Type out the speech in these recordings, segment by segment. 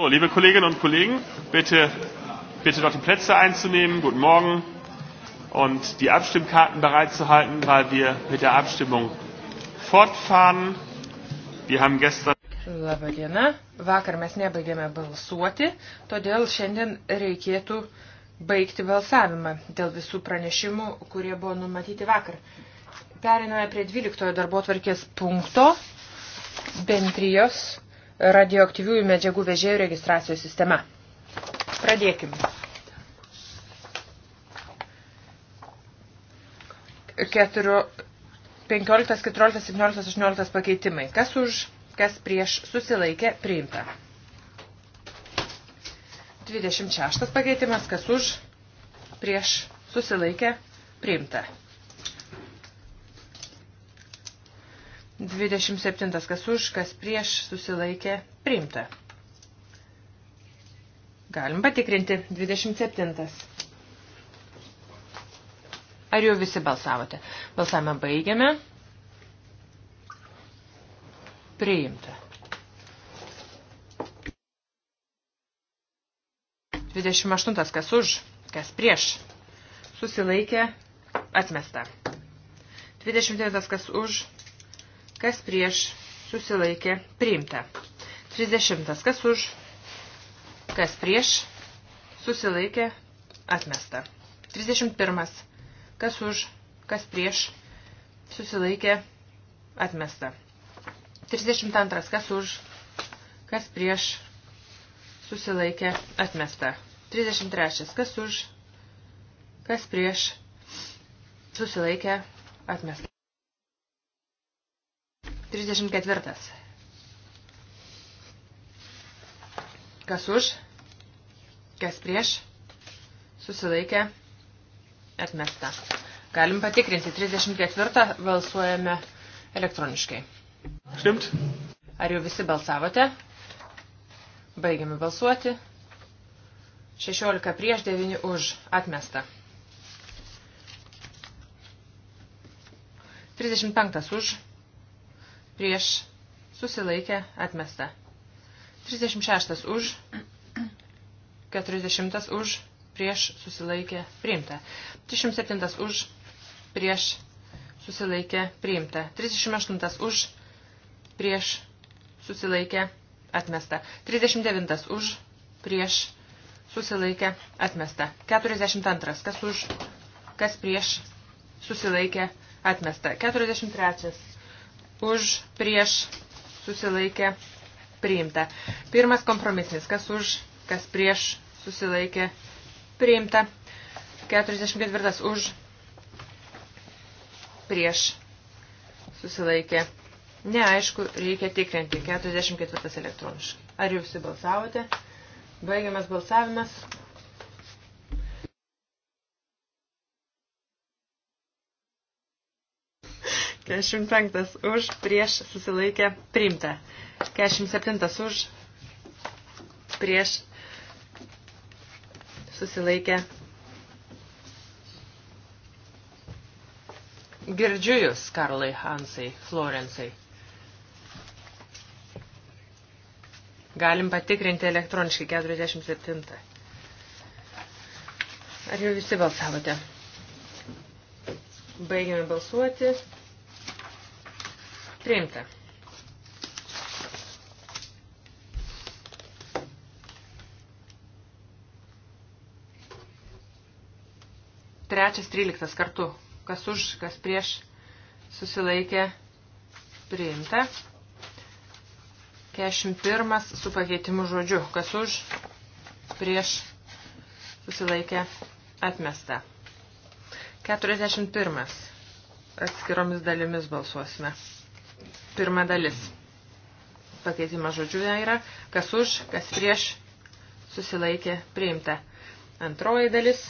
So, liebe Kolleginnen und Kollegen, bitte, bitte doch die Plätze einzunehmen. Guten Morgen und die Abstimmkarten bereitzuhalten, weil wir mit der Abstimmung fortfahren. Wir haben gestern. Labadiena. Vakar mes nebaigėme balsuoti, todėl šiandien reikėtų baigti balsavimą dėl visų pranešimų, kurie buvo numatyti vakar. Periname prie 12 darbo tvarkės punkto bendrijos radioaktyviųjų medžiagų vežėjų registracijos sistema. Pradėkime. Keturiu, 15, 14, 17, 18 pakeitimai. Kas už, kas prieš susilaikė, priimta. 26 pakeitimas, kas už, prieš susilaikė, priimta. 27. Kas už, kas prieš susilaikė priimta. Galim patikrinti. 27. Ar jau visi balsavote? Balsavimą baigiame. Priimta. 28. Kas už, kas prieš. Susilaikė atmesta. 29. Kas už, Kas prieš? Susilaikė. Priimta. 30. Kas už? Kas prieš? Susilaikė. Atmesta. 31. Kas už? Kas prieš? Susilaikė. Atmesta. 32. Kas už? Kas prieš? Susilaikė. Atmesta. 33. Kas už? Kas prieš? Susilaikė. Atmesta. 34. Kas už, kas prieš, susilaikė, atmesta. Galim patikrinti. 34 balsuojame elektroniškai. Stimt. Ar jau visi balsavote? Baigiame balsuoti. 16 prieš 9 už atmesta. 35 už prieš susilaikę atmesta. 36 už, 40 už, prieš susilaikę priimta. 37 už, prieš susilaikę priimta. 38 už, prieš susilaikę atmesta. 39 už, prieš susilaikę atmesta. 42 kas už, kas prieš susilaikę atmesta. 43 už prieš susilaikė priimta. Pirmas kompromisinis, kas už, kas prieš susilaikė priimta. 44 už prieš susilaikė. Neaišku, reikia tikrinti. 44 elektroniškai. Ar jūs balsavote? Baigiamas balsavimas. 45 už, prieš susilaikė priimta. 47 už, prieš susilaikė. Girdžiu jūs, Karlai, Hansai, Florencai. Galim patikrinti elektroniškai 47. Ar jau visi balsavote? Baigiame balsuoti. Priimta. Trečias, tryliktas kartu. Kas už, kas prieš susilaikė priimta. 41 su pakeitimu žodžiu. Kas už, prieš susilaikė atmesta. 41. Atskiromis dalimis balsuosime. Pirma dalis. Pakeitimas žodžiu yra, kas už, kas prieš, susilaikė, priimta. Antroji dalis.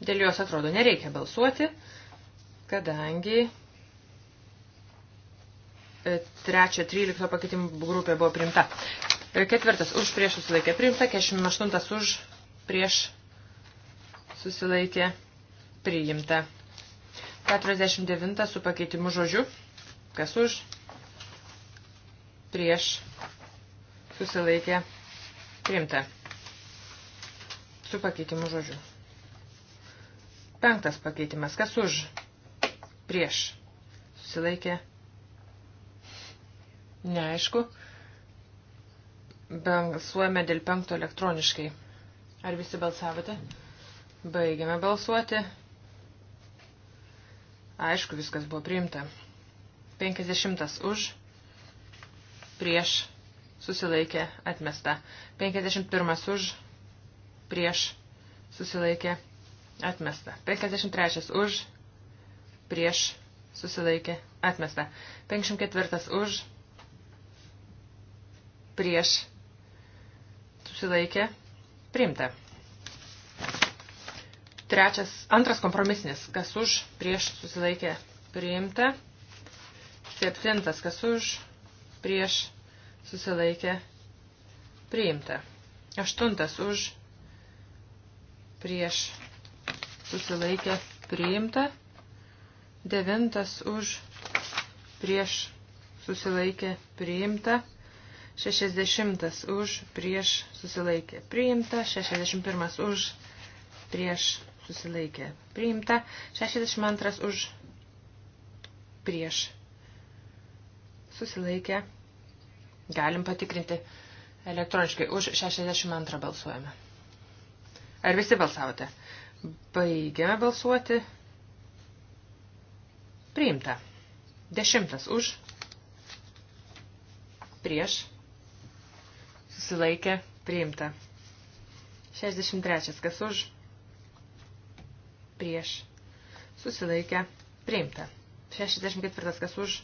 Dėl jos atrodo nereikia balsuoti, kadangi e, trečia 13 pakeitimų grupė buvo priimta. E, ketvirtas už prieš susilaikė priimta, 48 už prieš susilaikė priimta. 49 su pakeitimu žodžiu. Kas už? Prieš. Susilaikė. Priimta. Su pakeitimu žodžiu. Penktas pakeitimas. Kas už? Prieš. Susilaikė. Neaišku. Balsuojame dėl penkto elektroniškai. Ar visi balsavote? Baigiame balsuoti. Aišku, viskas buvo priimta. 50 už, prieš, susilaikė, atmesta. 51 už, prieš, susilaikė, atmesta. 53 už, prieš, susilaikė, atmesta. 54 už, prieš, susilaikė, priimta. Trečias, antras kompromisinis, kas už, prieš susilaikė priimta. Septintas, kas už, prieš susilaikė priimta. Aštuntas už, prieš susilaikė priimta. Devintas už, prieš susilaikė priimta. 60 už prieš susilaikė priimta, 61 už prieš susilaikė. Priimta 62 už prieš susilaikė. Galim patikrinti elektroniškai. Už 62 balsuojame. Ar visi balsavote? Baigiame balsuoti. Priimta. Dešimtas už. Prieš. Susilaikė. Priimta. 63. Kas už? prieš susilaikę priimta. 64 kas už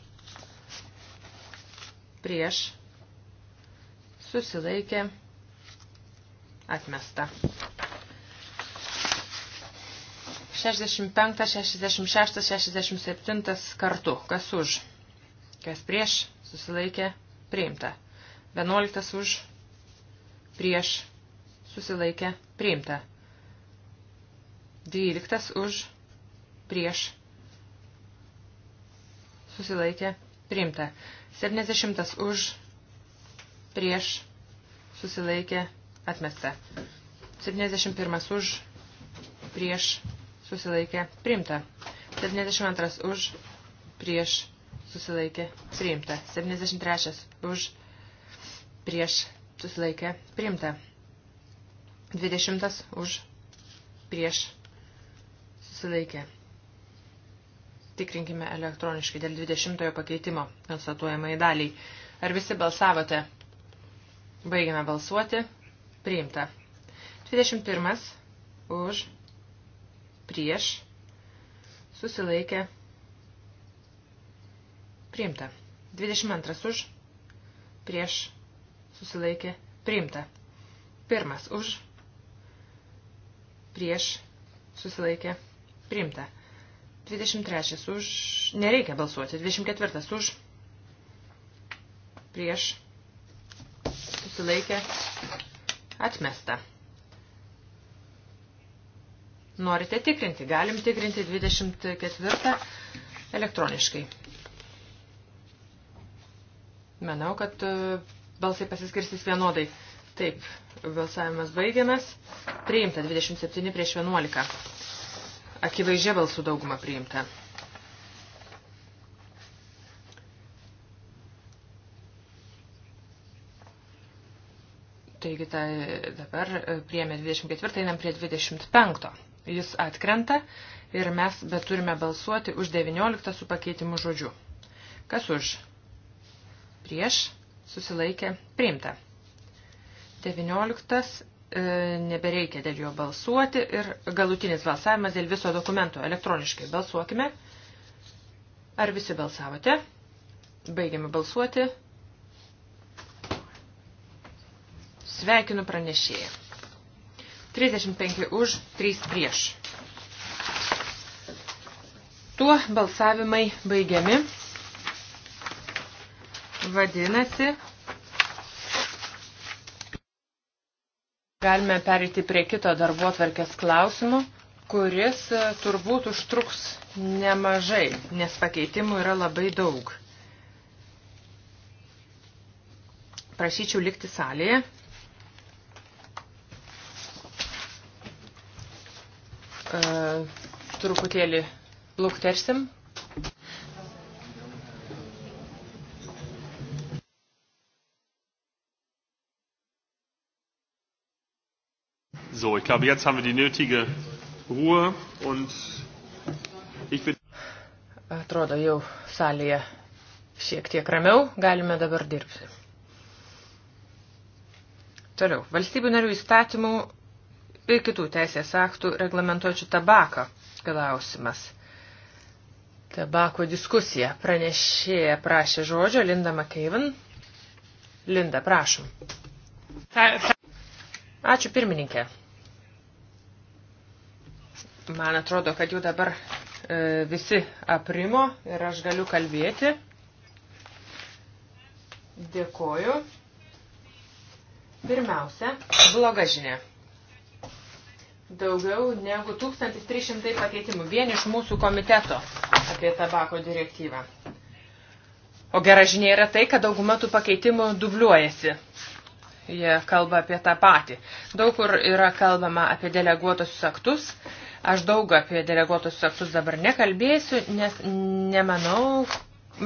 prieš susilaikė atmesta. 65, 66, 67 kartu. Kas už? Kas prieš? Susilaikė priimta. 11 už prieš susilaikė priimta. 12 už prieš susilaikė priimta. 70 už prieš susilaikė atmesta. 71 už prieš susilaikė priimta. 72 už prieš susilaikė priimta. 73 už prieš susilaikė priimta. 20 už prieš Susilaikė. Tikrinkime elektroniškai dėl 20 pakeitimo konstatuojamai daliai. Ar visi balsavote? Baigiame balsuoti. Priimta. 21. Už. Prieš. Susilaikė. Priimta. 22. Už. Prieš. Susilaikė. Priimta. Pirmas. Už. Prieš. Susilaikė. Priimta. 23 už... Nereikia balsuoti. 24 už... Prieš. Susilaikė. Atmesta. Norite tikrinti. Galim tikrinti 24 elektroniškai. Manau, kad e, balsai pasiskirsis vienodai. Taip, balsavimas baigiamas. Priimta 27 prieš 11. Akivaizdžia balsų dauguma priimta. Taigi tai dabar priėmė 24, einam prie 25. Jis atkrenta ir mes bet turime balsuoti už 19 su pakeitimu žodžiu. Kas už? Prieš susilaikė priimta. 19 E, nebereikia dėl jo balsuoti ir galutinis balsavimas dėl viso dokumento elektroniškai balsuokime. Ar visi balsavote? Baigiame balsuoti. Sveikinu pranešėją. 35 už, 3 prieš. Tuo balsavimai baigiami. Vadinasi, Galime perėti prie kito darbo atverkės klausimo, kuris e, turbūt užtruks nemažai, nes pakeitimų yra labai daug. Prašyčiau likti salėje. E, truputėlį luktersim, So, ich glaube, jetzt haben wir die nötige Ruhe und ich bin. Atrodo, jau salėje šiek tiek ramiau, galime dabar dirbti. Toliau. Valstybių narių įstatymų ir kitų teisės aktų reglamentuojančių tabaką klausimas. Tabako diskusija. Pranešėja prašė žodžio Linda McKeven. Linda, prašom. Ačiū pirmininkė. Man atrodo, kad jau dabar e, visi aprimo ir aš galiu kalbėti. Dėkoju. Pirmiausia, bloga žinia. Daugiau negu 1300 pakeitimų vien iš mūsų komiteto apie tabako direktyvą. O gera žinia yra tai, kad dauguma tų pakeitimų dubliuojasi jie kalba apie tą patį. Daug kur yra kalbama apie deleguotusius aktus, Aš daug apie deleguotus aktus dabar nekalbėsiu, nes nemanau,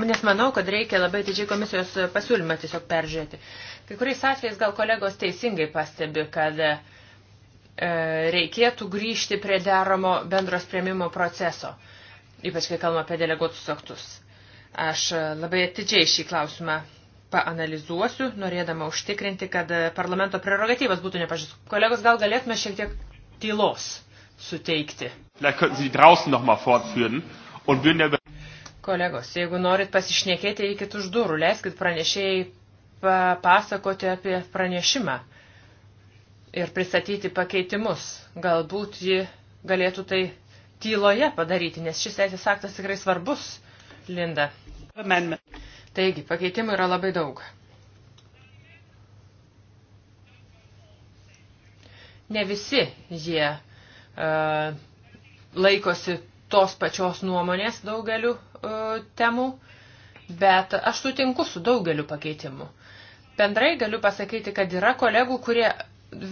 nes manau, kad reikia labai didžiai komisijos pasiūlymą tiesiog peržiūrėti. Kai kuriais atvejais gal kolegos teisingai pastebi, kad e, reikėtų grįžti prie deramo bendros prieimimo proceso, ypač kai kalbame apie deleguotus aktus. Aš e, labai atidžiai šį klausimą paanalizuosiu, norėdama užtikrinti, kad e, parlamento prerogatyvas būtų nepažįstas. Kolegos, gal galėtume šiek tiek tylos suteikti. Kolegos, jeigu norit pasišnekėti, eikit už durų, leiskit pranešėjai papasakoti apie pranešimą ir pristatyti pakeitimus. Galbūt ji galėtų tai tyloje padaryti, nes šis teisės aktas tikrai svarbus, Linda. Taigi, pakeitimų yra labai daug. Ne visi jie E, laikosi tos pačios nuomonės daugeliu e, temų, bet aš sutinku su daugeliu pakeitimu. Bendrai galiu pasakyti, kad yra kolegų, kurie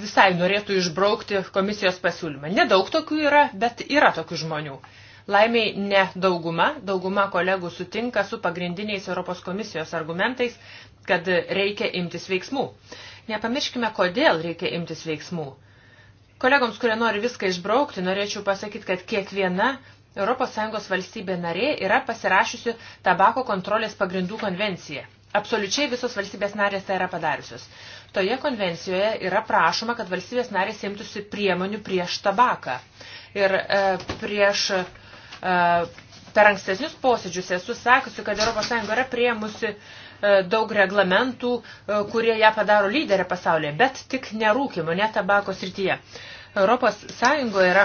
visai norėtų išbraukti komisijos pasiūlymą. Nedaug tokių yra, bet yra tokių žmonių. Laimiai ne dauguma, dauguma kolegų sutinka su pagrindiniais Europos komisijos argumentais, kad reikia imtis veiksmų. Nepamirškime, kodėl reikia imtis veiksmų. Kolegoms, kurie nori viską išbraukti, norėčiau pasakyti, kad kiekviena ES valstybė narė yra pasirašiusi tabako kontrolės pagrindų konvenciją. Absoliučiai visos valstybės narės tai yra padariusios. Toje konvencijoje yra prašoma, kad valstybės narės imtųsi priemonių prieš tabaką. Ir e, prieš e, per ankstesnius posėdžius esu sakusi, kad ES yra priemusi e, E, daug reglamentų, e, kurie ją padaro lyderę pasaulyje, bet tik nerūkimo, ne tabako srityje. Europos Sąjungoje yra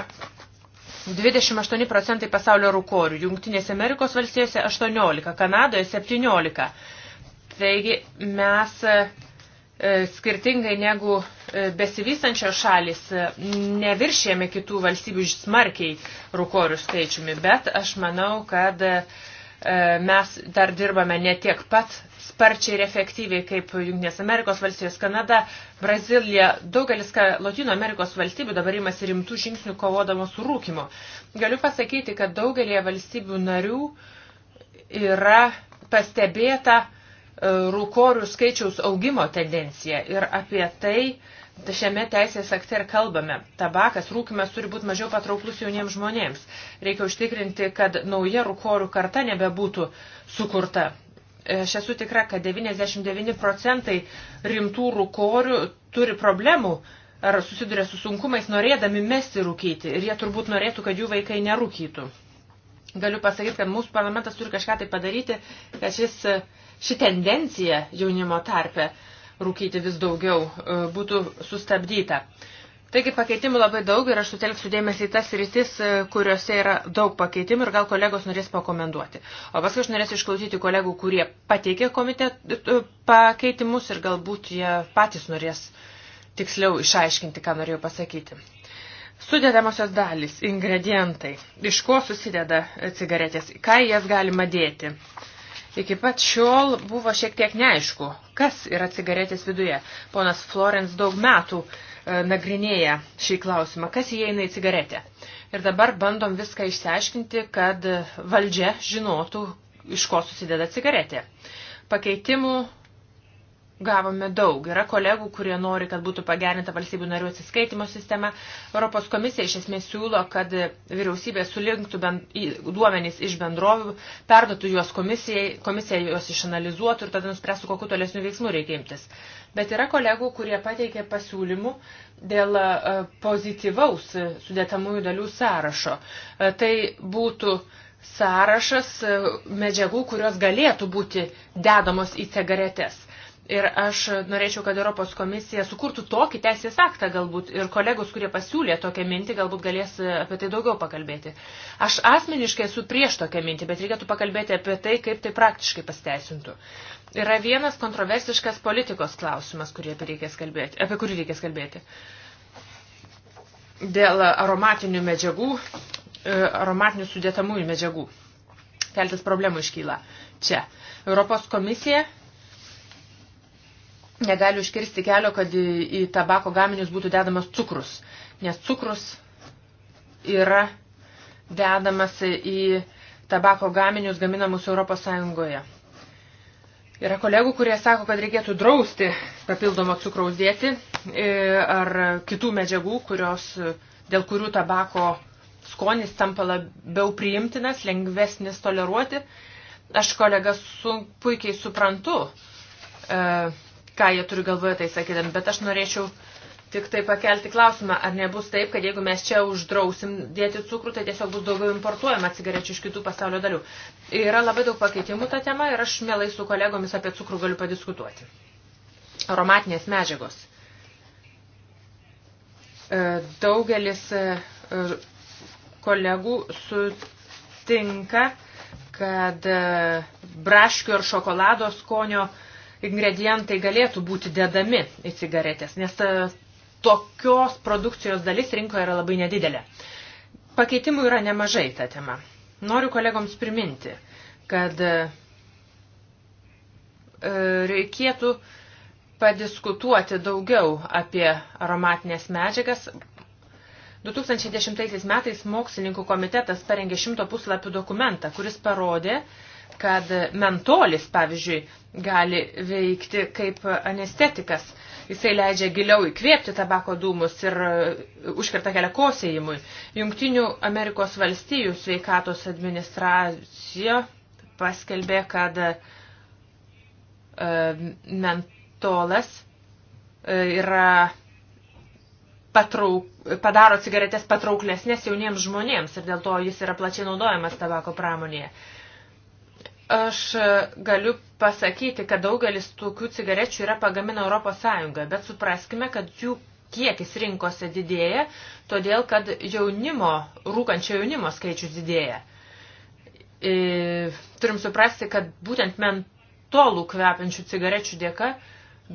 28 procentai pasaulio rūkorių, Jungtinėse Amerikos valstijose 18, Kanadoje 17. Taigi mes e, skirtingai negu besivystančios šalis neviršėme kitų valstybių smarkiai rūkorių skaičiumi, bet aš manau, kad mes dar dirbame ne tiek pat sparčiai ir efektyviai, kaip Junktinės Amerikos valstijos, Kanada, Brazilija, daugelis Latino Amerikos valstybių dabar imasi rimtų žingsnių kovodamos su rūkimu. Galiu pasakyti, kad daugelie valstybių narių yra pastebėta e, rūkorių skaičiaus augimo tendencija ir apie tai šiame teisės akte ir kalbame. Tabakas, rūkimas turi būti mažiau patrauklus jauniems žmonėms. Reikia užtikrinti, kad nauja rūkorių karta nebebūtų sukurta. E, aš esu tikra, kad 99 procentai rimtų rūkorių turi problemų ar susiduria su sunkumais norėdami mesti rūkyti ir jie turbūt norėtų, kad jų vaikai nerūkytų. Galiu pasakyti, kad mūsų parlamentas turi kažką tai padaryti, kad šis, ši tendencija jaunimo tarpe rūkyti vis daugiau e, būtų sustabdyta. Uh, Taigi pakeitimų labai daug ir aš sutelksiu dėmesį į tas rytis, e, kuriuose yra daug pakeitimų ir gal kolegos norės pakomenduoti. O paskui aš norėsiu išklausyti kolegų, kurie pateikė komitet e, pakeitimus ir galbūt jie patys norės tiksliau išaiškinti, ką norėjau pasakyti. Sudedamosios dalys, ingredientai, iš ko susideda e, cigaretės, ką jas galima dėti. Iki pat šiol buvo šiek tiek neaišku, kas yra cigaretės viduje. Ponas Florence daug metų uh, E, nagrinėja šį klausimą, kas įeina į cigaretę. Ir dabar bandom viską išsiaiškinti, kad valdžia žinotų, iš ko susideda cigaretė. Pakeitimų gavome daug. Yra kolegų, kurie nori, kad būtų pagerinta valstybių narių atsiskaitimo sistema. Europos komisija iš esmės siūlo, kad vyriausybė sulinktų bend, duomenys iš bendrovių, perdotų juos komisijai, komisija juos išanalizuotų ir tada nuspręstų, kokiu tolesnių veiksmų reikia imtis. Bet yra kolegų, kurie pateikė pasiūlymų dėl e, pozityvaus sudėtamųjų dalių sąrašo. E, tai būtų sąrašas e, medžiagų, kurios galėtų būti dedamos į cigaretes. Ir aš norėčiau, kad Europos komisija sukurtų tokį teisės aktą galbūt ir kolegos, kurie pasiūlė tokią mintį, galbūt galės apie tai daugiau pakalbėti. Aš asmeniškai esu prieš tokią mintį, bet reikėtų pakalbėti apie tai, kaip tai praktiškai pasteisintų. Yra vienas kontroversiškas politikos klausimas, kurį apie, reikės kalbėti, apie kurį reikės kalbėti. Dėl aromatinių medžiagų, e, aromatinių sudėtamųjų medžiagų. Keltas problemų iškyla. Čia. Europos komisija negali užkirsti kelio, kad į, į tabako gaminius būtų dedamas cukrus, nes cukrus yra dedamas į tabako gaminius gaminamus Europos Sąjungoje. Yra kolegų, kurie sako, kad reikėtų drausti papildomą cukraus dėti e, ar kitų medžiagų, kurios, dėl kurių tabako skonis tampa labiau priimtinas, lengvesnis toleruoti. Aš kolegas su, puikiai suprantu. E, ką jie turi galvoje tai sakydami, bet aš norėčiau tik tai pakelti klausimą, ar nebus taip, kad jeigu mes čia uždrausim dėti cukrų, tai tiesiog bus daugiau importuojama cigarečių iš kitų pasaulio dalių. Yra labai daug pakeitimų tą temą ir aš mielai su kolegomis apie cukrų galiu padiskutuoti. Aromatinės medžiagos. E, daugelis e, kolegų sutinka, kad e, braškių ir šokolado skonio uh, ingredientai galėtų būti dedami į cigaretės, nes tokios produkcijos dalis rinkoje yra labai nedidelė. Pakeitimų yra nemažai ta tema. Noriu kolegoms priminti, kad e, reikėtų padiskutuoti daugiau apie aromatinės medžiagas. 2010 metais mokslininkų komitetas parengė šimto puslapių dokumentą, kuris parodė, kad mentolis, pavyzdžiui, gali veikti kaip anestetikas. Jisai leidžia giliau įkvėpti tabako dūmus ir e, užkerta kelią kosėjimui. Jungtinių Amerikos valstijų sveikatos administracija paskelbė, kad e, mentolas e, yra patrauk, padaro cigaretės patrauklesnės jauniems žmonėms ir dėl to jis yra plačiai naudojamas tabako pramonėje. Aš e, galiu pasakyti, kad daugelis tokių cigarečių yra pagamina Europos Sąjunga, bet supraskime, kad jų kiekis rinkose didėja, todėl kad jaunimo, rūkančio jaunimo skaičius didėja. E, turim suprasti, kad būtent mentolų kvepiančių cigarečių dėka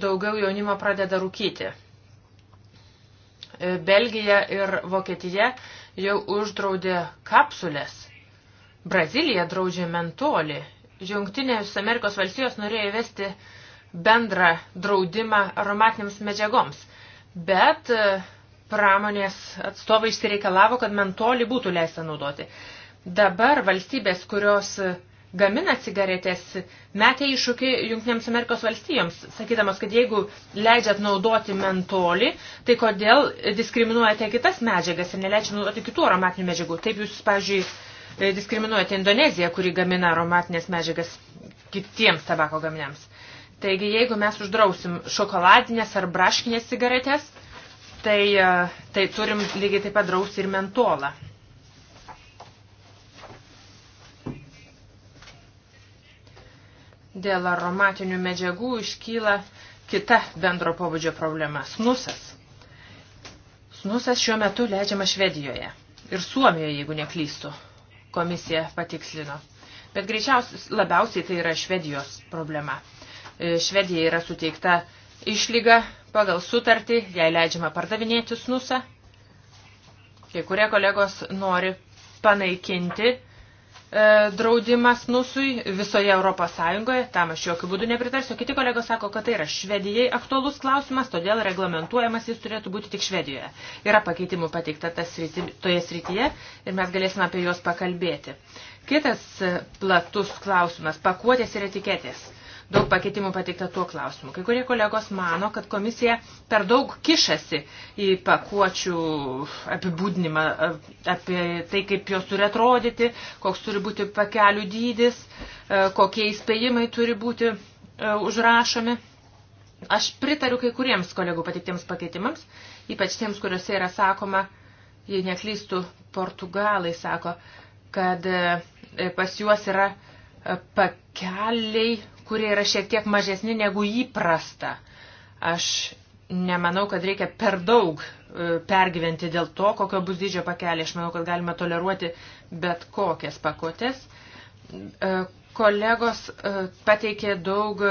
daugiau jaunimo pradeda rūkyti. E, Belgija ir Vokietija jau uždraudė kapsulės. Brazilija draudžia mentolį Jungtinės Amerikos valstijos norėjo įvesti bendrą draudimą aromatinėms medžiagoms, bet e, pramonės atstovai išsireikalavo, kad mentolį būtų leista naudoti. Dabar valstybės, kurios e, gamina cigaretės, metė iššūkį Junktinėms Amerikos valstijoms, sakydamas, kad jeigu leidžiat naudoti mentolį, tai kodėl diskriminuojate kitas medžiagas ir neleidžiate naudoti kitų aromatinių medžiagų. Taip jūs, pavyzdžiui, E, diskriminuojate Indoneziją, kuri gamina aromatinės medžiagas kitiems tabako gaminiams. Taigi, jeigu mes uždrausim šokoladinės ar braškinės cigaretės, tai, e, tai turim lygiai taip pat drausti ir mentolą. Dėl aromatinių medžiagų iškyla kita bendro pobūdžio problema – snusas. Snusas šiuo metu leidžiama Švedijoje ir Suomijoje, jeigu neklystu komisija patikslino. Bet greičiausiai labiausiai tai yra Švedijos problema. E, Švedija yra suteikta išlyga pagal sutartį, jai leidžiama pardavinėti snusą. Kai kurie kolegos nori panaikinti E, draudimas nusui visoje Europos Sąjungoje, tam aš jokių būdų nepritarsiu. Kiti kolegos sako, kad tai yra Švedijai aktualus klausimas, todėl reglamentuojamas jis turėtų būti tik Švedijoje. Yra pakeitimų pateikta tas sriti, toje srityje ir mes galėsime apie juos pakalbėti. Kitas e, platus klausimas – pakuotės ir etiketės. Daug pakeitimų pateikta tuo klausimu. Kai kurie kolegos mano, kad komisija per daug kišasi į pakuočių apibūdinimą, apie tai, kaip jos turi atrodyti, koks turi būti pakelių dydis, e, kokie įspėjimai turi būti e, užrašomi. Aš pritariu kai kuriems kolegų pateiktiems pakeitimams, ypač tiems, kuriuose yra sakoma, jei neklystų, portugalai sako, kad e, pas juos yra pakeliai, kurie yra šiek tiek mažesni negu įprasta. Aš nemanau, kad reikia per daug e, pergyventi dėl to, kokio bus dydžio pakelė. Aš manau, kad galime toleruoti bet kokias pakotės. E, kolegos e, pateikė daug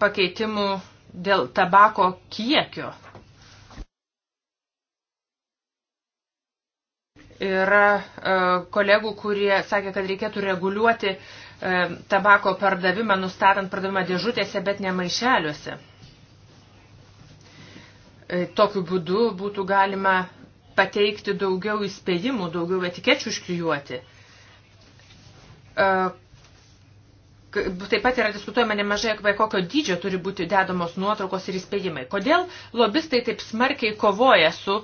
pakeitimų dėl tabako kiekio yra e, kolegų, kurie sakė, kad reikėtų reguliuoti e, tabako pardavimą, nustatant pardavimą dėžutėse, bet ne maišeliuose. E, tokiu būdu būtų galima pateikti daugiau įspėjimų, daugiau etikečių užklijuoti. Taip pat yra diskutuojama nemažai apie kokio dydžio turi būti dedamos nuotraukos ir įspėjimai. Kodėl lobistai taip smarkiai kovoja su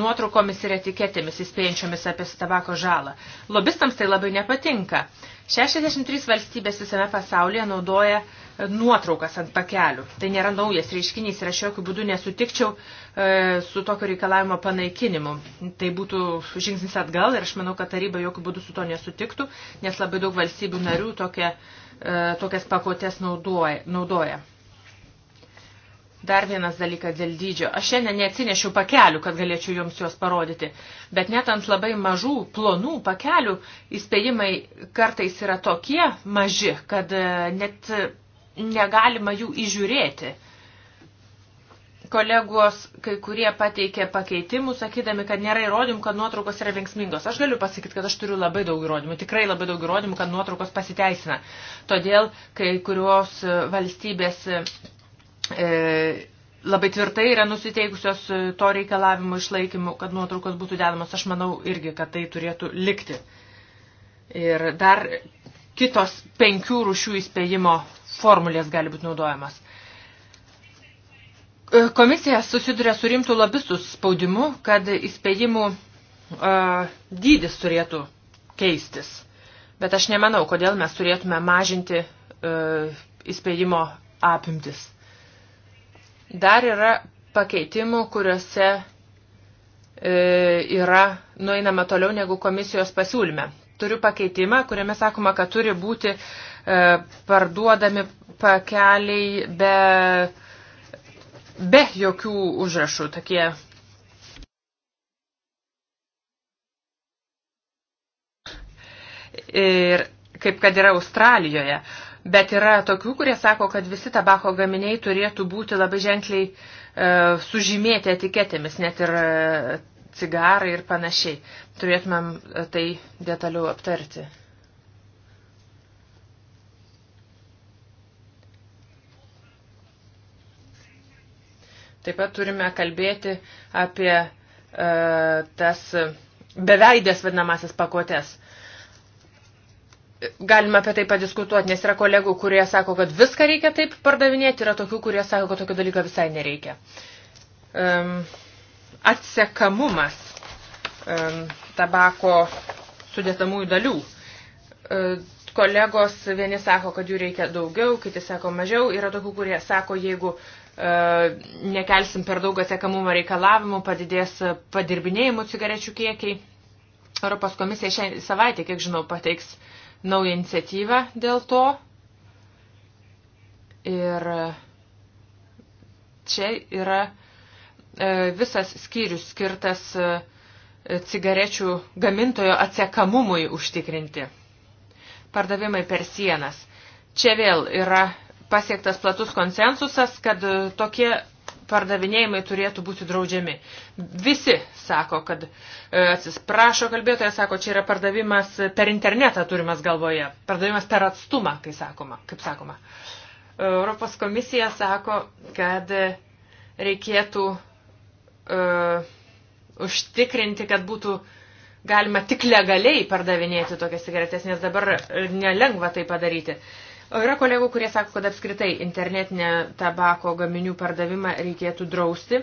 nuotraukomis ir etiketėmis įspėjančiomis apie tabako žalą? Lobistams tai labai nepatinka. 63 valstybės visame pasaulyje naudoja nuotraukas ant pakelių. Tai nėra naujas reiškinys ir aš jokių būdų nesutikčiau e, su tokio reikalavimo panaikinimu. Tai būtų žingsnis atgal ir aš manau, kad taryba jokių būdų su to nesutiktų, nes labai daug valstybių narių tokia E, tokias pakotės naudoja. Dar vienas dalykas dėl dydžio. Aš šiandien neatsinešiu pakelių, kad galėčiau jums juos parodyti, bet net ant labai mažų, plonų pakelių įspėjimai kartais yra tokie maži, kad e, net negalima jų įžiūrėti kolegos kai kurie pateikė pakeitimų, sakydami, kad nėra įrodymų, kad nuotraukos yra linksmingos. Aš galiu pasakyti, kad aš turiu labai daug įrodymų, tikrai labai daug įrodymų, kad nuotraukos pasiteisina. Todėl kai kurios e, valstybės e, e, labai tvirtai yra nusiteikusios e, to reikalavimo išlaikymu, kad nuotraukos būtų dedamos. Aš manau irgi, kad tai turėtų likti. Ir dar kitos penkių rušių įspėjimo formulės gali būti naudojamas. E, komisija susiduria su rimtų lobistų spaudimu, kad įspėjimų uh, dydis turėtų keistis. Bet aš nemanau, kodėl mes turėtume mažinti uh, įspėjimo apimtis. Dar yra pakeitimų, kuriuose uh, yra nueinama toliau negu komisijos pasiūlyme. Turiu pakeitimą, kuriame sakoma, kad turi būti uh, parduodami pakeliai be uh, be jokių užrašų, tokie ir kaip kad yra Australijoje. Bet yra tokių, kurie sako, kad visi tabako gaminiai turėtų būti labai ženkliai e, sužymėti etiketėmis, net ir e, cigarai ir panašiai. Turėtumėm e, tai detaliau aptarti. Taip pat turime kalbėti apie e, tas beveidės vadinamasias pakuotės. Galime apie tai padiskutuoti, nes yra kolegų, kurie sako, kad viską reikia taip pardavinėti, yra tokių, kurie sako, kad tokio dalyko visai nereikia. Um, e, atsekamumas um, e, tabako sudėtamųjų dalių. Uh, e, Kolegos vieni sako, kad jų reikia daugiau, kiti sako mažiau. Yra tokių, kurie sako, jeigu e, nekelsim per daug atsekamumo reikalavimų, padidės padirbinėjimų cigarečių kiekiai. Europos komisija šią savaitę, kiek žinau, pateiks naują iniciatyvą dėl to. Ir čia yra e, visas skyrius skirtas e, cigarečių gamintojo atsekamumui užtikrinti pardavimai per sienas. Čia vėl yra pasiektas platus konsensusas, kad e, tokie pardavinėjimai turėtų būti draudžiami. Visi sako, kad e, atsisprašo kalbėtoja, sako, čia yra pardavimas per internetą turimas galvoje, pardavimas per atstumą, kai sakoma, kaip sakoma. E, Europos komisija sako, kad reikėtų uh, užtikrinti, kad būtų uh, galima tik legaliai pardavinėti tokias cigaretės, nes dabar e, nelengva tai padaryti. O yra kolegų, kurie sako, kad apskritai internetinę tabako gaminių pardavimą reikėtų drausti.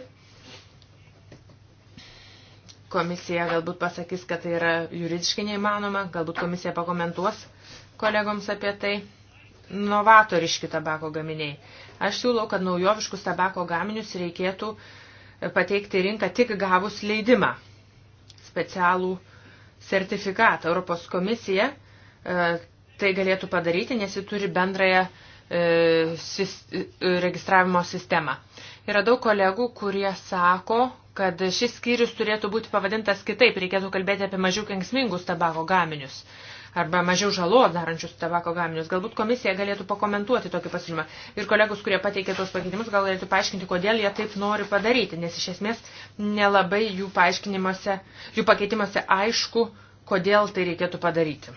Komisija galbūt pasakys, kad tai yra juridiškai neįmanoma, galbūt komisija pakomentuos kolegoms apie tai. Novatoriški tabako gaminiai. Aš siūlau, kad naujoviškus tabako gaminius reikėtų pateikti rinką tik gavus leidimą specialų uh, sertifikatą. Europos komisija e, tai galėtų padaryti, nes ji turi bendrąją e, e, registravimo sistemą. Yra daug kolegų, kurie sako, kad šis skyrius turėtų būti pavadintas kitaip, reikėtų kalbėti apie mažiau kenksmingus tabako gaminius arba mažiau žalos darančius tabako gaminius. Galbūt komisija galėtų pakomentuoti tokį pasiūlymą. Ir kolegus, kurie pateikė tos pakeitimus, gal galėtų paaiškinti, kodėl jie taip nori padaryti, nes iš esmės nelabai jų, paaiškinimuose, jų pakeitimuose aišku, kodėl tai reikėtų padaryti.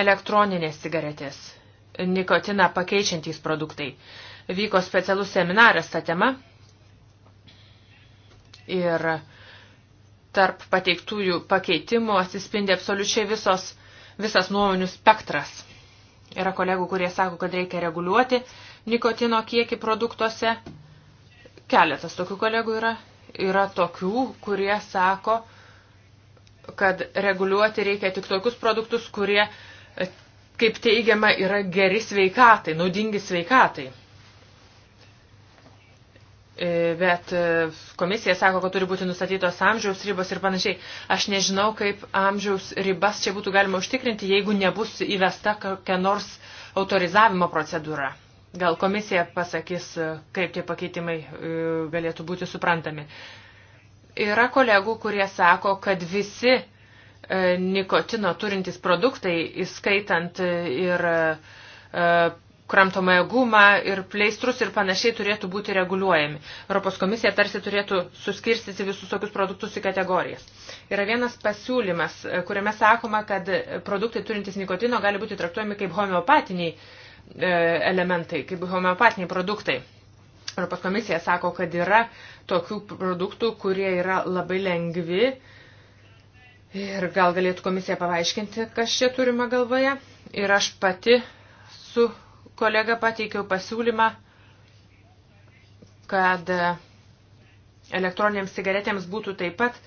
Elektroninės cigaretės, nikotiną pakeičiantys produktai. Vyko specialus seminaras tą temą ir uh, tarp pateiktųjų pakeitimų atsispindi absoliučiai visos, visas nuomonių spektras. Yra kolegų, kurie sako, kad reikia reguliuoti nikotino kiekį produktuose. Keletas tokių kolegų yra. Yra tokių, kurie sako, kad reguliuoti reikia tik tokius produktus, kurie, kaip teigiama, yra geri sveikatai, naudingi sveikatai. E, bet e, komisija sako, kad turi būti nustatytos amžiaus ribos ir panašiai. Aš nežinau, kaip amžiaus ribas čia būtų galima užtikrinti, jeigu nebus įvesta kokia nors autorizavimo procedūra. Gal komisija pasakys, e, kaip tie pakeitimai galėtų būti suprantami. Yra kolegų, kurie sako, kad visi nikotino turintys produktai, įskaitant ir kramtomą gumą ir pleistrus ir panašiai turėtų būti reguliuojami. Europos komisija tarsi turėtų suskirstyti visus tokius produktus į kategorijas. Yra vienas pasiūlymas, e, kuriame sakoma, kad produktai turintys nikotino gali būti traktuojami kaip homeopatiniai e, elementai, kaip homeopatiniai produktai. Europos komisija sako, kad yra tokių produktų, kurie yra labai lengvi ir gal galėtų komisija pavaiškinti, kas čia turima galvoje. Ir aš pati su kolega pateikiau pasiūlymą, kad elektroniniams cigaretėms būtų taip pat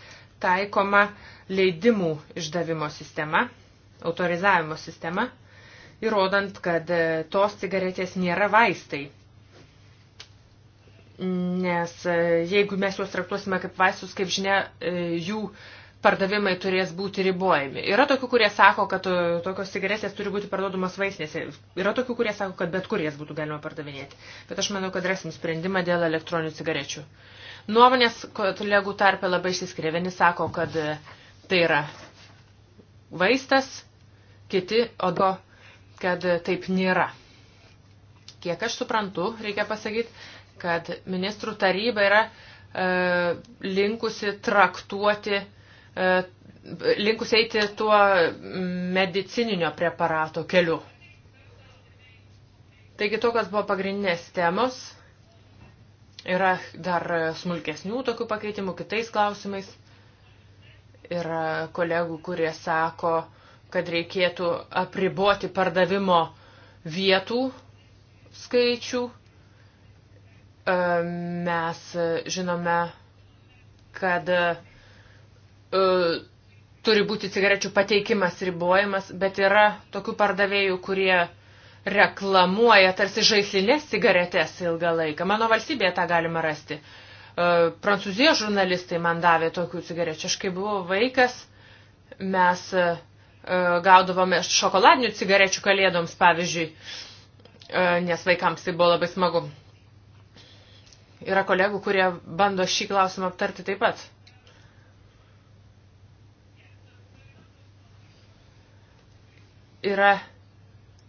taikoma leidimų išdavimo sistema, autorizavimo sistema, įrodant, kad tos cigaretės nėra vaistai. Nes e, jeigu mes juos traktuosime kaip vaistus, kaip žinia, e, jų pardavimai turės būti ribojami. Yra tokių, kurie sako, kad e, tokios cigaretės turi būti parduodamos vaistinėse. Yra tokių, kurie sako, kad bet kur jas būtų galima pardavinėti. Bet aš manau, kad rasim sprendimą dėl elektroninių cigarečių. Nuomonės kolegų tarpe labai išsiskiria. Vieni sako, kad e, tai yra vaistas, kiti odo, kad e, taip nėra. Kiek aš suprantu, reikia pasakyti, kad ministrų taryba yra e, linkusi traktuoti e, E, linkus eiti tuo medicininio preparato keliu. Taigi tokios buvo pagrindinės temos. Yra dar smulkesnių tokių pakeitimų kitais klausimais. Yra kolegų, kurie sako, kad reikėtų apriboti pardavimo vietų skaičių. E, mes žinome, kad E, turi būti cigarečių pateikimas ribojamas, bet yra tokių pardavėjų, kurie reklamuoja tarsi žaislinės cigaretės ilgą laiką. Mano valstybėje tą galima rasti. E, prancūzijos žurnalistai man davė tokių cigarečių. Aš kai buvau vaikas, mes e, gaudavome šokoladinių cigarečių kalėdoms, pavyzdžiui, nes vaikams tai buvo labai smagu. Yra kolegų, kurie bando šį klausimą aptarti taip pat. yra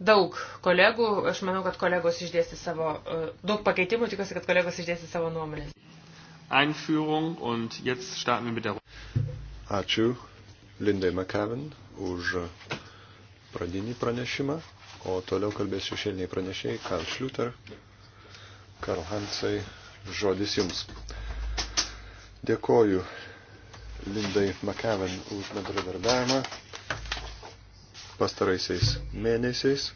daug kolegų, aš manau, kad kolegos išdėsti savo, e, daug pakeitimų, tikiuosi, kad kolegos išdėsti savo nuomonės. Einführung und jetzt starten wir mit der Ačiū Lindai McCavin už pradinį pranešimą, o toliau kalbės šešėliniai pranešėjai Karl Schluter, Karl Hansai, žodis jums. Dėkoju Lindai McCavin už bendradarbiavimą pastaraisiais mėnesiais.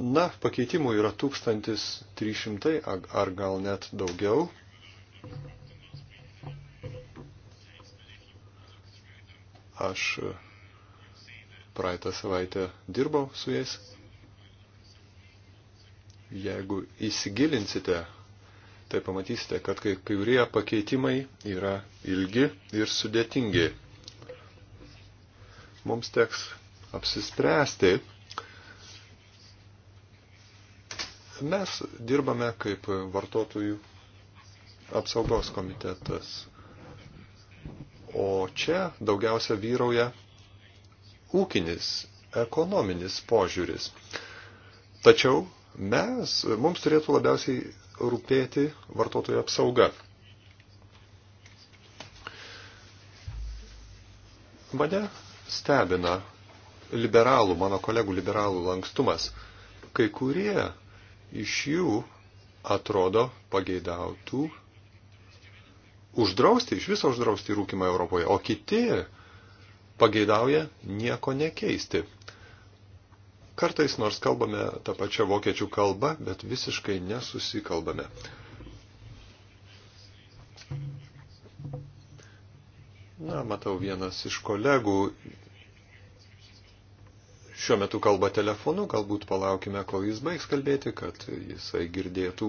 Na, pakeitimų yra 1300 ar gal net daugiau. Aš e, praeitą savaitę dirbau su jais. Jeigu įsigilinsite, tai pamatysite, kad kai kurie pakeitimai yra ilgi ir sudėtingi. Mums teks apsispręsti. Mes dirbame kaip vartotojų apsaugos komitetas. O čia daugiausia vyrauja ūkinis, ekonominis požiūris. Tačiau mes, mums turėtų labiausiai rūpėti vartotojų apsauga. Mane stebina liberalų, mano kolegų liberalų lankstumas. Kai kurie iš jų atrodo pageidautų uždrausti, iš viso uždrausti rūkimą Europoje, o kiti pageidauja nieko nekeisti. Kartais nors kalbame tą pačią vokiečių kalbą, bet visiškai nesusikalbame. Na, matau, vienas iš kolegų šiuo metu kalba telefonu, galbūt palaukime, kol jis baigs kalbėti, kad jisai girdėtų,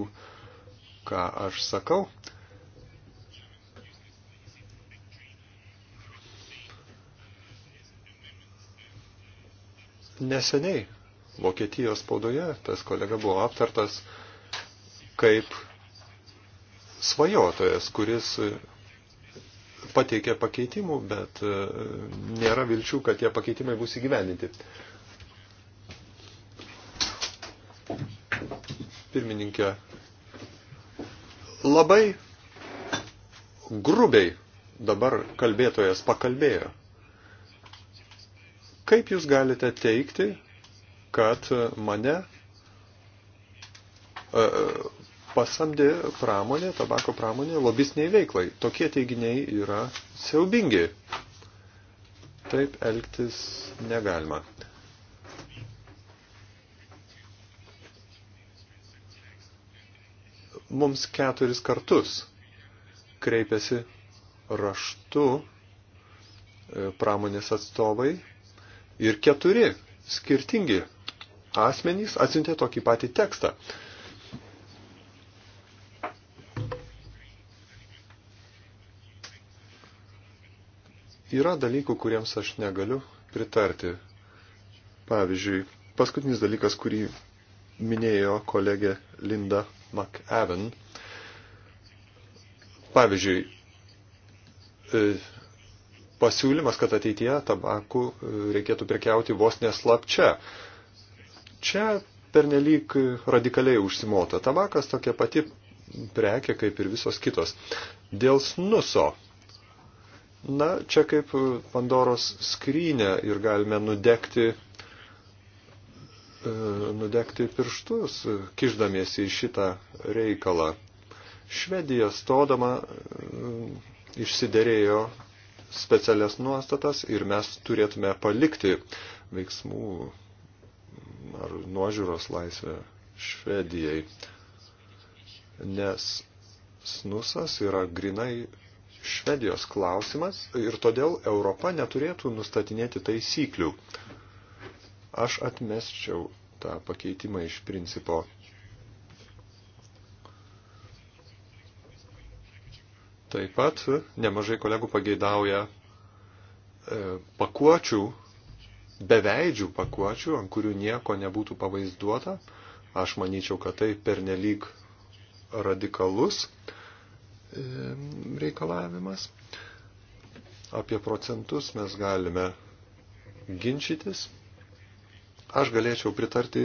ką aš sakau. Neseniai Vokietijos spaudoje tas kolega buvo aptartas kaip svajotojas, kuris pateikė pakeitimų, bet nėra vilčių, kad tie pakeitimai bus įgyvendinti. pirmininkė, labai grubiai dabar kalbėtojas pakalbėjo. Kaip jūs galite teikti, kad mane e, pasamdė pramonė, tabako pramonė, lobisniai veiklai. Tokie teiginiai yra siaubingi. Taip elgtis negalima. mums keturis kartus kreipėsi raštu e, pramonės atstovai ir keturi skirtingi asmenys atsintė tokį patį tekstą. Yra dalykų, kuriems aš negaliu pritarti. Pavyzdžiui, paskutinis dalykas, kurį minėjo kolegė Linda McEwen. Pavyzdžiui, e, pasiūlymas, kad ateityje tabakų e, reikėtų prekiauti vos neslapčia. Čia pernelyg radikaliai užsimota. Tabakas tokia pati prekė kaip ir visos kitos. Dėl snuso. Na, čia kaip Pandoros skrynė ir galime nudegti nudegti pirštus, kiždamiesi į šitą reikalą. Švedija stodama mm, išsiderėjo specialias nuostatas ir mes turėtume palikti veiksmų mm, ar nuožiūros laisvę Švedijai, nes snusas yra grinai Švedijos klausimas ir todėl Europa neturėtų nustatinėti taisyklių. Aš atmesčiau tą pakeitimą iš principo. Taip pat nemažai kolegų pageidauja e, pakuočių, beveidžių pakuočių, ant kurių nieko nebūtų pavaizduota. Aš manyčiau, kad tai pernelyg radikalus e, reikalavimas. Apie procentus mes galime ginčytis, aš galėčiau pritarti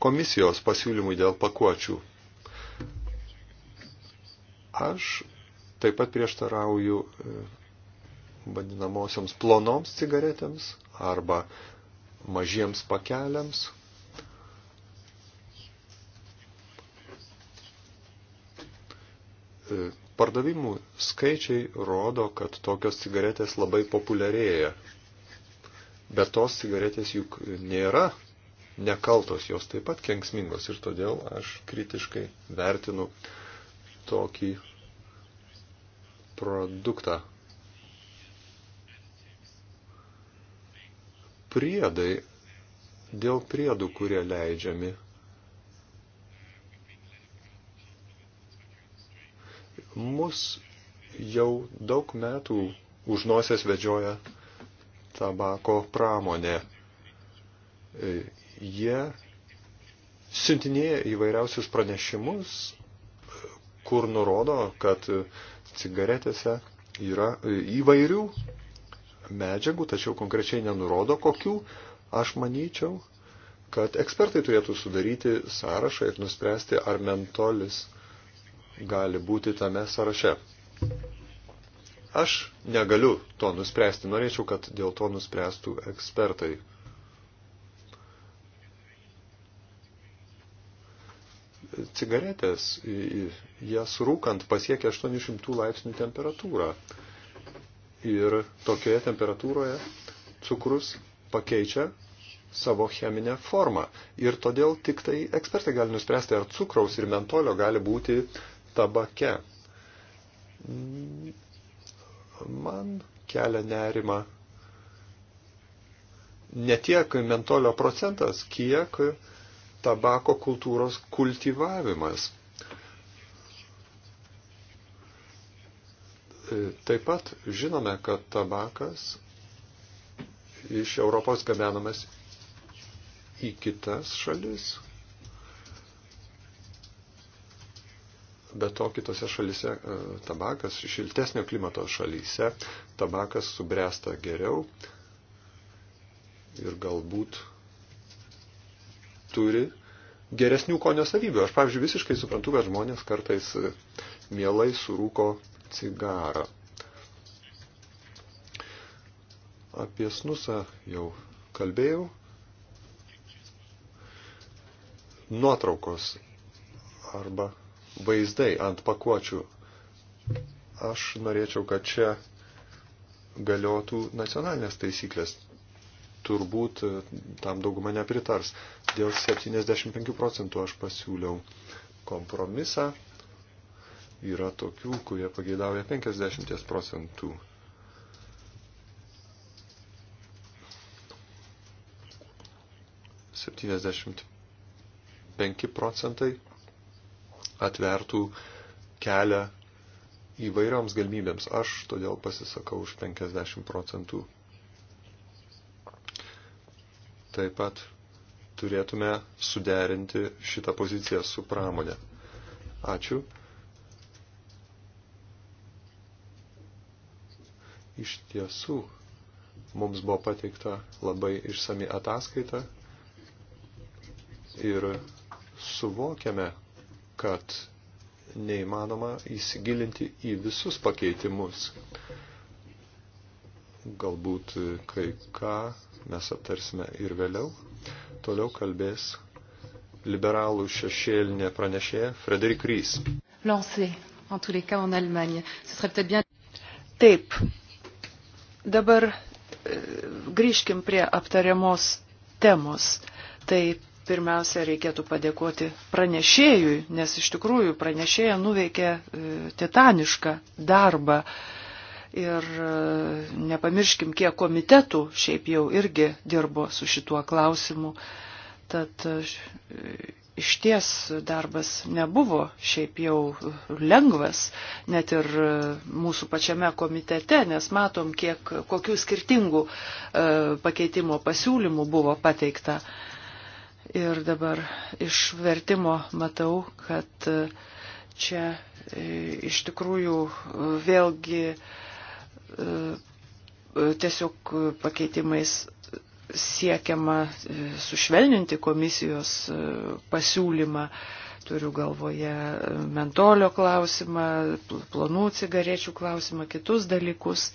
komisijos pasiūlymui dėl pakuočių. Aš taip pat prieštarauju e, vadinamosioms plonoms cigaretėms arba mažiems pakeliams. E, pardavimų skaičiai rodo, kad tokios cigaretės labai populiarėja. Bet tos cigaretės juk nėra nekaltos, jos taip pat kenksmingos ir todėl aš kritiškai vertinu tokį produktą. Priedai dėl priedų, kurie leidžiami. Mus jau daug metų už nosies vedžioja tabako pramonė jie siuntinėja įvairiausius pranešimus, kur nurodo, kad cigaretėse yra įvairių medžiagų, tačiau konkrečiai nenurodo kokių. Aš manyčiau, kad ekspertai turėtų sudaryti sąrašą ir nuspręsti, ar mentolis gali būti tame sąraše. Aš negaliu to nuspręsti, norėčiau, kad dėl to nuspręstų ekspertai. cigaretės, jas rūkant pasiekia 800 laipsnių temperatūrą. Ir tokioje temperatūroje cukrus pakeičia savo cheminę formą. Ir todėl tik tai ekspertai gali nuspręsti, ar cukraus ir mentolio gali būti tabake. Man kelia nerima ne tiek mentolio procentas, kiek uh, tabako kultūros kultivavimas. E, taip pat žinome, kad tabakas iš Europos gabenamas į kitas šalis. Be to, kitose šalyse e, tabakas, šiltesnio klimato šalyse, tabakas subręsta geriau ir galbūt turi geresnių konio savybių. Aš, pavyzdžiui, visiškai suprantu, kad žmonės kartais e, mielai surūko cigarą. Apie snusą jau kalbėjau. Nuotraukos arba vaizdai ant pakuočių. Aš norėčiau, kad čia galiotų nacionalinės taisyklės turbūt e, tam dauguma nepritars. Dėl 75 procentų aš pasiūliau kompromisą. Yra tokių, kurie pageidauja 50 procentų. Septyniasdešimt penki procentai atvertų kelią įvairioms galimybėms. Aš todėl pasisakau už 50 procentų Taip pat turėtume suderinti šitą poziciją su pramonė. Ačiū. Iš tiesų, mums buvo pateikta labai išsami ataskaita ir suvokiame, kad neįmanoma įsigilinti į visus pakeitimus. Galbūt kai ką mes aptarsime ir vėliau. Toliau kalbės liberalų šešėlinė pranešėja Frederik Rys. Taip. Dabar e, grįžkim prie aptariamos temos. Tai pirmiausia, reikėtų padėkoti pranešėjui, nes iš tikrųjų pranešėja nuveikė e, titanišką darbą. E, Ir e, nepamirškim, kiek komitetų šiaip jau irgi dirbo su šituo klausimu. Tad e, e, iš ties darbas nebuvo šiaip jau lengvas, net ir mūsų pačiame komitete, nes matom, kiek, kokių skirtingų pakeitimo pasiūlymų buvo pateikta. Ir dabar iš vertimo matau, kad čia iš tikrųjų vėlgi E, tiesiog pakeitimais siekiama e, sušvelninti komisijos e, pasiūlymą turiu galvoje mentolio klausimą, plonų cigarečių klausimą, kitus dalykus.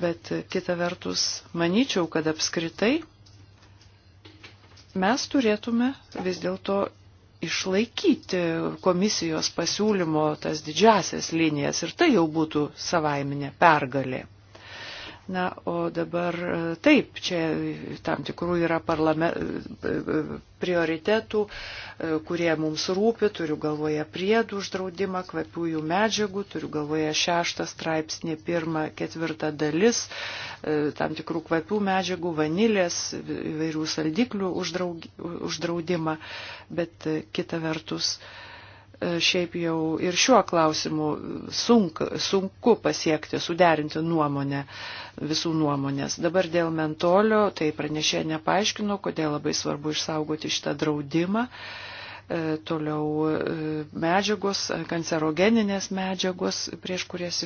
Bet kita vertus, manyčiau, kad apskritai mes turėtume vis dėlto išlaikyti komisijos pasiūlymo tas didžiasias linijas ir tai jau būtų savaiminė pergalė. Na, o dabar e, taip, čia tam tikrų yra parlame, e, e, prioritetų, kurie mums rūpi, turiu galvoje priedų uždraudimą, kvepiųjų medžiagų, turiu galvoje šeštą straipsnį, pirmą, ketvirtą dalis, tam tikrų kvepių medžiagų, vanilės, įvairių saldiklių uždraudimą, bet kita vertus. Uh, E, šiaip jau ir šiuo klausimu sunk, sunku pasiekti, suderinti nuomonę, visų nuomonės. Dabar dėl mentolio, tai pranešė nepaaiškino, kodėl labai svarbu išsaugoti šitą draudimą. E, toliau e, medžiagos, kancerogeninės medžiagos, prieš kurias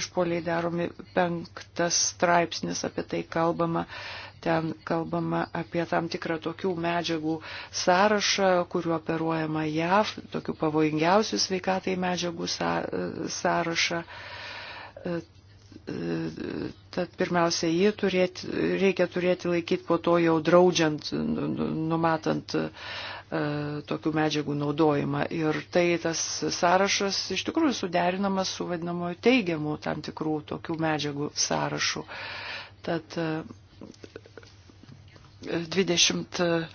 išpoliai daromi penktas straipsnis, apie tai kalbama. Ten kalbama apie tam tikrą tokių medžiagų sąrašą, kuriuo operuojama JAV, tokių pavojingiausių sveikatai medžiagų sąrašą. E, e, tad pirmiausia, jį turėti, reikia turėti laikyti po to jau draudžiant, nu, nu, numatant e, tokių medžiagų naudojimą. Ir tai tas sąrašas iš tikrųjų suderinamas su vadinamoju teigiamu tam tikrų tokių medžiagų sąrašu. Tad 422,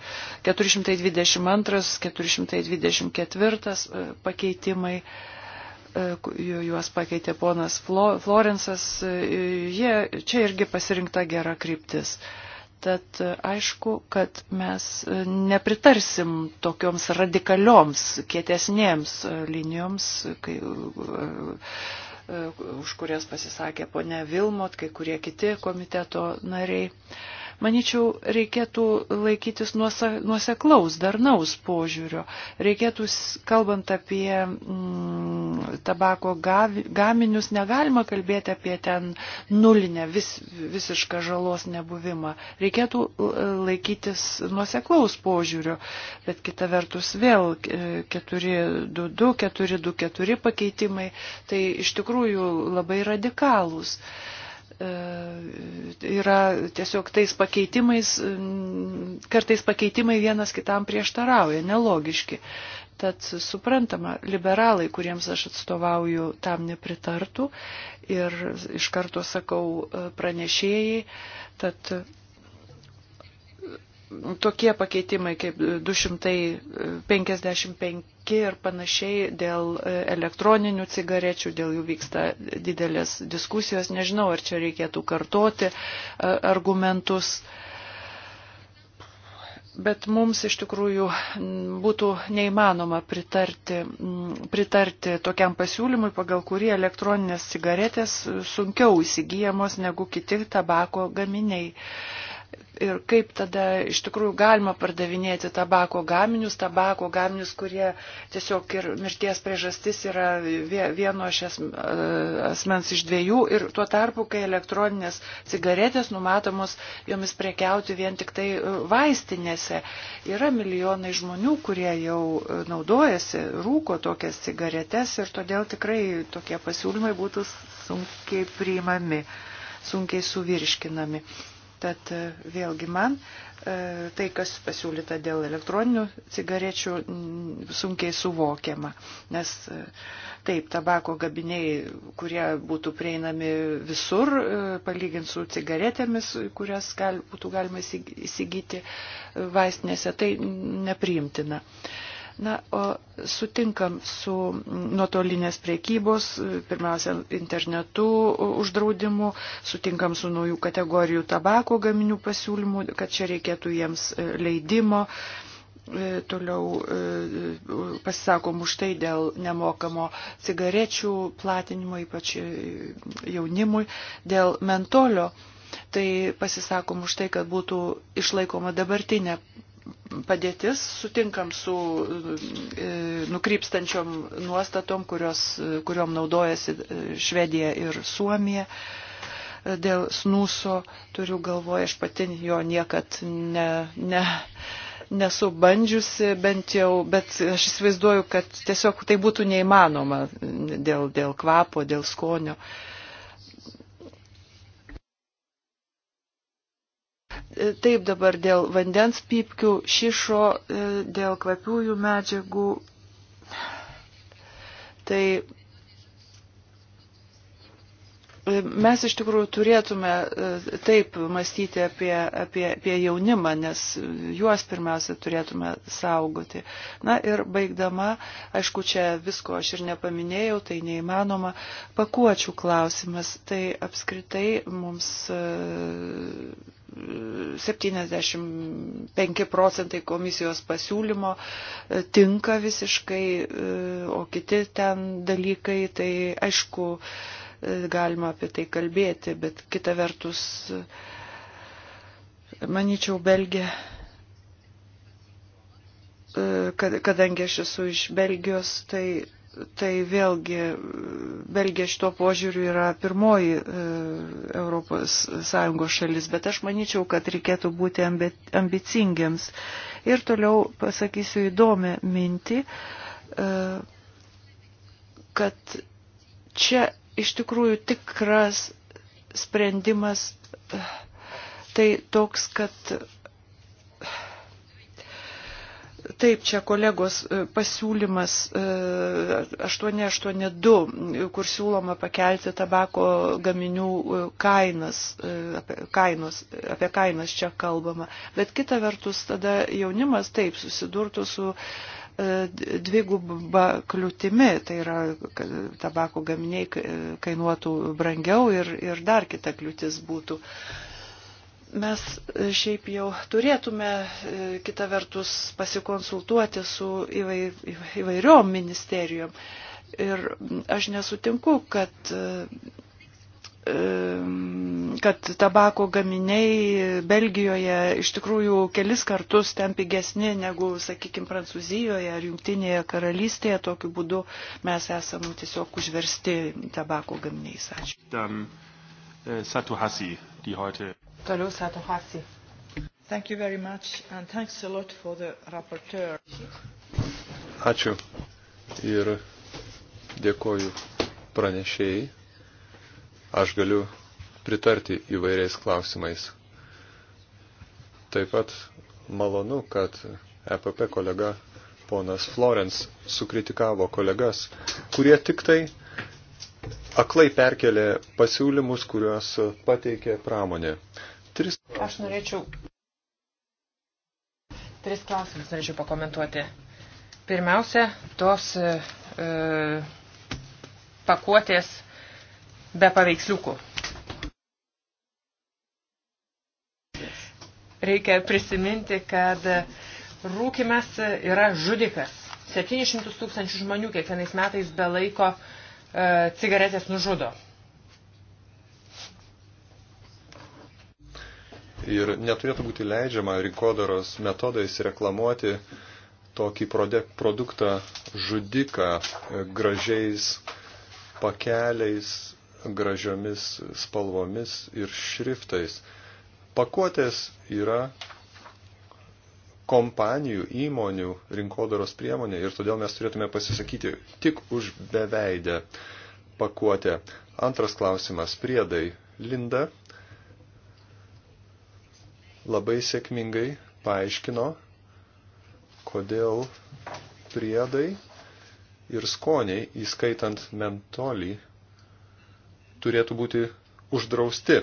424 e, pakeitimai, e, juos pakeitė ponas Florensas, e, jie, čia irgi pasirinkta gera kryptis. Tad aišku, kad mes nepritarsim tokioms radikalioms, kietesnėms linijoms, kai, už kurias pasisakė ponia Vilmot, kai kurie kiti komiteto nariai. Maničiau, reikėtų laikytis nuoseklaus, darnaus požiūrio. Reikėtų, kalbant apie mm, tabako gaminius, negalima kalbėti apie ten nulinę, vis, visišką žalos nebuvimą. Reikėtų laikytis nuoseklaus požiūrio, bet kita vertus vėl 422, e, 424 pakeitimai, tai iš tikrųjų labai radikalūs. Uh, E, yra tiesiog tais pakeitimais, kartais pakeitimai vienas kitam prieštarauja, nelogiški. Tad suprantama, liberalai, kuriems aš atstovauju, tam nepritartų ir iš karto sakau e, pranešėjai, tad Nu, tokie pakeitimai kaip 255 ir panašiai dėl e, elektroninių cigarečių, dėl jų vyksta didelės diskusijos. Nežinau, ar čia reikėtų kartoti e, argumentus. Bet mums iš tikrųjų būtų neįmanoma pritarti, pritarti tokiam pasiūlymui, pagal kurį elektroninės cigaretės sunkiau įsigijamos negu kiti tabako gaminiai. Uh, ir kaip tada iš tikrųjų galima pardavinėti tabako gaminius, tabako gaminius, kurie tiesiog ir mirties priežastis yra vieno iš e, asmens iš dviejų ir tuo tarpu, kai elektroninės cigaretės numatomos jomis prekiauti vien tik tai e, vaistinėse, yra milijonai žmonių, kurie jau e, naudojasi, rūko tokias cigaretes ir todėl tikrai tokie pasiūlymai būtų sunkiai priimami, sunkiai suvirškinami. Tad e, vėlgi man e, tai, kas pasiūlyta dėl elektroninių cigarečių, sunkiai suvokiama. Nes e, taip, tabako gabiniai, kurie būtų prieinami visur, palyginti su cigaretėmis, kurias gal, būtų galima įsigyti vaistinėse, tai nepriimtina. Uh, Na, o sutinkam su nuotolinės priekybos, pirmiausia, internetu uždraudimu, sutinkam su naujų kategorijų tabako gaminių pasiūlymu, kad čia reikėtų jiems e, leidimo. E, toliau e, pasisakom už tai dėl nemokamo cigarečių platinimo, ypač jaunimui, dėl mentolio tai pasisakom už tai, kad būtų išlaikoma dabartinė padėtis, sutinkam su e, nukrypstančiom nuostatom, kurios, kuriuom naudojasi e, Švedija ir Suomija. E, dėl snuso turiu galvoje, aš pati jo niekad ne, ne, nesu bandžiusi, bent jau, bet aš įsivaizduoju, kad tiesiog tai būtų neįmanoma dėl, dėl kvapo, dėl skonio. Uh, Taip dabar dėl vandens pypkių, šišo, e, dėl kvapiųjų medžiagų. Tai e, mes iš tikrųjų turėtume e, taip mąstyti apie, apie, apie jaunimą, nes juos pirmiausia turėtume saugoti. Na ir baigdama, aišku, čia visko aš ir nepaminėjau, tai neįmanoma, pakuočių klausimas. Tai apskritai mums 75 procentai komisijos pasiūlymo e, tinka visiškai, e, o kiti ten dalykai, tai aišku, e, galima apie tai kalbėti, bet kita vertus, manyčiau, Belgija kad, kadangi aš esu iš Belgijos, tai tai vėlgi Belgija šito požiūriu yra pirmoji ES šalis, bet aš manyčiau, kad reikėtų būti ambicingiams. Ir toliau pasakysiu įdomią mintį, e, kad čia iš tikrųjų tikras sprendimas e, tai toks, kad Taip, čia kolegos e, pasiūlymas 882, e, kur siūloma pakelti tabako gaminių e, kainas, apie, kainos, apie kainas čia kalbama. Bet kita vertus, tada jaunimas taip susidurtų su dviguba kliūtimi, tai yra tabako gaminiai kainuotų brangiau ir, ir dar kita kliūtis būtų. Uh, mes e, šiaip jau turėtume e, kitą vertus pasikonsultuoti su įvairiom ministerijom. Ir aš nesutinku, kad e, kad tabako gaminiai Belgijoje iš tikrųjų kelis kartus ten pigesni negu, sakykime, Prancūzijoje ar Junktinėje karalystėje. Tokiu būdu mes esam tiesiog užversti tabako gaminiais. Ačiū. Dann, äh, Satuhasi, die heute Toliau Sato Hasi. Thank you very much and thanks a lot for the rapporteur. Ačiū ir dėkoju pranešėjai. Aš galiu pritarti įvairiais klausimais. Taip pat malonu, kad EPP kolega ponas Florence sukritikavo kolegas, kurie tik tai aklai perkelė pasiūlymus, kuriuos pateikė pramonė. Tris. Aš norėčiau. Tris klausimus norėčiau pakomentuoti. Pirmiausia, tos e, e pakuotės be paveiksliukų. Reikia prisiminti, kad rūkimas yra žudikas. 700 tūkstančių žmonių kiekvienais metais be laiko e, cigaretės nužudo. Ir neturėtų būti leidžiama rinkodaros metodais reklamuoti tokį produktą žudiką e, gražiais pakeliais, gražiomis spalvomis ir šriftais. Pakuotės yra kompanijų, įmonių rinkodaros priemonė ir todėl mes turėtume pasisakyti tik už beveidę pakuotę. Antras klausimas - priedai. Linda labai sėkmingai paaiškino, kodėl priedai ir skoniai, įskaitant mentolį, turėtų būti uždrausti.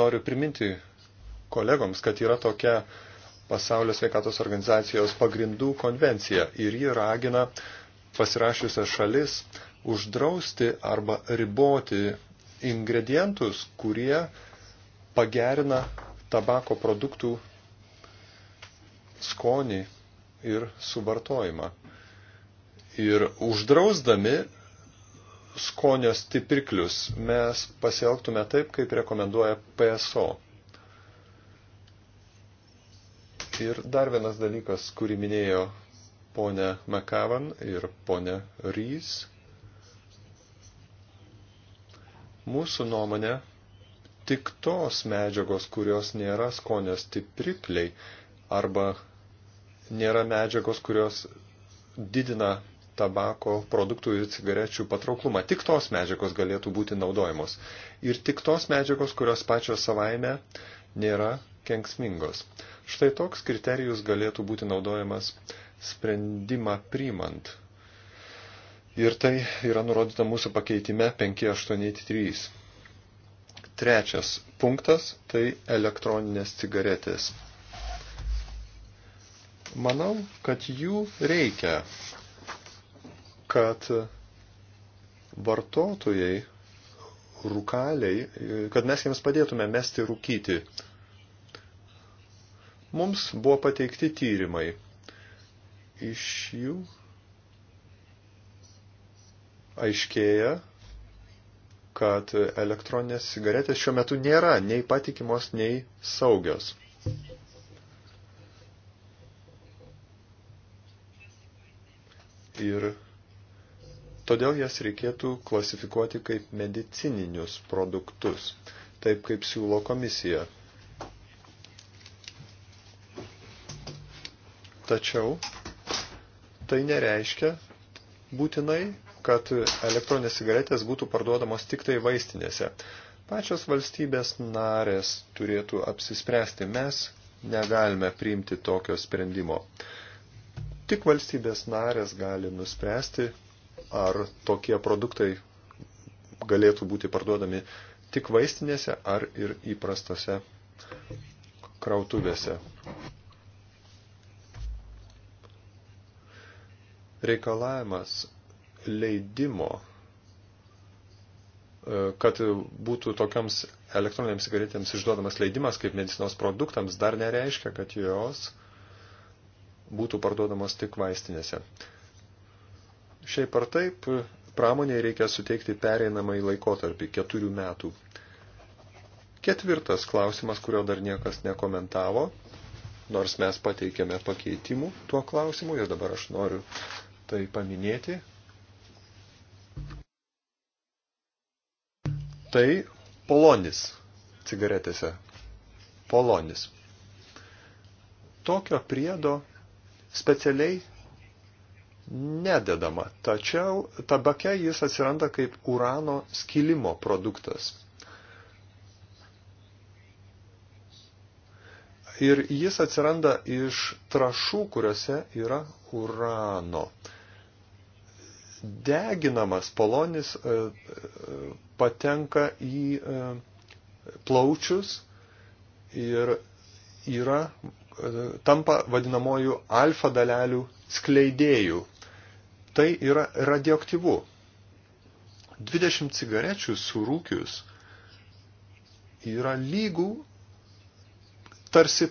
Noriu priminti kolegoms, kad yra tokia Pasaulio sveikatos organizacijos pagrindų konvencija ir ji ragina pasirašiusias šalis uždrausti arba riboti ingredientus, kurie pagerina tabako produktų skonį ir suvartojimą. Ir uždrausdami skonio stipriklius mes pasielgtume taip, kaip rekomenduoja PSO. Ir dar vienas dalykas, kurį minėjo ponė Makavan ir ponė Rys. Mūsų nuomonė tik tos medžiagos, kurios nėra skonio stiprikliai arba nėra medžiagos, kurios didina tabako produktų ir cigarečių patrauklumą. Tik tos medžiagos galėtų būti naudojamos. Ir tik tos medžiagos, kurios pačios savaime nėra kenksmingos. Štai toks kriterijus galėtų būti naudojamas sprendimą priimant. Ir tai yra nurodyta mūsų pakeitime 583. Trečias punktas – tai elektroninės cigaretės. Manau, kad jų reikia, kad vartotojai, rūkaliai, kad mes jiems padėtume mesti rūkyti. Mums buvo pateikti tyrimai. Iš jų aiškėja, kad elektroninės cigaretės šiuo metu nėra nei patikimos, nei saugios. Ir todėl jas reikėtų klasifikuoti kaip medicininius produktus, taip kaip siūlo komisija. Tačiau tai nereiškia būtinai, kad elektroninės cigaretės būtų parduodamos tik tai vaistinėse. Pačios valstybės narės turėtų apsispręsti. Mes negalime priimti tokio sprendimo. Tik valstybės narės gali nuspręsti, ar tokie produktai galėtų būti parduodami tik vaistinėse ar ir įprastose krautuvėse. Reikalavimas leidimo, e, kad būtų tokiams elektroniniams cigaretėms išduodamas leidimas kaip medicinos produktams, dar nereiškia, kad jos būtų parduodamos tik vaistinėse. Šiaip ar taip, pramoniai reikia suteikti pereinamą į laikotarpį keturių metų. Ketvirtas klausimas, kurio dar niekas nekomentavo, nors mes pateikėme pakeitimų tuo klausimu ir dabar aš noriu tai paminėti, tai polonis cigaretėse. Polonis. Tokio priedo specialiai nededama, tačiau tabake jis atsiranda kaip urano skilimo produktas. Ir jis atsiranda iš trašų, kuriuose yra urano. Deginamas polonis e, e, patenka į e, plaučius ir yra, e, tampa vadinamojų alfa dalelių skleidėjų. Tai yra radioaktyvu. 20 cigarečių surūkius yra lygų, tarsi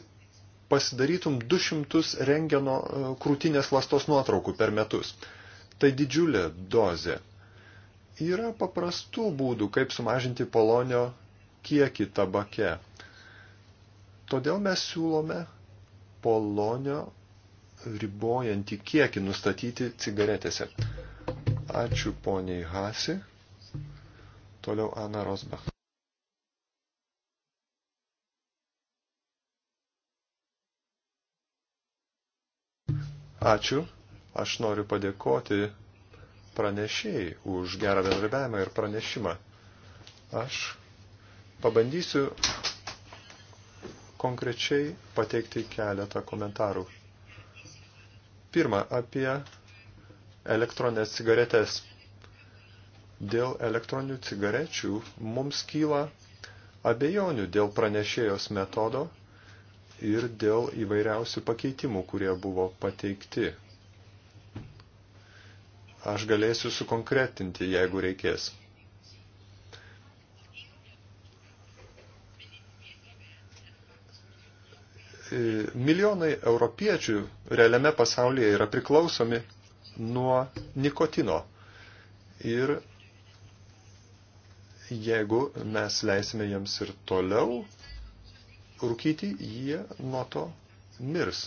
pasidarytum 200 rengeno e, krūtinės lastos nuotraukų per metus. Tai didžiulė dozė. Yra paprastų būdų, kaip sumažinti polonio kiekį tabake. Todėl mes siūlome polonio ribojantį kiekį nustatyti cigaretėse. Ačiū poniai Hasi. Toliau Ana Rosbach. Ačiū. Aš noriu padėkoti pranešėjai už gerą bendradarbiavimą ir pranešimą. Aš pabandysiu konkrečiai pateikti keletą komentarų. Pirma, apie elektroninės cigaretės. Dėl elektroninių cigarečių mums kyla abejonių dėl pranešėjos metodo ir dėl įvairiausių pakeitimų, kurie buvo pateikti Aš galėsiu sukonkretinti, jeigu reikės. Milijonai europiečių realiame pasaulyje yra priklausomi nuo nikotino. Ir jeigu mes leisime jiems ir toliau rūkyti, jie nuo to mirs.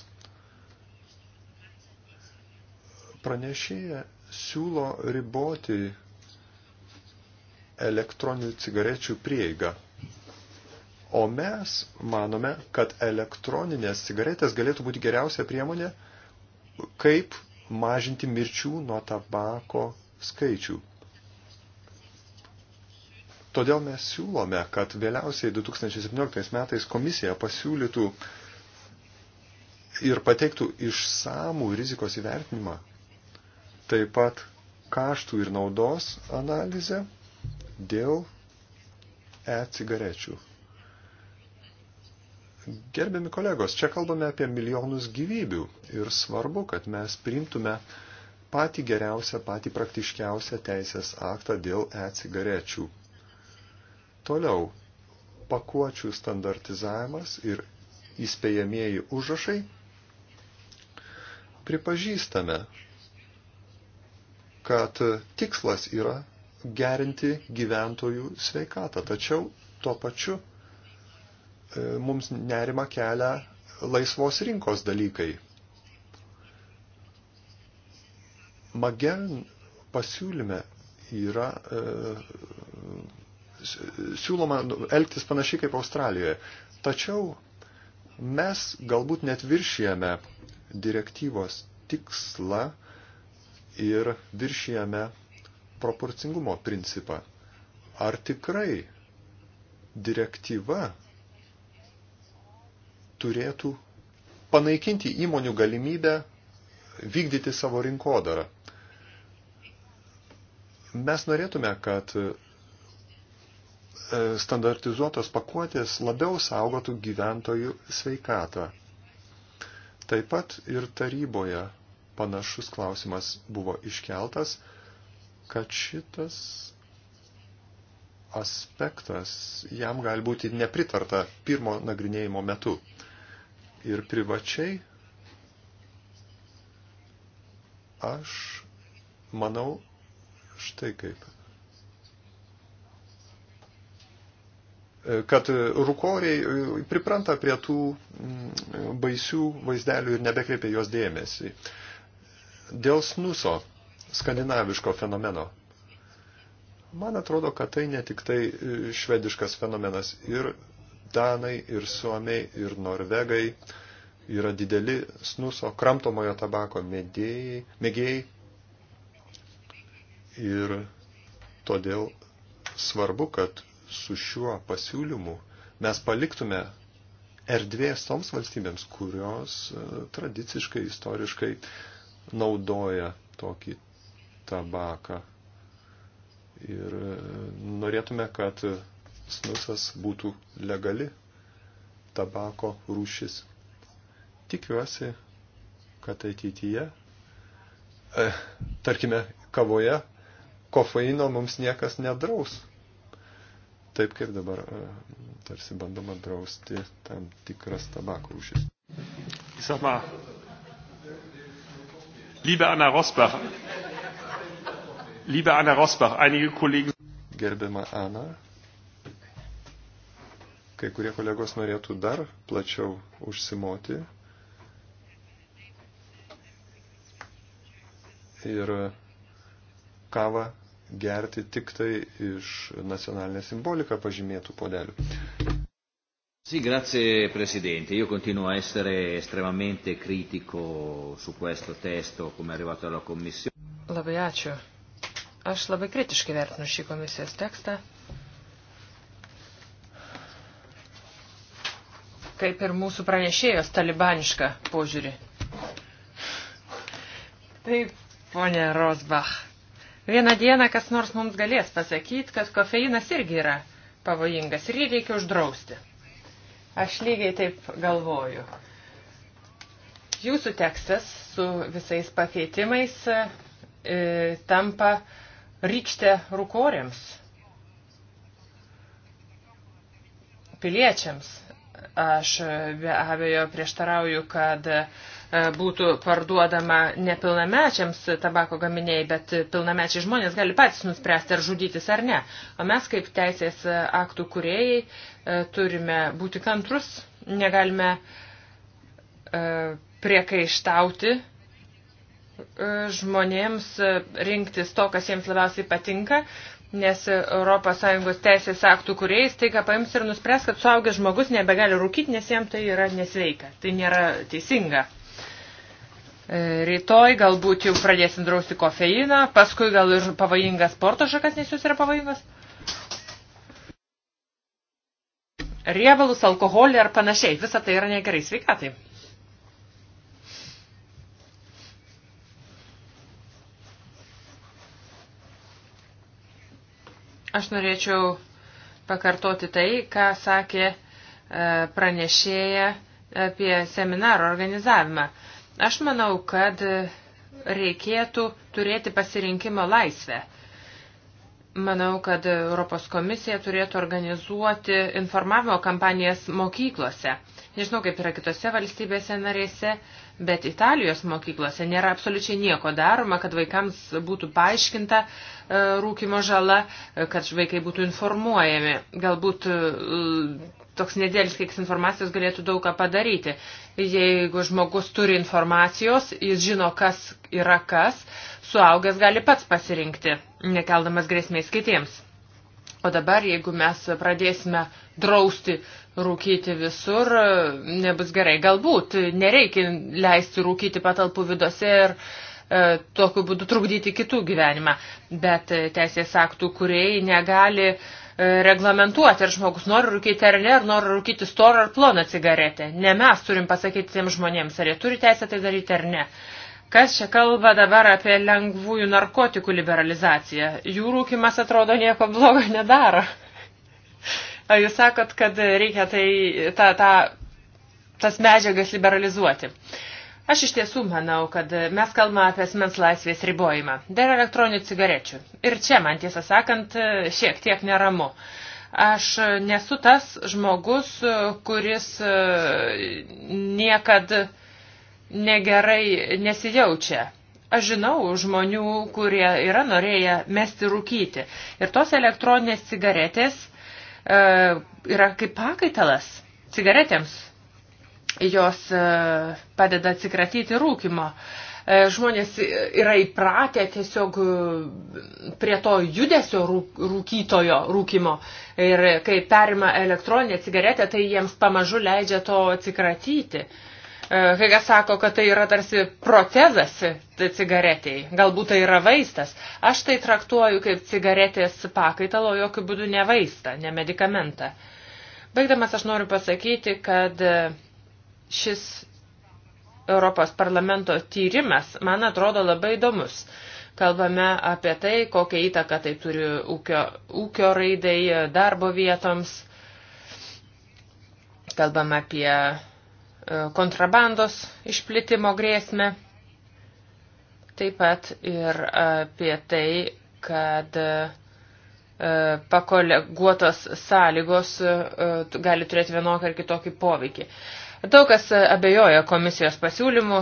Pranešėja siūlo riboti elektroninių cigarečių prieigą. O mes manome, kad elektroninės cigaretės galėtų būti geriausia priemonė, kaip mažinti mirčių nuo tabako skaičių. Todėl mes siūlome, kad vėliausiai 2017 metais komisija pasiūlytų ir pateiktų išsamų rizikos įvertinimą taip pat kaštų ir naudos analizę dėl e-cigarečių. Gerbiami kolegos, čia kalbame apie milijonus gyvybių ir svarbu, kad mes priimtume patį geriausią, patį praktiškiausią teisės aktą dėl e-cigarečių. Toliau, pakuočių standartizavimas ir įspėjamieji užrašai. Pripažįstame, kad tikslas yra gerinti gyventojų sveikatą. Tačiau tuo pačiu e, mums nerima kelia laisvos rinkos dalykai. Magen pasiūlyme yra e, siūloma elgtis panašiai kaip Australijoje. Tačiau mes galbūt net viršijame direktyvos tikslą ir viršijame proporcingumo principą. Ar tikrai direktyva turėtų panaikinti įmonių galimybę vykdyti savo rinkodarą? Mes norėtume, kad e, standartizuotos pakuotės labiau saugotų gyventojų sveikatą. Taip pat ir taryboje panašus klausimas buvo iškeltas, kad šitas aspektas jam gali būti nepritarta pirmo nagrinėjimo metu. Ir privačiai aš manau štai kaip. Kad rukoriai pripranta prie tų mm, baisių vaizdelių ir nebekreipia jos dėmesį. Dėl snuso, skandinaviško fenomeno. Man atrodo, kad tai ne tik tai e, švediškas fenomenas. Ir danai, ir suomiai, ir norvegai yra dideli snuso, kramtomojo tabako mėgėjai. mėgėjai. Ir todėl svarbu, kad su šiuo pasiūlymu mes paliktume erdvės toms valstybėms, kurios e, tradiciškai, istoriškai uh, naudoja tokį tabaką. Ir e, norėtume, kad snusas būtų legali tabako rūšis. Tikiuosi, kad ateityje, e, tarkime, kavoje kofeino mums niekas nedraus. Taip kaip dabar e, tarsi bandoma drausti tam tikras tabako rūšis. Ich sag mal, Liebe Anna Rosbach, liebe Anna Rosbach, einige Kollegen. Gerbiama Ana, kai kurie kolegos norėtų dar plačiau užsimoti. Ir kavą gerti tik tai iš nacionalinę simboliką pažymėtų podelių. Sì, grazie Presidente. Io continuo a essere estremamente critico su questo testo come è arrivato alla Commissione. Labai ačiū. Aš labai kritiškai vertinu šį komisijos tekstą. Kaip ir mūsų pranešėjos talibanišką požiūrį. Taip, ponė Rosbach. Vieną dieną kas nors mums galės pasakyti, kad kofeinas irgi yra pavojingas ir jį reikia uždrausti. Aš lygiai taip galvoju. Jūsų tekstas su visais pakeitimais e, tampa rykšte rūkoriams, piliečiams. Aš be abejo prieštarauju, kad E, būtų parduodama nepilnamečiams tabako gaminiai, bet pilnamečiai žmonės gali patys nuspręsti, ar žudytis ar ne. O mes kaip teisės aktų kuriejai e, turime būti kantrus, negalime e, priekaištauti žmonėms rinktis to, kas jiems labiausiai patinka, nes ES teisės aktų kuriais tai, ką paims ir nuspręs, kad suaugęs žmogus nebegali rūkyti, nes jam tai yra nesveika. Tai nėra teisinga. E, rytoj galbūt jau pradėsim drausti kofeiną, paskui gal ir pavojingas sporto šakas, nes jūs yra pavojingas. Riebalus, alkoholį ar panašiai, visa tai yra negerai sveikatai. Aš norėčiau pakartoti tai, ką sakė e, pranešėja apie seminaro organizavimą. Aš manau, kad reikėtų turėti pasirinkimo laisvę. Manau, kad Europos komisija turėtų organizuoti informavimo kampanijas mokyklose. Nežinau, kaip yra kitose valstybėse narėse, bet Italijos mokyklose nėra absoliučiai nieko daroma, kad vaikams būtų paaiškinta e, rūkimo žala, e, kad vaikai būtų informuojami. Galbūt e, toks nedėlis kiekis informacijos galėtų daug ką padaryti. Jeigu žmogus turi informacijos, jis žino, kas yra kas, suaugęs gali pats pasirinkti, nekeldamas grėsmės kitiems. O dabar, jeigu mes pradėsime drausti rūkyti visur, nebus gerai. Galbūt nereikia leisti rūkyti patalpų vidose ir e, tokiu būdu trukdyti kitų gyvenimą. Bet e, teisės aktų kuriejai negali e, E, reglamentuoti, ar žmogus nori rūkyti ar ne, ar nori rūkyti storą ar ploną cigaretę. Ne mes turim pasakyti tiems žmonėms, ar jie turi teisę tai daryti ar ne. Kas čia kalba dabar apie lengvųjų narkotikų liberalizaciją? Jų rūkimas atrodo nieko blogo nedaro. Ar jūs sakot, kad reikia tai, ta, ta, tas medžiagas liberalizuoti? Uh, Aš iš tiesų manau, kad mes kalbame apie asmens laisvės ribojimą. Dar elektroninių cigarečių. Ir čia man tiesą sakant šiek tiek neramu. Aš nesu tas žmogus, kuris e, niekad negerai nesijaučia. Aš žinau žmonių, kurie yra norėję mesti rūkyti. Ir tos elektroninės cigaretės e, yra kaip pakaitalas cigaretėms jos e, padeda atsikratyti rūkimo. E, žmonės yra įpratę tiesiog e, prie to judesio rūkytojo rūkimo ir kai perima elektroninę cigaretę, tai jiems pamažu leidžia to atsikratyti. Kai kas sako, kad tai yra tarsi protezas cigaretėjai, galbūt tai yra vaistas. Aš tai traktuoju kaip cigaretės pakaitalo, jokių būdų ne vaistą, ne medikamentą. Baigdamas aš noriu pasakyti, kad šis Europos parlamento tyrimas, man atrodo, labai įdomus. Kalbame apie tai, kokią įtaką tai turi ūkio, ūkio raidai, darbo vietoms. Kalbame apie e, kontrabandos išplitimo grėsmę. Taip pat ir apie tai, kad e, pakoleguotos sąlygos e, gali turėti vienokią ar kitokį poveikį. Daug kas abejoja komisijos pasiūlymų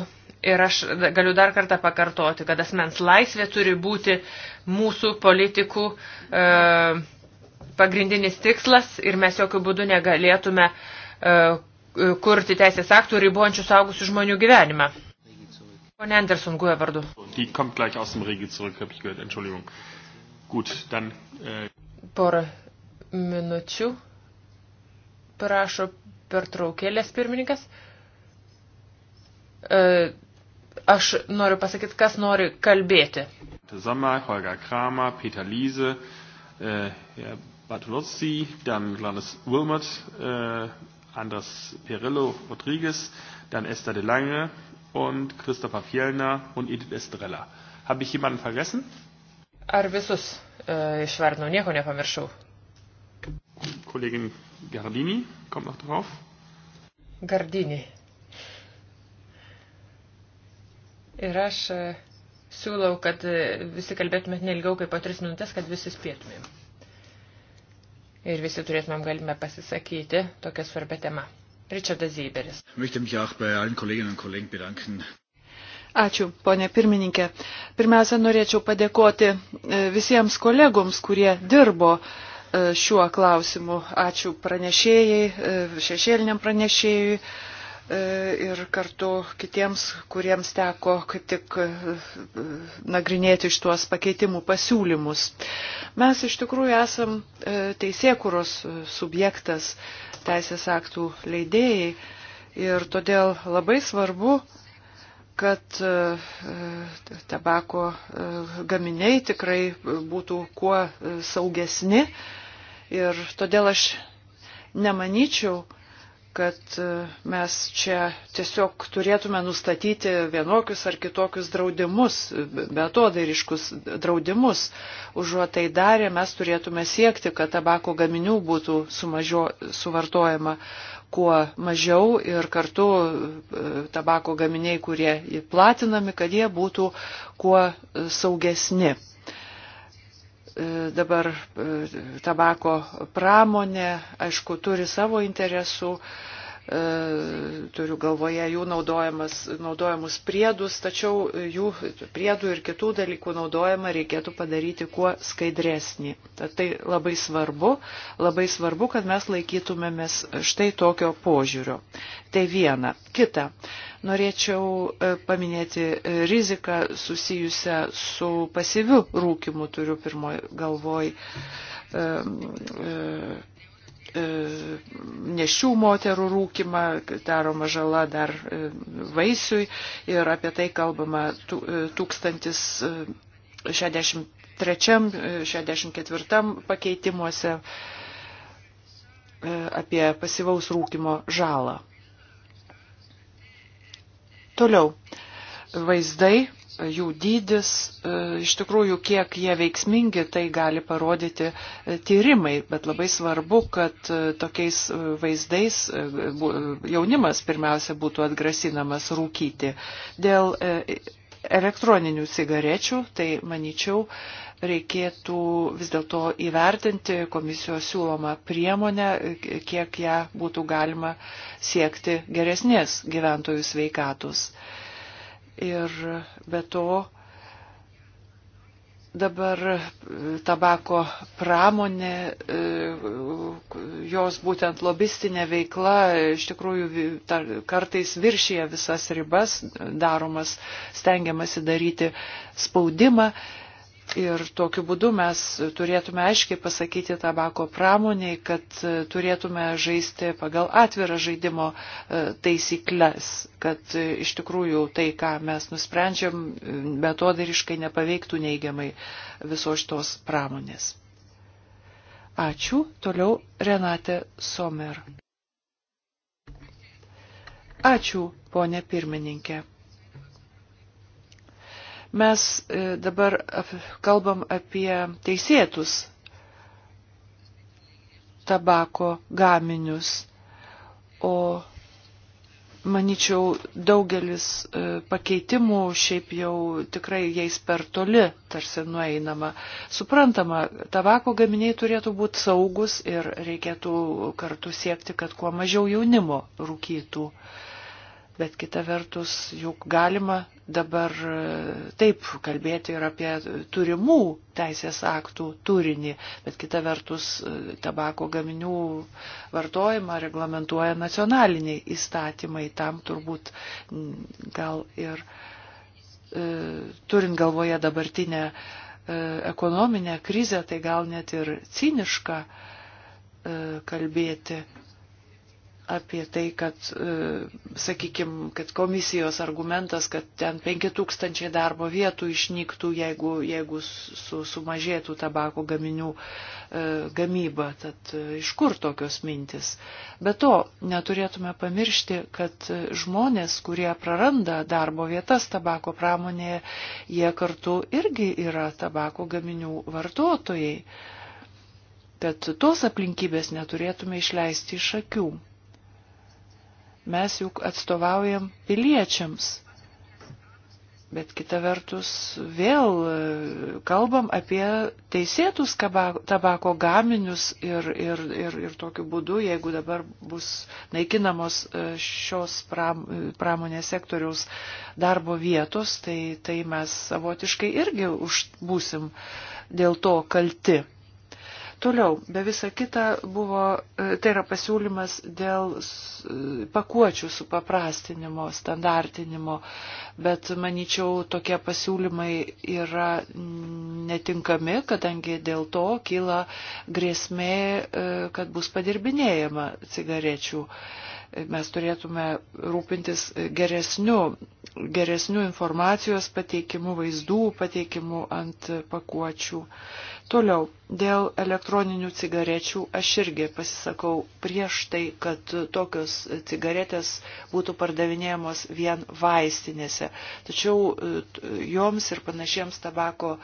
ir aš galiu dar kartą pakartoti, kad asmens laisvė turi būti mūsų politikų e, pagrindinis tikslas ir mes jokių būdų negalėtume e, kurti teisės aktų ribojančių saugusių žmonių gyvenimą. Pone Anderson, guoja vardu. Äh, Porą minučių prašo per traukėlės pirmininkas. E, aš noriu pasakyti, kas nori kalbėti. Sommer, Holger Kramer, Peter Liese, äh, Herr Bartolozzi, dann Glannis Wilmot, äh, Andras Perillo Rodriguez, dann Esther de Lange und Christopher Fjellner und Edith Estrella. Habe ich jemanden vergessen? Ar visus e, išvardinau, nieko nepamiršau. Kollegin Gardini kommt noch drauf. Gardini. Ir aš e, siūlau, kad e, visi kalbėtumėt nelgiau kaip po tris minutės, kad visi spėtumėm. Ir visi turėtumėm galime pasisakyti tokią svarbę temą. Richardas Zyberis. Ačiū, ponė pirmininkė. Pirmiausia, norėčiau padėkoti e, visiems kolegoms, kurie dirbo uh, E, šiuo klausimu. Ačiū pranešėjai, e, šešėliniam pranešėjui e, ir kartu kitiems, kuriems teko kaip tik nagrinėti šitos pakeitimų pasiūlymus. Mes iš tikrųjų esam teisėkuros subjektas, teisės aktų leidėjai ir todėl labai svarbu, kad tabako gaminiai tikrai būtų kuo saugesni Ir todėl aš nemanyčiau, kad e, mes čia tiesiog turėtume nustatyti vienokius ar kitokius draudimus, betodairiškus draudimus. Užuot tai darę, mes turėtume siekti, kad tabako gaminių būtų sumažio, suvartojama kuo mažiau ir kartu e, tabako gaminiai, kurie platinami, kad jie būtų kuo saugesni. E, dabar e, tabako pramonė, aišku, turi savo interesų, E, turiu galvoje jų naudojamus priedus, tačiau jų priedų ir kitų dalykų naudojimą reikėtų padaryti kuo skaidresnį. Tad tai labai svarbu, labai svarbu, kad mes laikytumėmės štai tokio požiūrio. Tai viena. Kita. Norėčiau e, paminėti e, riziką susijusią su pasyviu rūkimu, turiu pirmoji galvoj E, nešių moterų rūkimą, daroma žala dar e, vaisiui ir apie tai kalbama 1063-64 e, pakeitimuose apie pasivaus rūkimo žalą. Toliau. Vaizdai jų dydis, e, iš tikrųjų, kiek jie veiksmingi, tai gali parodyti e, tyrimai, bet labai svarbu, kad e, tokiais vaizdais jaunimas pirmiausia būtų atgrasinamas rūkyti. Dėl elektroninių cigarečių, tai manyčiau, reikėtų vis dėlto įvertinti komisijos siūlomą priemonę, kiek ją būtų galima siekti geresnės gyventojų sveikatos. Ir be to dabar e, tabako pramonė, e, jos būtent lobistinė veikla e, iš tikrųjų kartais viršyje visas ribas daromas, stengiamasi daryti spaudimą Ir tokiu būdu mes turėtume aiškiai pasakyti tabako pramoniai, kad e, turėtume žaisti pagal atvirą žaidimo e, taisyklės, kad e, iš tikrųjų tai, ką mes nusprendžiam, metodariškai nepaveiktų neigiamai viso šitos pramonės. Ačiū. Toliau Renate Somer. Ačiū, ponė pirmininkė. Mes e, dabar kalbam apie teisėtus tabako gaminius, o manyčiau, daugelis e, pakeitimų šiaip jau tikrai jais per toli tarsi nueinama. Suprantama, tabako gaminiai turėtų būti saugus ir reikėtų kartu siekti, kad kuo mažiau jaunimo rūkytų. Bet kita vertus, juk galima dabar e, taip kalbėti ir apie turimų teisės aktų turinį, bet kita vertus e, tabako gaminių vartojimą reglamentuoja nacionaliniai įstatymai, tam turbūt gal ir e, turint galvoje dabartinę ekonominę krizę, tai gal net ir ciniška kalbėti apie tai, kad, e, sakykime, kad komisijos argumentas, kad ten 5000 darbo vietų išnyktų, jeigu, jeigu su, sumažėtų tabako gaminių e, gamyba. Tad e, iš kur tokios mintis? Be to, neturėtume pamiršti, kad žmonės, kurie praranda darbo vietas tabako pramonėje, jie kartu irgi yra tabako gaminių vartotojai. Tad tos aplinkybės neturėtume išleisti iš akių. Mes juk atstovaujam piliečiams. Bet kita vertus vėl e, kalbam apie teisėtus tabako gaminius ir, ir, ir, ir tokiu būdu, jeigu dabar bus naikinamos e, šios pram, pramonės sektoriaus darbo vietos, tai, tai mes savotiškai irgi už, būsim dėl to kalti. Toliau, be visa kita buvo, e, tai yra pasiūlymas dėl e, pakuočių supaprastinimo, standartinimo, bet manyčiau, tokie pasiūlymai yra netinkami, kadangi dėl to kyla grėsmė, e, kad bus padirbinėjama cigarečių. Mes turėtume rūpintis geresniu, geresniu informacijos pateikimu, vaizdų pateikimu ant pakuočių. Toliau, dėl elektroninių cigarečių aš irgi pasisakau prieš tai, kad tokios cigaretės būtų pardavinėjamos vien vaistinėse. Tačiau e, joms ir panašiems tabako e,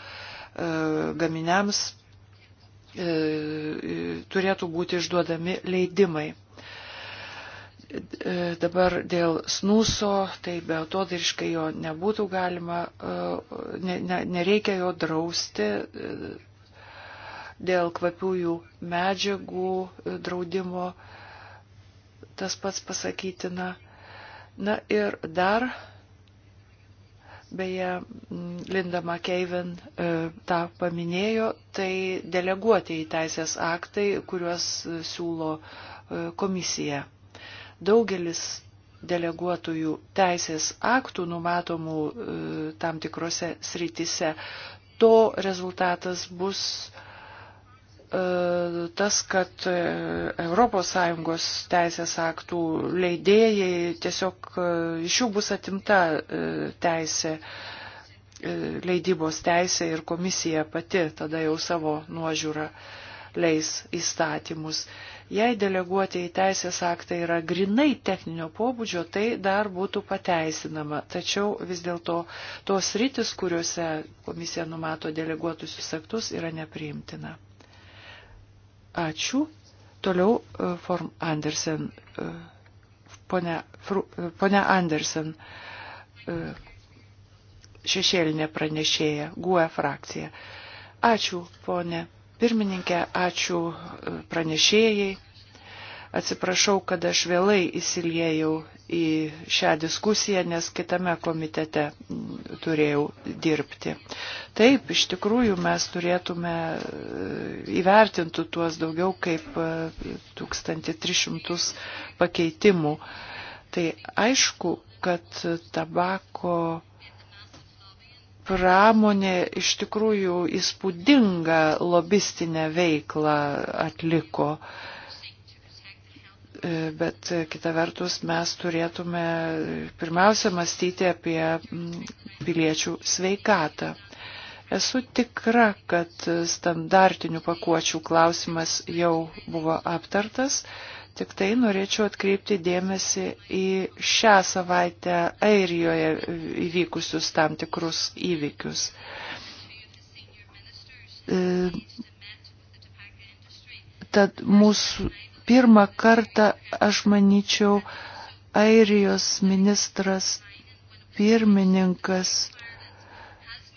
gaminiams e, turėtų būti išduodami leidimai. Dabar dėl snuso, tai be atodiriškai jo nebūtų galima, ne, ne, nereikia jo drausti, dėl kvapiųjų medžiagų e, draudimo tas pats pasakytina. Na ir dar, beje, Linda McKeven e, tą paminėjo, tai deleguoti į teisės aktai, kuriuos e, siūlo komisija. Daugelis deleguotųjų teisės aktų numatomų tam tikrose srityse, to rezultatas bus uh, E, tas, kad ES teisės aktų leidėjai tiesiog e, iš jų bus atimta e, teisė, leidybos teisė ir komisija pati tada jau savo nuožiūrą leis įstatymus. Jei deleguoti į teisės aktą yra grinai techninio pobūdžio, tai dar būtų pateisinama. Tačiau vis dėlto tos rytis, kuriuose komisija numato deleguotusius aktus, yra nepriimtina. Ačiū. Toliau e, Form Andersen. E, pone, fru, e, pone Andersen, šešėlinė pranešėja, GUE frakcija. Ačiū, ponė pirmininkė, ačiū pranešėjai Atsiprašau, kad aš vėlai įsiliejau į šią diskusiją, nes kitame komitete turėjau dirbti. Taip, iš tikrųjų mes turėtume e, įvertinti tuos daugiau kaip 1300 e, pakeitimų. Tai aišku, kad tabako pramonė iš tikrųjų įspūdingą lobistinę veiklą atliko E, bet e, kita vertus mes turėtume pirmiausia mąstyti apie piliečių sveikatą. Esu tikra, kad standartinių pakuočių klausimas jau buvo aptartas, tik tai norėčiau atkreipti dėmesį į šią savaitę Airijoje įvykusius tam tikrus įvykius. E, tad mūsų pirmą kartą, aš manyčiau, Airijos ministras pirmininkas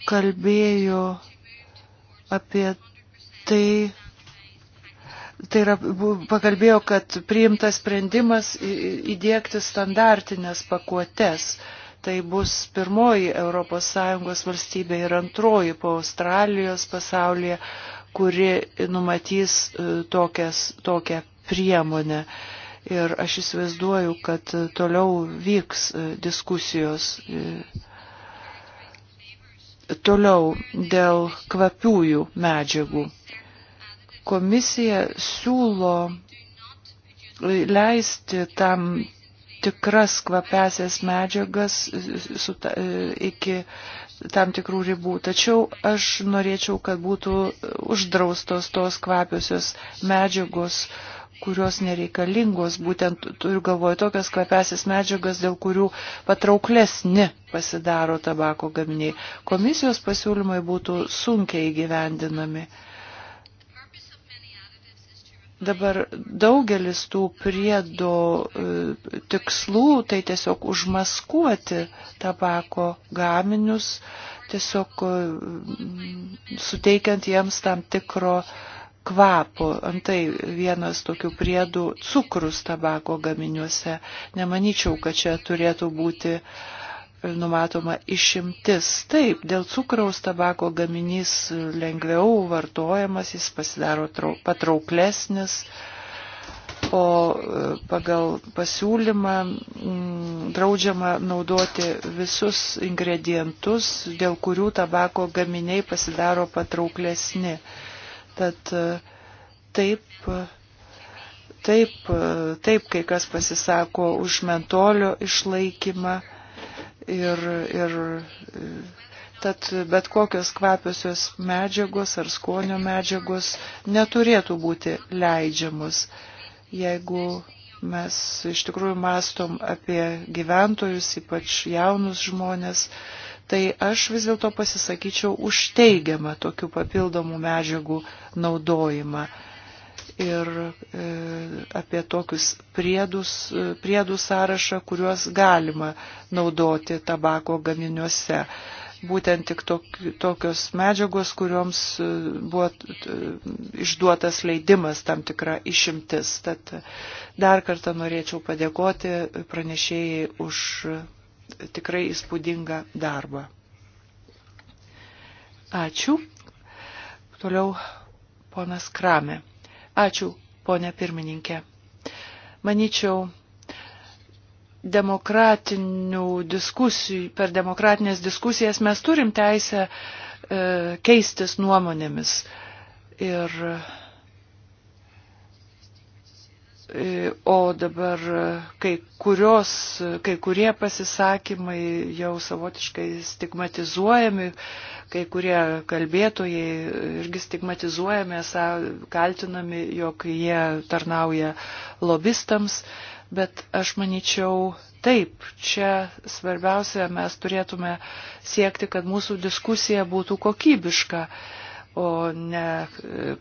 kalbėjo apie tai, tai yra, pakalbėjo, kad priimtas sprendimas įdėkti standartinės pakuotės. Tai bus pirmoji ES valstybė ir antroji po Australijos pasaulyje, kuri numatys e, tokias, tokią priemonė. Ir aš įsivaizduoju, kad toliau vyks e, diskusijos e, toliau dėl kvapiųjų medžiagų. Komisija siūlo leisti tam tikras kvapesias medžiagas e, ta, iki tam tikrų ribų. Tačiau aš norėčiau, kad būtų uždraustos tos kvapiosios medžiagos, kurios nereikalingos, būtent turiu galvoje tokias kvepesis medžiagas, dėl kurių patrauklesni pasidaro tabako gaminiai. Komisijos pasiūlymai būtų sunkiai įgyvendinami. Dabar daugelis tų priedo e, tikslų tai tiesiog užmaskuoti tabako gaminius, tiesiog e, suteikiant jiems tam tikro uh, kvapo. Antai vienas tokių priedų - cukrus tabako gaminiuose. Nemanyčiau, kad čia turėtų būti e, numatoma išimtis. Taip, dėl cukraus tabako gaminys lengviau vartojamas, jis pasidaro patrauklesnis. O e, pagal pasiūlymą draudžiama naudoti visus ingredientus, dėl kurių tabako gaminiai pasidaro patrauklesni. Tad e, taip, taip, taip kai kas pasisako už mentolio išlaikymą ir, ir e, Tad bet kokios kvapiosios medžiagos ar skonio medžiagos neturėtų būti leidžiamos. Jeigu mes iš tikrųjų mastom apie gyventojus, ypač jaunus žmonės, tai aš vis dėlto pasisakyčiau už teigiamą tokių papildomų medžiagų naudojimą. Ir e, apie tokius priedus, e, priedų sąrašą, kuriuos galima naudoti tabako gaminiuose. Būtent tik tok, tokios medžiagos, kurioms e, buvo e, išduotas leidimas tam tikra išimtis. Tad dar kartą norėčiau padėkoti pranešėjai už tikrai įspūdingą darbą. Ačiū. Toliau ponas Kramė. Ačiū, ponė pirmininkė. Maničiau, demokratinių diskusijų, per demokratinės diskusijas mes turim teisę e, keistis nuomonėmis. Ir e, E, o dabar kai, kurios, kai kurie pasisakymai jau savotiškai stigmatizuojami, kai kurie kalbėtojai irgi stigmatizuojami, esą kaltinami, jog jie tarnauja lobistams, bet aš manyčiau taip, čia svarbiausia mes turėtume siekti, kad mūsų diskusija būtų kokybiška, o ne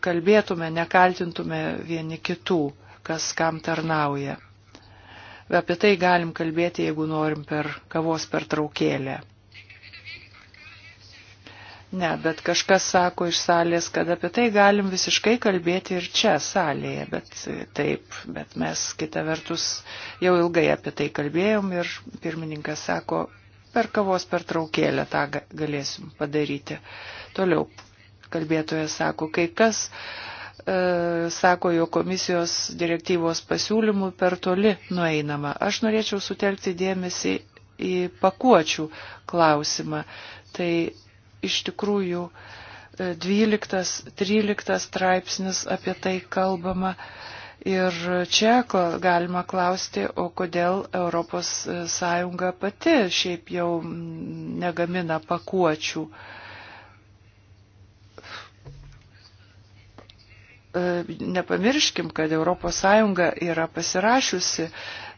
kalbėtume, nekaltintume vieni kitų kas kam tarnauja. Apie tai galim kalbėti, jeigu norim per kavos per traukėlę. Ne, bet kažkas sako iš salės, kad apie tai galim visiškai kalbėti ir čia salėje, bet taip, bet mes kitą vertus jau ilgai apie tai kalbėjom ir pirmininkas sako, per kavos per traukėlę tą galėsim padaryti. Toliau kalbėtojas sako, kai kas E, sako, jo komisijos direktyvos pasiūlymų per toli nueinama. Aš norėčiau sutelkti dėmesį į pakuočių klausimą. Tai iš tikrųjų 12-13 e, straipsnis apie tai kalbama. Ir čia galima klausti, o kodėl ES pati šiaip jau negamina pakuočių. Uh, E, nepamirškim, kad ES yra pasirašiusi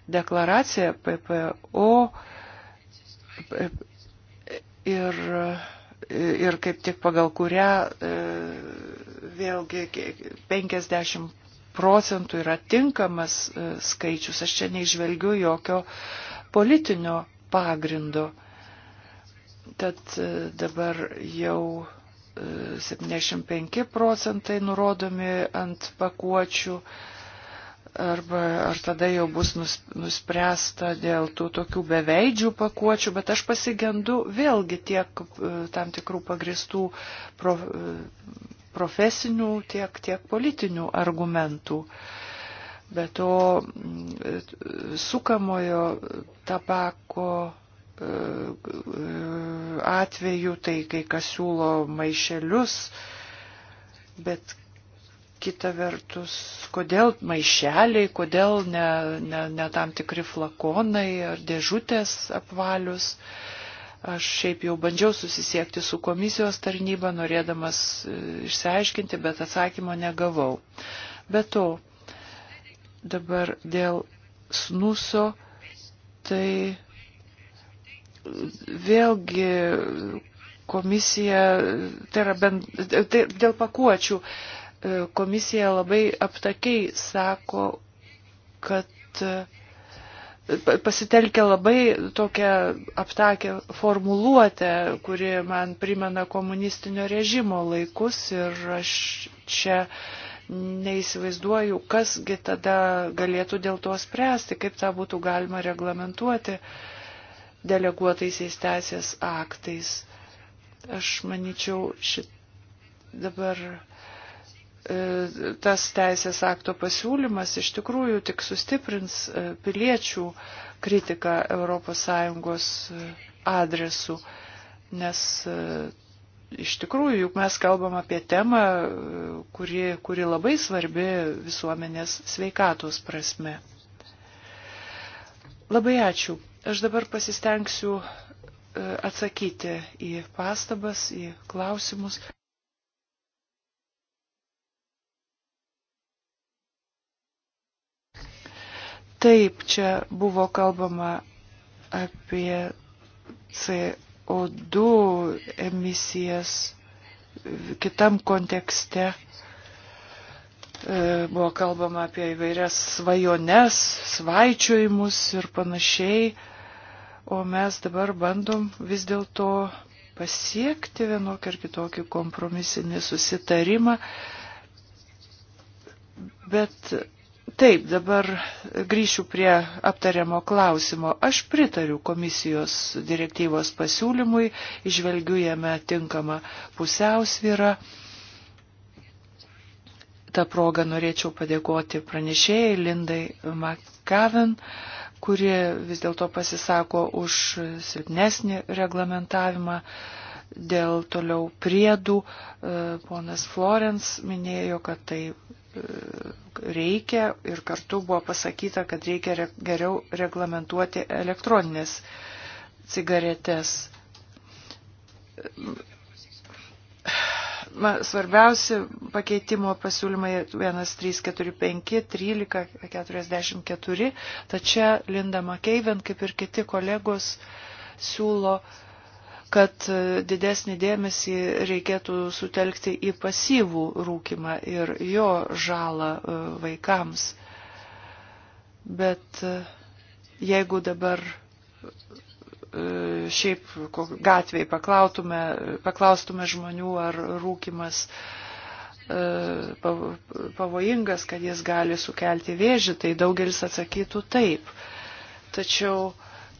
deklaraciją PPO ir, ir kaip tik pagal kurią e, vėlgi 50 procentų yra tinkamas e, skaičius. Aš čia neižvelgiu jokio politinio pagrindo. Tad dabar jau 75 procentai nurodomi ant pakuočių arba ar tada jau bus nus, nuspręsta dėl tų tokių beveidžių pakuočių, bet aš pasigendu vėlgi tiek e, tam tikrų pagristų pro, e, profesinių, tiek, tiek politinių argumentų. Be to e, sukamojo tabako atveju, tai kai kas siūlo maišelius, bet kita vertus, kodėl maišeliai, kodėl ne, ne, ne tam tikri flakonai ar dėžutės apvalius. Aš šiaip jau bandžiau susisiekti su komisijos tarnyba, norėdamas e, išsiaiškinti, bet atsakymo negavau. Be to, dabar dėl snuso, tai vėlgi komisija, tai yra bend, tai, dėl pakuočių, e, komisija labai aptakiai sako, kad e, pasitelkia labai tokią aptakę formuluotę, kuri man primena komunistinio režimo laikus ir aš čia neįsivaizduoju, kasgi tada galėtų dėl to spręsti, kaip tą būtų galima reglamentuoti. Uh, deleguotaisiais teisės aktais. Aš manyčiau, šit dabar e, tas teisės akto pasiūlymas iš tikrųjų tik sustiprins e, piliečių kritiką ES e, adresu, nes iš tikrųjų juk mes kalbam apie temą, kuri, kuri labai svarbi visuomenės sveikatos prasme. Labai ačiū. Aš dabar pasistengsiu e, atsakyti į pastabas, į klausimus. Taip, čia buvo kalbama apie CO2 emisijas kitam kontekste. E, buvo kalbama apie įvairias svajones, svaičiojimus ir panašiai. O mes dabar bandom vis dėlto pasiekti vienokį ar kitokį kompromisinį susitarimą. Bet Taip, dabar grįšiu prie aptariamo klausimo. Aš pritariu komisijos direktyvos pasiūlymui, išvelgiu jame tinkamą pusiausvyrą tą progą norėčiau padėkoti pranešėjai Lindai McGavin, kuri vis dėlto pasisako už silpnesnį reglamentavimą. Dėl toliau priedų e, ponas Florence minėjo, kad tai e, reikia ir kartu buvo pasakyta, kad reikia re, geriau reglamentuoti elektroninės cigaretės svarbiausi pakeitimo pasiūlymai 1, 3, 4, 5, 13, 44. Tačiau Linda Makeiven, kaip ir kiti kolegos, siūlo, kad didesnį dėmesį reikėtų sutelkti į pasyvų rūkimą ir jo žalą e, vaikams. Bet e, jeigu dabar šiaip gatvėje paklaustume žmonių, ar rūkimas e, pavojingas, kad jis gali sukelti vėžį, tai daugelis atsakytų taip. Tačiau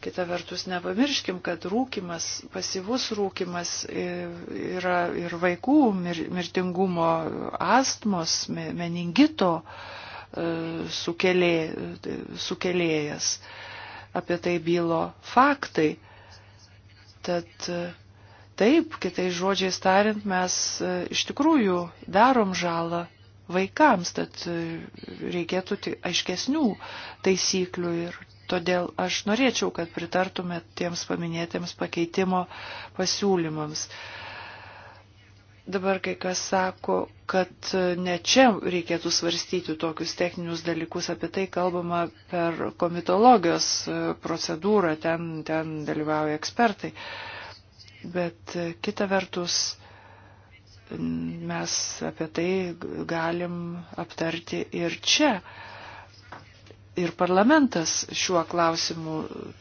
kita vertus nepamirškim, kad rūkimas, pasyvus rūkimas yra ir vaikų mirtingumo, astmos, meningito e, sukelėjas. Sukelė, apie tai bylo faktai. Tad e, taip, kitais žodžiais tariant, mes e, iš tikrųjų darom žalą vaikams, tad e, reikėtų aiškesnių taisyklių ir todėl aš norėčiau, kad pritartumėt tiems paminėtiems pakeitimo pasiūlymams. Dabar kai kas sako, kad ne čia reikėtų svarstyti tokius techninius dalykus, apie tai kalbama per komitologijos procedūrą, ten, ten dalyvauja ekspertai. Bet kita vertus, mes apie tai galim aptarti ir čia. Uh, ir parlamentas šiuo klausimu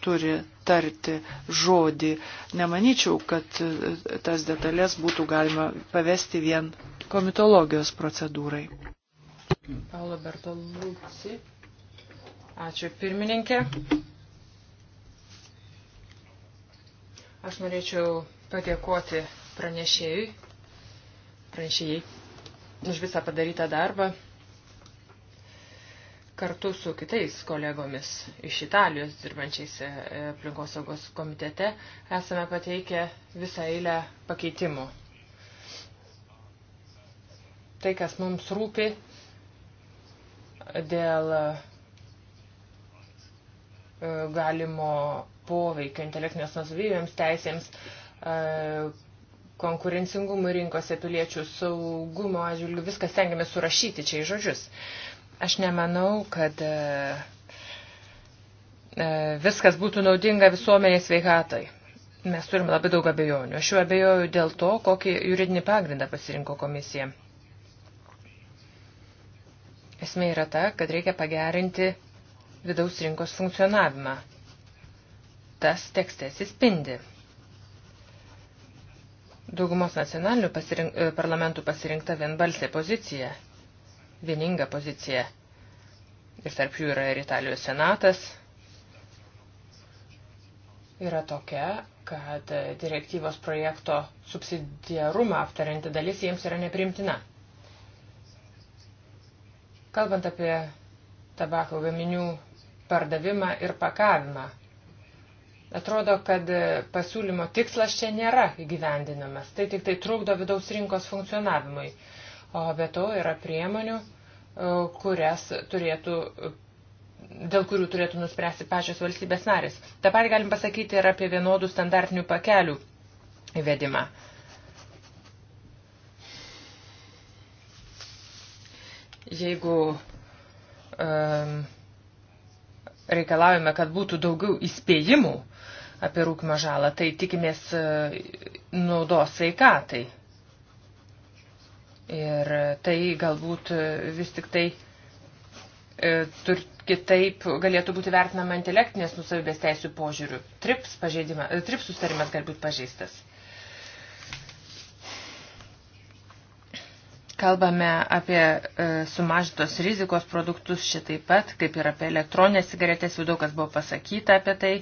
turi tarti žodį. Nemanyčiau, kad e, tas detalės būtų galima pavesti vien komitologijos procedūrai. Paulo Bertolucci. Ačiū pirmininkė. Aš norėčiau padėkoti pranešėjui, pranešėjai, už visą padarytą darbą kartu su kitais kolegomis iš Italijos dirbančiais e, aplinkosaugos komitete esame pateikę visą eilę pakeitimų. Tai, kas mums rūpi dėl e, galimo poveikio intelektinės nusavybėms teisėms, e, konkurencingumui rinkose, piliečių saugumo atžvilgių, viską stengiamės surašyti čia į žodžius. Aš nemanau, kad e, e, viskas būtų naudinga visuomenės veikatai. Mes turim labai daug abejonių. Aš jau abejoju dėl to, kokį juridinį pagrindą pasirinko komisija. Esmė yra ta, kad reikia pagerinti vidaus rinkos funkcionavimą. Tas tekste atsispindi. Daugumos nacionalinių pasirink, e, parlamentų pasirinkta vienbalsė pozicija vieningą poziciją. Ir tarp jų yra ir Italijos senatas. Yra tokia, kad direktyvos projekto subsidiarumą aptarianti dalis jiems yra neprimtina. Kalbant apie tabako gaminių pardavimą ir pakavimą, atrodo, kad pasiūlymo tikslas čia nėra įgyvendinamas. Tai tik tai trukdo vidaus rinkos funkcionavimui. O be to yra priemonių, E, kurias turėtų dėl kurių turėtų nuspręsti pačios valstybės narės. Ta pat galim pasakyti ir apie vienodų standartinių pakelių įvedimą. Jeigu um, reikalaujame, kad būtų daugiau įspėjimų apie rūkimo žalą, tai tikimės uh, naudos sveikatai. Tai Ir tai galbūt vis tik tai e, tur kitaip galėtų būti vertinama intelektinės nusavybės teisų požiūrių. TRIPS, e, TRIPS sustarimas galbūt pažeistas. Kalbame apie e, sumažintos rizikos produktus šitaip pat, kaip ir apie elektroninės cigaretės, jau daug kas buvo pasakyta apie tai.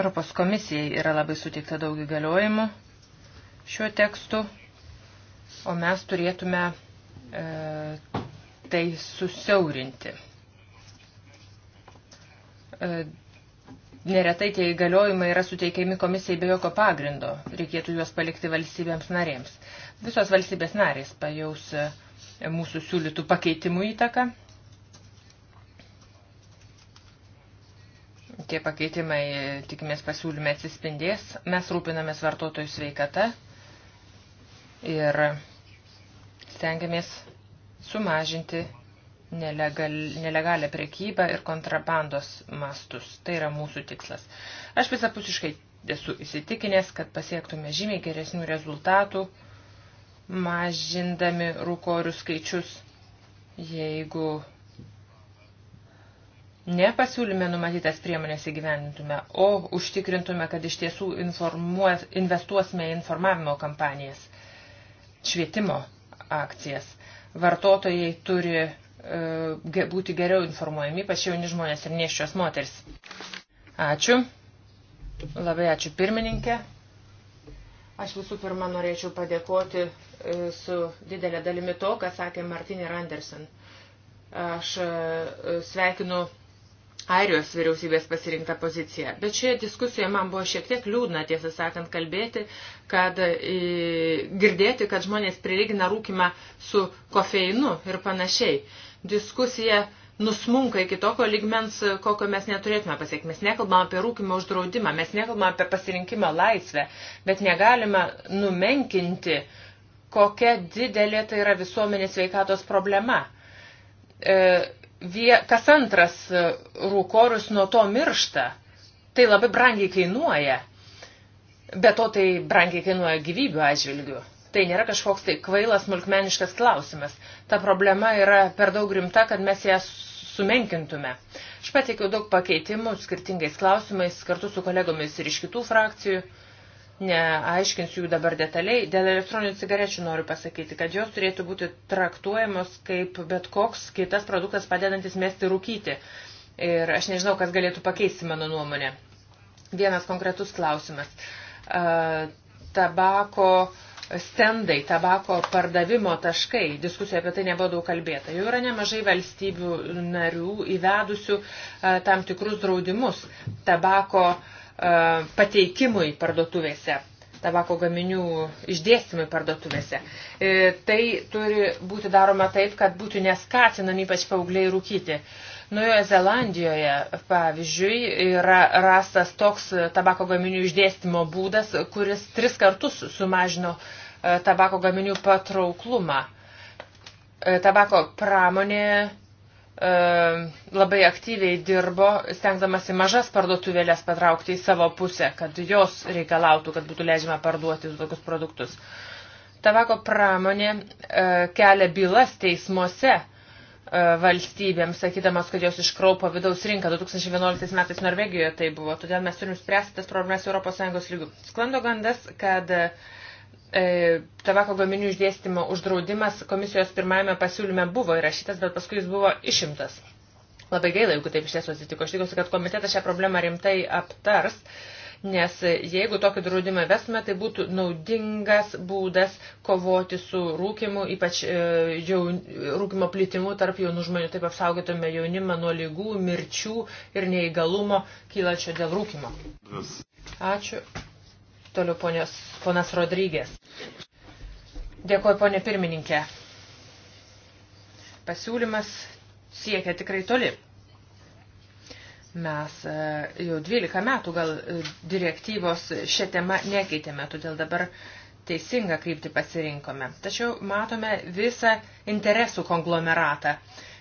Europos komisijai yra labai suteikta daug įgaliojimų šiuo tekstu, o mes turėtume e, tai susiaurinti. E, neretai tie įgaliojimai yra suteikiami komisijai be jokio pagrindo, reikėtų juos palikti valstybėms narėms. Visos valstybės narės pajaus e, mūsų siūlytų pakeitimų įtaką tie pakeitimai, e, tikimės, pasiūlyme atsispindės. Mes rūpinamės vartotojų sveikata ir stengiamės sumažinti nelegal, nelegalią prekybą ir kontrabandos mastus. Tai yra mūsų tikslas. Aš visapusiškai esu įsitikinęs, kad pasiektume žymiai geresnių rezultatų, mažindami rūkorių skaičius, jeigu ne pasiūlyme numatytas priemonės įgyvendintume, o užtikrintume, kad iš tiesų investuosime į informavimo kampanijas, švietimo akcijas. Vartotojai turi e, būti geriau informuojami, ypač jauni žmonės ir nieščios moteris. Ačiū. Labai ačiū pirmininkė. Aš visų pirma norėčiau padėkoti e, su didelė dalimi to, ką sakė Martinė Anderson. Aš e, sveikinu Airijos vyriausybės pasirinktą poziciją. Bet šioje diskusijoje man buvo šiek tiek liūdna, tiesą sakant, kalbėti, kad e, girdėti, kad žmonės prilygina rūkimą su kofeinu ir panašiai. Diskusija nusmunka iki tokio ligmens, kokio mes neturėtume pasiekti. Mes nekalbam apie rūkimo uždraudimą, mes nekalbam apie pasirinkimą laisvę, bet negalime numenkinti, kokia didelė tai yra visuomenės veikatos problema. E, vie, kas antras e, rūkorius nuo to miršta. Tai labai brangiai kainuoja. Be to tai brangiai kainuoja gyvybių atžvilgių. Tai nėra kažkoks tai kvailas smulkmeniškas klausimas. Ta problema yra per daug rimta, kad mes ją sumenkintume. Aš pateikiau daug pakeitimų skirtingais klausimais kartu su kolegomis ir iš kitų frakcijų neaiškinsiu jų dabar detaliai, dėl elektroninių cigarečių noriu pasakyti, kad jos turėtų būti traktuojamos kaip bet koks kitas produktas padedantis mesti rūkyti. Ir aš nežinau, kas galėtų pakeisti mano nuomonę. Vienas konkretus klausimas. Tabako stendai, tabako pardavimo taškai, diskusijų apie tai nebuvo daug kalbėta. Jau yra nemažai valstybių narių įvedusių tam tikrus draudimus tabako uh, E, pateikimui parduotuvėse tabako gaminių išdėstymui parduotuvėse. E, tai turi būti daroma taip, kad būtų neskatinami ypač paaugliai rūkyti. Nuojoje Zelandijoje, pavyzdžiui, yra rastas toks tabako gaminių išdėstymo būdas, kuris tris kartus sumažino e, tabako gaminių patrauklumą. Tabako pramonė E, labai aktyviai dirbo, stengdamasi mažas parduotuvėlės patraukti į savo pusę, kad jos reikalautų, kad būtų leidžiama parduoti tokius produktus. Tabako pramonė e, kelia bylas teismuose e, valstybėms, sakydamas, kad jos iškraupo vidaus rinką. 2011 metais Norvegijoje tai buvo, todėl mes turim spręsti tas problemas ES lygių. Sklando gandas, kad uh, E, tabako gaminių išdėstymo uždraudimas komisijos pirmajame pasiūlyme buvo įrašytas, bet paskui jis buvo išimtas. Labai gaila, jeigu taip iš tiesų atsitiko. Aš tikiuosi, kad komitetas šią problemą rimtai aptars, nes jeigu tokį draudimą vestume, tai būtų naudingas būdas kovoti su rūkimu, ypač e, jau, rūkimo plitimu tarp jaunų žmonių. Taip apsaugotume jaunimą nuo lygų, mirčių ir neįgalumo kylančio dėl rūkimo. Ačiū. Toliau ponios, ponas Rodrygės. Dėkuoju, ponė pirmininkė. Pasiūlymas siekia tikrai toli. Mes e, jau 12 metų gal e, direktyvos šią temą nekeitėme, todėl dabar teisingą kryptį pasirinkome. Tačiau matome visą interesų konglomeratą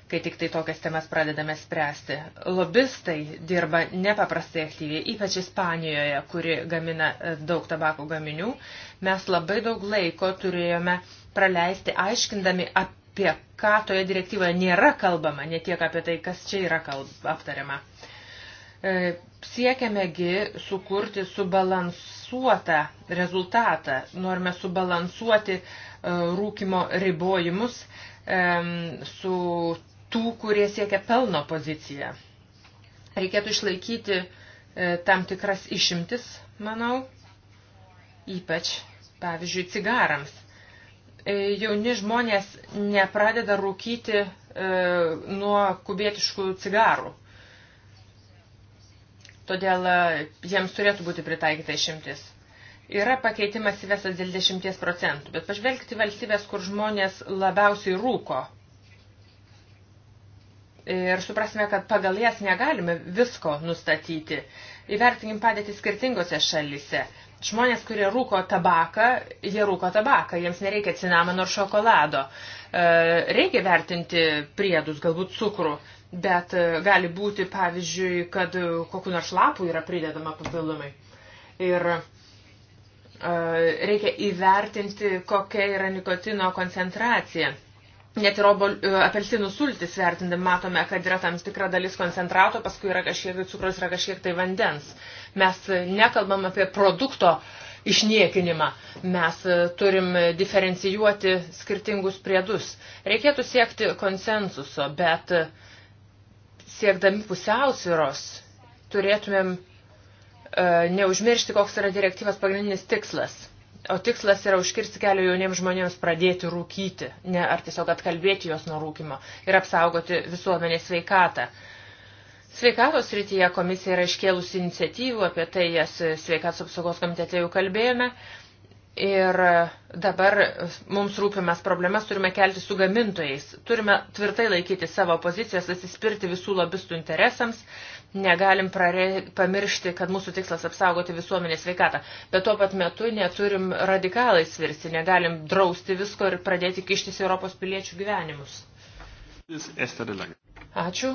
kai tik tai tokias temas pradedame spręsti. Lobistai dirba nepaprastai aktyviai, ypač Ispanijoje, kuri gamina e, daug tabako gaminių. Mes labai daug laiko turėjome praleisti aiškindami apie ką toje direktyvoje nėra kalbama, ne tiek apie tai, kas čia yra kalb, aptariama. E, Siekiamegi sukurti subalansuotą rezultatą, norime subalansuoti e, rūkimo ribojimus su tų, kurie siekia pelno poziciją. Reikėtų išlaikyti e, tam tikras išimtis, manau, ypač, pavyzdžiui, cigarams. E, jauni žmonės nepradeda rūkyti e, nuo kubietiškų cigarų. Todėl jiems turėtų būti pritaikyta išimtis. Yra pakeitimas įvesas dėl 10 procentų, bet pažvelgti valstybės, kur žmonės labiausiai rūko ir suprasime, kad pagal jas negalime visko nustatyti. Įvertinkim padėtį skirtingose šalise. Žmonės, kurie rūko tabaką, jie rūko tabaką, jiems nereikia cinamono ar šokolado. E, reikia vertinti priedus, galbūt cukrų, bet e, gali būti, pavyzdžiui, kad kokiu nors lapu yra pridedama papildomai. Ir e, reikia įvertinti, kokia yra nikotino koncentracija. Net ir obol, e, apelsinų sultis vertindami matome, kad yra tam tikra dalis koncentrato, paskui yra kažkiek tai cukraus, yra kažkiek tai vandens. Mes e, nekalbam apie produkto išniekinimą. Mes e, turim diferencijuoti skirtingus priedus. Reikėtų siekti konsensuso, bet siekdami pusiausviros turėtumėm neužmiršti, koks yra direktyvas pagrindinis tikslas – O tikslas yra užkirsti kelią jauniems žmonėms pradėti rūkyti, ne, ar tiesiog atkalbėti juos nuo rūkimo ir apsaugoti visuomenės sveikatą. Sveikatos srityje komisija yra iškėlusi iniciatyvų, apie tai jas sveikatos apsaugos komitete jau kalbėjome. Ir dabar mums rūpimas problemas turime kelti su gamintojais. Turime tvirtai laikyti savo pozicijas, atsispirti visų lobistų interesams Negalim prare, pamiršti, kad mūsų tikslas apsaugoti visuomenės sveikatą, bet tuo pat metu neturim radikalai svirsti, negalim drausti visko ir pradėti kištis Europos piliečių gyvenimus. Ačiū.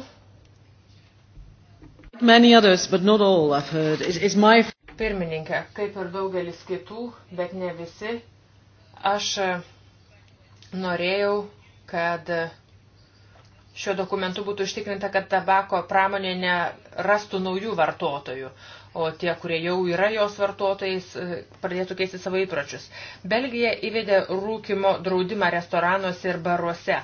Many others, but not all, I've heard. Is, is my... Pirmininkė, kaip ir daugelis kitų, bet ne visi, aš e, norėjau, kad uh, šiuo dokumentu būtų užtikrinta, kad tabako pramonė nerastų naujų vartotojų, o tie, kurie jau yra jos vartotojais, e, pradėtų keisti savo įpročius. Belgija įvedė rūkimo draudimą restoranuose ir baruose.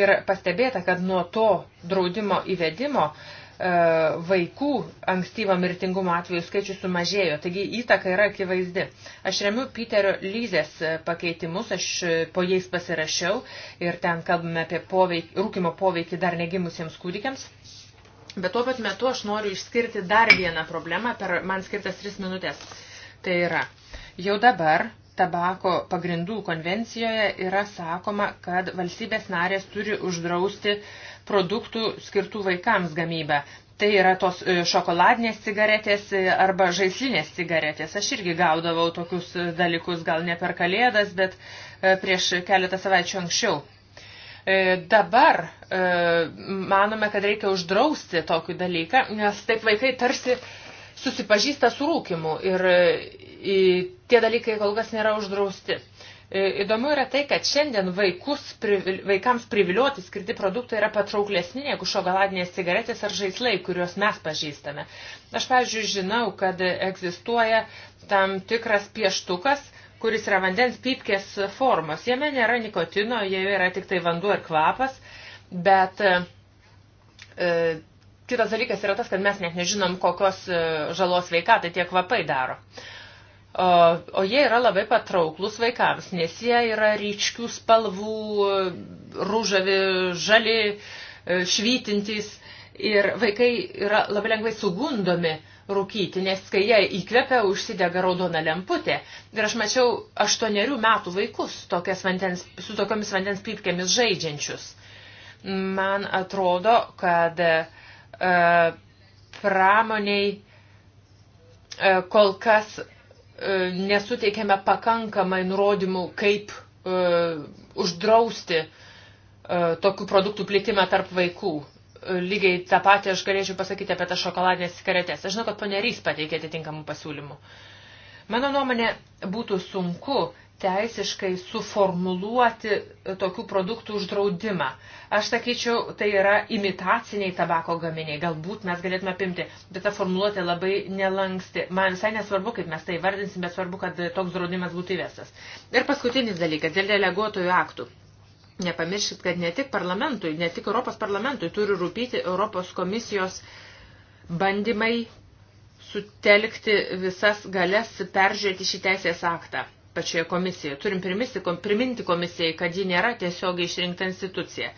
Ir pastebėta, kad nuo to draudimo įvedimo E, vaikų ankstyvo mirtingumo atveju skaičius sumažėjo, taigi įtaka yra akivaizdi. Aš remiu Piterio Lyzės pakeitimus, aš po jais pasirašiau ir ten kalbame apie poveik, rūkimo poveikį dar negimusiems kūdikiams. Bet tuo pat metu aš noriu išskirti dar vieną problemą per man skirtas 3 minutės. Tai yra, jau dabar tabako pagrindų konvencijoje yra sakoma, kad valstybės narės turi uždrausti uh, produktų skirtų vaikams gamybą. Tai yra tos e, šokoladinės cigaretės e, arba žaislinės cigaretės. Aš irgi gaudavau tokius e, dalykus, gal ne per kalėdas, bet prieš keletą savaičių anksčiau. Dabar manome, kad reikia uždrausti tokį dalyką, nes taip vaikai tarsi susipažįsta su rūkimu ir tie dalykai kol kas nėra uždrausti. E, įdomu yra tai, kad šiandien vaikus, vaikams privilioti skirti produktai yra patrauklesni negu šokoladinės cigaretės ar žaislai, kuriuos mes pažįstame. Aš, pavyzdžiui, žinau, kad egzistuoja tam tikras pieštukas, kuris yra vandens pypkės formos. Jame nėra nikotino, jame yra tik tai vanduo ir kvapas, bet e, e, kitas dalykas yra tas, kad mes net nežinom, kokios e, žalos veikatai tie kvapai daro. E, O, o jie yra labai patrauklus vaikams, nes jie yra ryškių spalvų, rūžavi, žali, e, švytintys ir vaikai yra labai lengvai sugundomi rūkyti, nes kai jie įkvepia, užsidega raudona lemputė. Ir aš mačiau aštuonerių metų vaikus vandens, su tokiamis vandens pypkėmis žaidžiančius. Man atrodo, kad e, pramoniai e, kol kas E, nesuteikėme pakankamai nurodymų, kaip e, uždrausti e, tokių produktų plitimą tarp vaikų. Lygiai tą patį aš galėčiau pasakyti apie tas šokoladinės cigaretės. Aš žinau, kad ponerys pateikė atitinkamų pasiūlymų. Mano nuomonė, būtų sunku teisiškai suformuluoti tokių produktų uždraudimą. Aš sakyčiau, tai yra imitaciniai tabako gaminiai, galbūt mes galėtume apimti, bet ta formuluotė labai nelanksti. Man visai nesvarbu, kaip mes tai vardinsim, bet svarbu, kad toks draudimas būtų įvestas. Ir paskutinis dalykas, dėl deleguotojų aktų. Nepamirškit, kad ne tik parlamentui, ne tik Europos parlamentui turi rūpyti Europos komisijos bandymai sutelkti visas galės peržiūrėti šį teisės aktą pačioje komisijoje. Turim priminti, priminti komisijai, kad ji nėra tiesiogiai išrinkta institucija.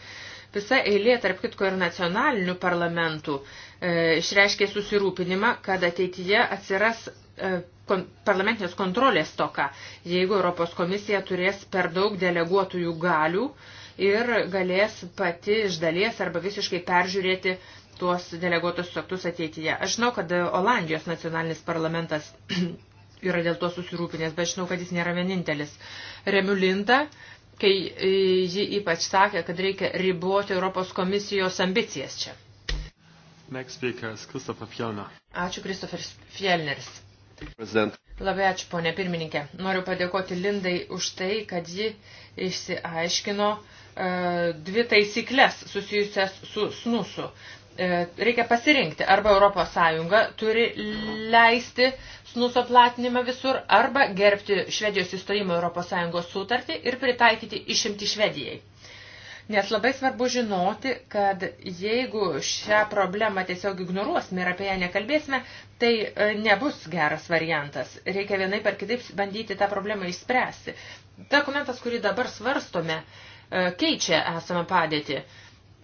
Visa eilė, tarp kitko, ir nacionalinių parlamentų e, išreiškė susirūpinimą, kad ateityje atsiras e, kon, parlamentinės kontrolės toka, jeigu Europos komisija turės per daug deleguotųjų galių ir galės pati iš dalies arba visiškai peržiūrėti tuos deleguotus aktus ateityje. Aš žinau, kad Olandijos nacionalinis parlamentas yra dėl to susirūpinęs, bet žinau, kad jis nėra vienintelis. Remiu Lindą, kai e, ji ypač sakė, kad reikia riboti Europos komisijos ambicijas čia. Next speaker is Christopher Fjellner. Ačiū, Kristoferis Fjellneris. President. Labai ačiū, ponė pirmininkė. Noriu padėkoti Lindai už tai, kad ji išsiaiškino uh, dvi taisyklės susijusias su snusu. E, reikia pasirinkti. Arba Europos Sąjunga turi leisti snuso platinimą visur, arba gerbti Švedijos įstojimo Europos Sąjungos sutartį ir pritaikyti išimti Švedijai. Nes labai svarbu žinoti, kad jeigu šią problemą tiesiog ignoruosime ir apie ją nekalbėsime, tai e, nebus geras variantas. Reikia vienai per kitaip bandyti tą problemą išspręsti. Dokumentas, kurį dabar svarstome, e, keičia esamą padėtį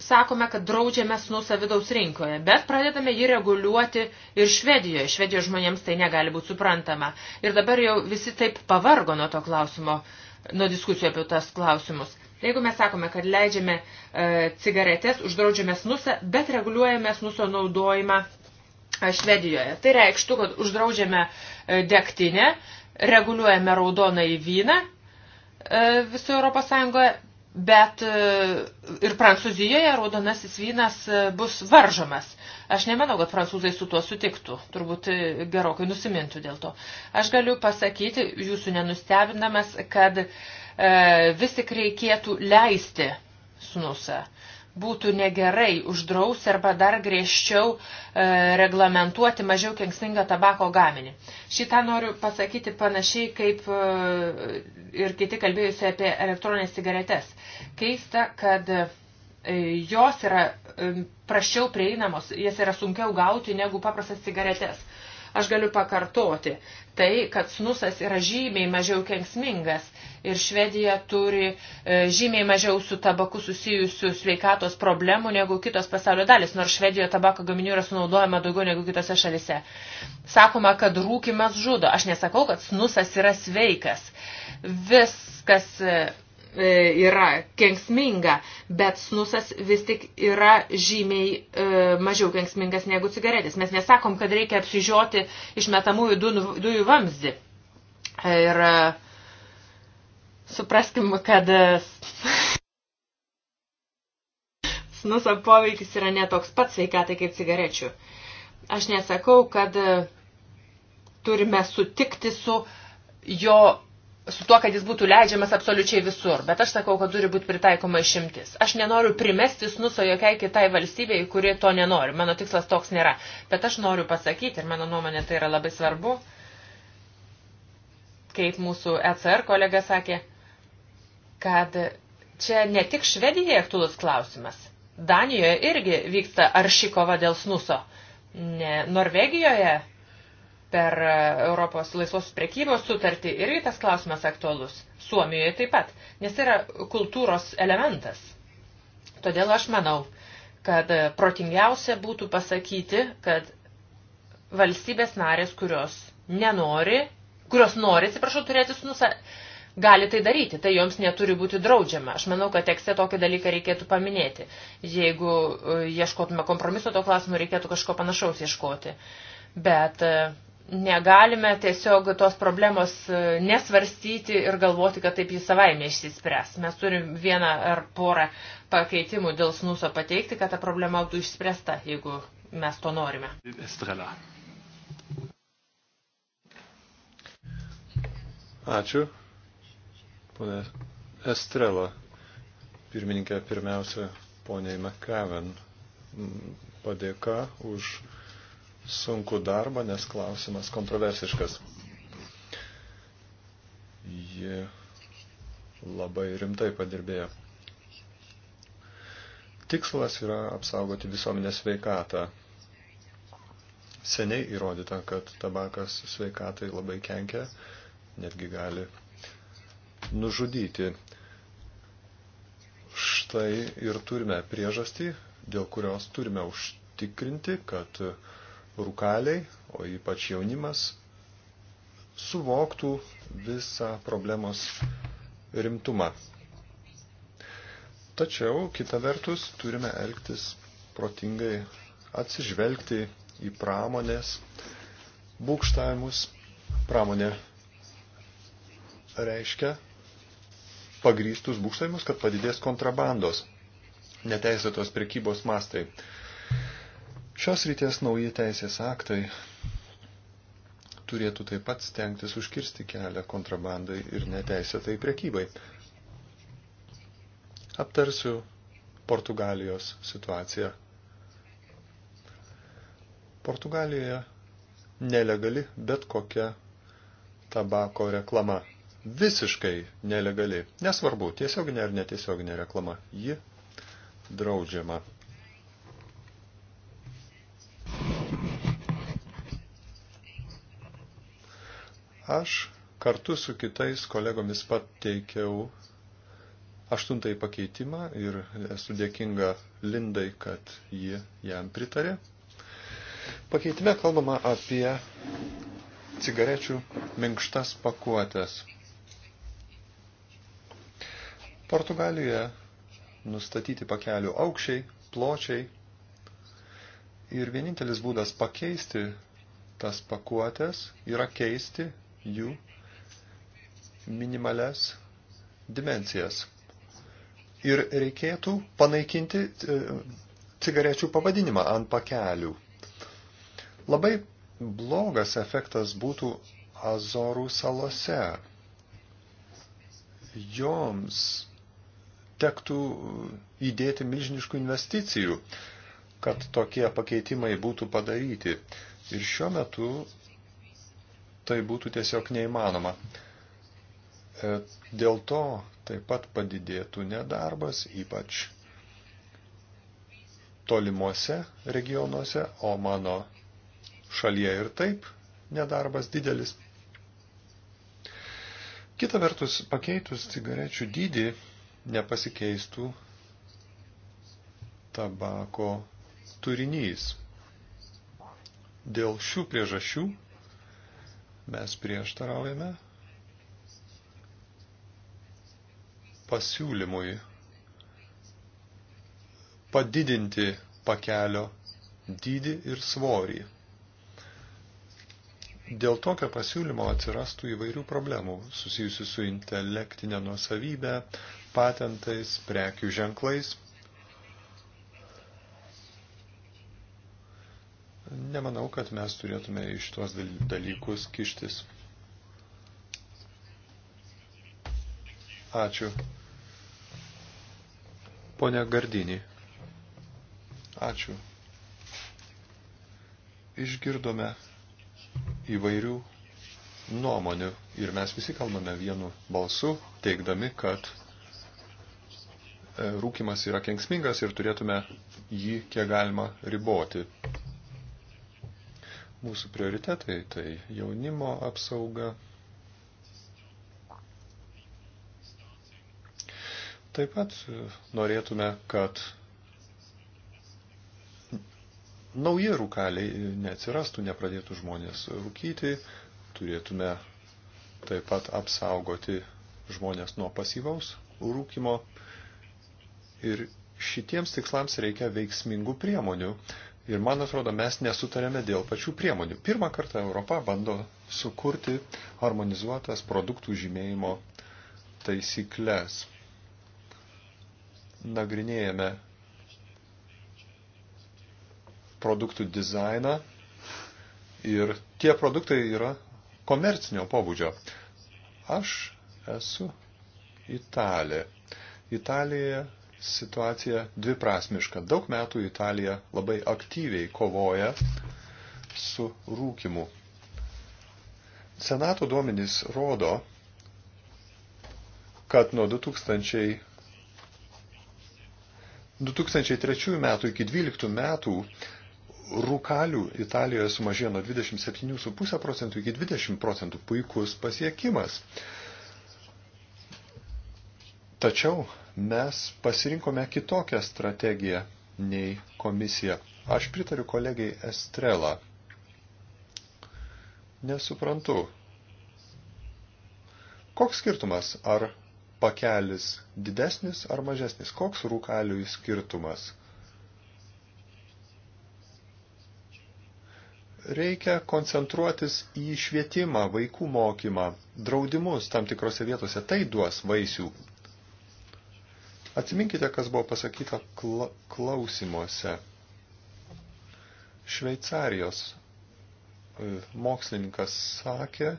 sakome, kad draudžiame snusą vidaus rinkoje, bet pradedame jį reguliuoti ir Švedijoje. Švedijos žmonėms tai negali būti suprantama. Ir dabar jau visi taip pavargo nuo to klausimo, nuo diskusijų apie tas klausimus. Jeigu mes sakome, kad leidžiame e, cigaretės, uždraudžiame snusą, bet reguliuojame snuso naudojimą e, Švedijoje. Tai reikštų, kad uždraudžiame e, degtinę, reguliuojame raudoną į vyną e, viso Europos Sąjungoje, Bet e, ir Prancūzijoje raudonasis vynas e, bus varžomas. Aš nemanau, kad prancūzai su tuo sutiktų. Turbūt e, gerokai nusimintų dėl to. Aš galiu pasakyti, jūsų nenustebinamas, kad e, vis tik reikėtų leisti snusą būtų negerai uždrausti arba dar griežčiau e, reglamentuoti mažiau kengsmingą tabako gaminį. Šitą noriu pasakyti panašiai kaip e, ir kiti kalbėjusi apie elektroninės cigaretes. Keista, kad e, jos yra e, prašiau prieinamos, jas yra sunkiau gauti negu paprastas cigaretes. Aš galiu pakartoti tai, kad snusas yra žymiai mažiau kenksmingas ir Švedija turi e, žymiai mažiau su tabaku susijusių sveikatos problemų negu kitos pasaulio dalis, nors Švedijoje tabako gaminių yra sunaudojama daugiau negu kitose šalise. Sakoma, kad rūkimas žudo. Aš nesakau, kad snusas yra sveikas. Viskas e, E, yra kenksminga, bet snusas vis tik yra žymiai e, mažiau kenksmingas negu cigaretės. Mes nesakom, kad reikia apsižioti išmetamųjų dujų vamzdį. E, ir supraskim, kad snuso poveikis yra netoks pat sveikatai kaip cigarečių. Aš nesakau, kad turime sutikti su jo su tuo, kad jis būtų leidžiamas absoliučiai visur, bet aš sakau, kad turi būti pritaikoma išimtis. Aš nenoriu primesti snuso jokiai kitai valstybei, kuri to nenori. Mano tikslas toks nėra. Bet aš noriu pasakyti, ir mano nuomonė tai yra labai svarbu, kaip mūsų ECR kolega sakė, kad čia ne tik Švedijai aktuolus klausimas. Danijoje irgi vyksta arši kova dėl snuso. Ne, Norvegijoje per e, Europos laisvos prekybos sutartį irgi tas klausimas aktualus. Suomijoje taip pat, nes tai yra kultūros elementas. Todėl aš manau, kad e, protingiausia būtų pasakyti, kad valstybės narės, kurios nenori, kurios nori, atsiprašau, turėti sunusa, gali tai daryti, tai joms neturi būti draudžiama. Aš manau, kad tekste tokį dalyką reikėtų paminėti. Jeigu e, ieškotume kompromiso to klausimu, reikėtų kažko panašaus ieškoti. Bet uh, negalime tiesiog tos problemos e, nesvarstyti ir galvoti, kad taip jį savaime išsispręs. Mes turim vieną ar porą pakeitimų dėl snuso pateikti, kad ta problema būtų išspręsta, jeigu mes to norime. Estrela. Ačiū. Pone Estrela, pirmininkė pirmiausia, poniai McCaven, padėka už sunku darbą, nes klausimas kontroversiškas. Ji labai rimtai padirbėjo. Tikslas yra apsaugoti visuomenės sveikatą. Seniai įrodyta, kad tabakas sveikatai labai kenkia, netgi gali nužudyti. Štai ir turime priežastį, dėl kurios turime užtikrinti, kad uh, rūkaliai, o ypač jaunimas, suvoktų visą problemos rimtumą. Tačiau, kita vertus, turime elgtis protingai, atsižvelgti į pramonės būkštavimus. Pramonė reiškia pagrįstus būkštavimus, kad padidės kontrabandos, neteisėtos prekybos mastai. Šios ryties nauji teisės aktai turėtų taip pat stengtis užkirsti kelią kontrabandai ir neteisėtai prekybai. Aptarsiu Portugalijos situaciją. Portugalijoje nelegali bet kokia tabako reklama. Visiškai nelegali. Nesvarbu, tiesioginė ar netiesioginė reklama. Ji draudžiama. Aš kartu su kitais kolegomis pateikiau aštuntąjį pakeitimą ir esu dėkinga Lindai, kad ji jam pritarė. Pakeitime kalbama apie cigarečių minkštas pakuotės. Portugalijoje nustatyti pakelių aukščiai, pločiai ir vienintelis būdas pakeisti tas pakuotės yra keisti jų minimales dimensijas. Ir reikėtų panaikinti e, cigarečių pavadinimą ant pakelių. Labai blogas efektas būtų Azorų salose. Joms tektų įdėti milžiniškų investicijų, kad tokie pakeitimai būtų padaryti. Ir šiuo metu tai būtų tiesiog neįmanoma. E, dėl to taip pat padidėtų nedarbas, ypač tolimuose regionuose, o mano šalyje ir taip nedarbas didelis. Kita vertus, pakeitus cigarečių dydį nepasikeistų tabako turinys. Dėl šių priežasčių mes prieštaraujame pasiūlymui padidinti pakelio dydį ir svorį. Dėl tokio pasiūlymo atsirastų įvairių problemų susijusių su intelektinė nuosavybė, patentais, prekių ženklais. Nemanau, kad mes turėtume iš tuos dalykus kištis. Ačiū. Pone Gardinį. Ačiū. Išgirdome įvairių nuomonių ir mes visi kalbame vienu balsu, teikdami, kad e, rūkimas yra kenksmingas ir turėtume jį kiek galima riboti mūsų prioritetai, tai jaunimo apsauga. Taip pat norėtume, kad nauji rūkaliai neatsirastų, nepradėtų žmonės rūkyti, turėtume taip pat apsaugoti žmonės nuo pasyvaus rūkimo ir šitiems tikslams reikia veiksmingų priemonių. Ir man atrodo, mes nesutarėme dėl pačių priemonių. Pirmą kartą Europa bando sukurti harmonizuotas produktų žymėjimo taisyklės. Nagrinėjame produktų dizainą ir tie produktai yra komercinio pobūdžio. Aš esu Italė. Italijoje situacija dviprasmiška. Daug metų Italija labai aktyviai kovoja su rūkimu. Senato duomenys rodo, kad nuo 2000 2003 metų iki 2012 metų rūkalių Italijoje sumažėjo nuo 27,5 procentų iki 20 procentų. Puikus pasiekimas. Tačiau mes pasirinkome kitokią strategiją nei komisija. Aš pritariu kolegiai Estrela. Nesuprantu. Koks skirtumas, ar pakelis didesnis ar mažesnis? Koks rūkaliui skirtumas? Reikia koncentruotis į švietimą, vaikų mokymą, draudimus tam tikrose vietose. Tai duos vaisių Atsiminkite, kas buvo pasakyta kla klausimuose. Šveicarijos e, mokslininkas sakė,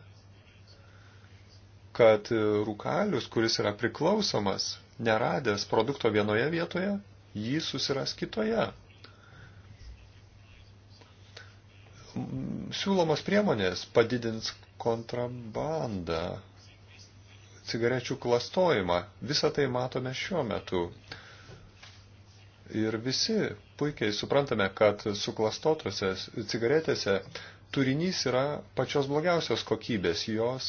kad e, rūkalius, kuris yra priklausomas, neradęs produkto vienoje vietoje, jį susiras kitoje. Siūlomos priemonės padidins kontrabandą cigarečių klastojimą. Visą tai matome šiuo metu. Ir visi puikiai suprantame, kad suklastotose cigaretėse turinys yra pačios blogiausios kokybės, jos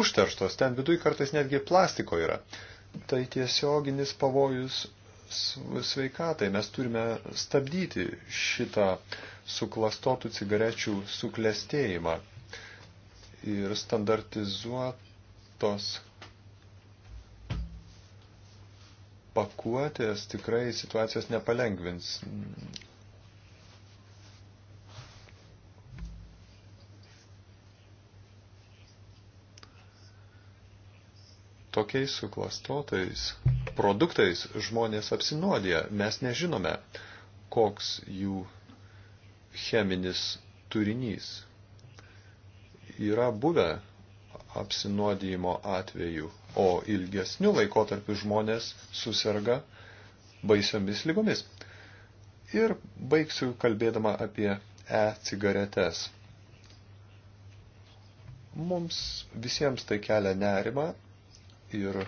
užterštos, ten viduj kartais netgi plastiko yra. Tai tiesioginis pavojus sveikatai. Mes turime stabdyti šitą suklastotų cigarečių suklestėjimą ir standartizuoti tos pakuotės tikrai situacijos nepalengvins. Tokiais suklastotais produktais žmonės apsinuodė. Mes nežinome, koks jų cheminis turinys. Yra buvę apsinuodijimo atveju, o ilgesnių laikotarpių žmonės susirga baisiomis lygomis. Ir baigsiu kalbėdama apie e-cigaretes. Mums visiems tai kelia nerima ir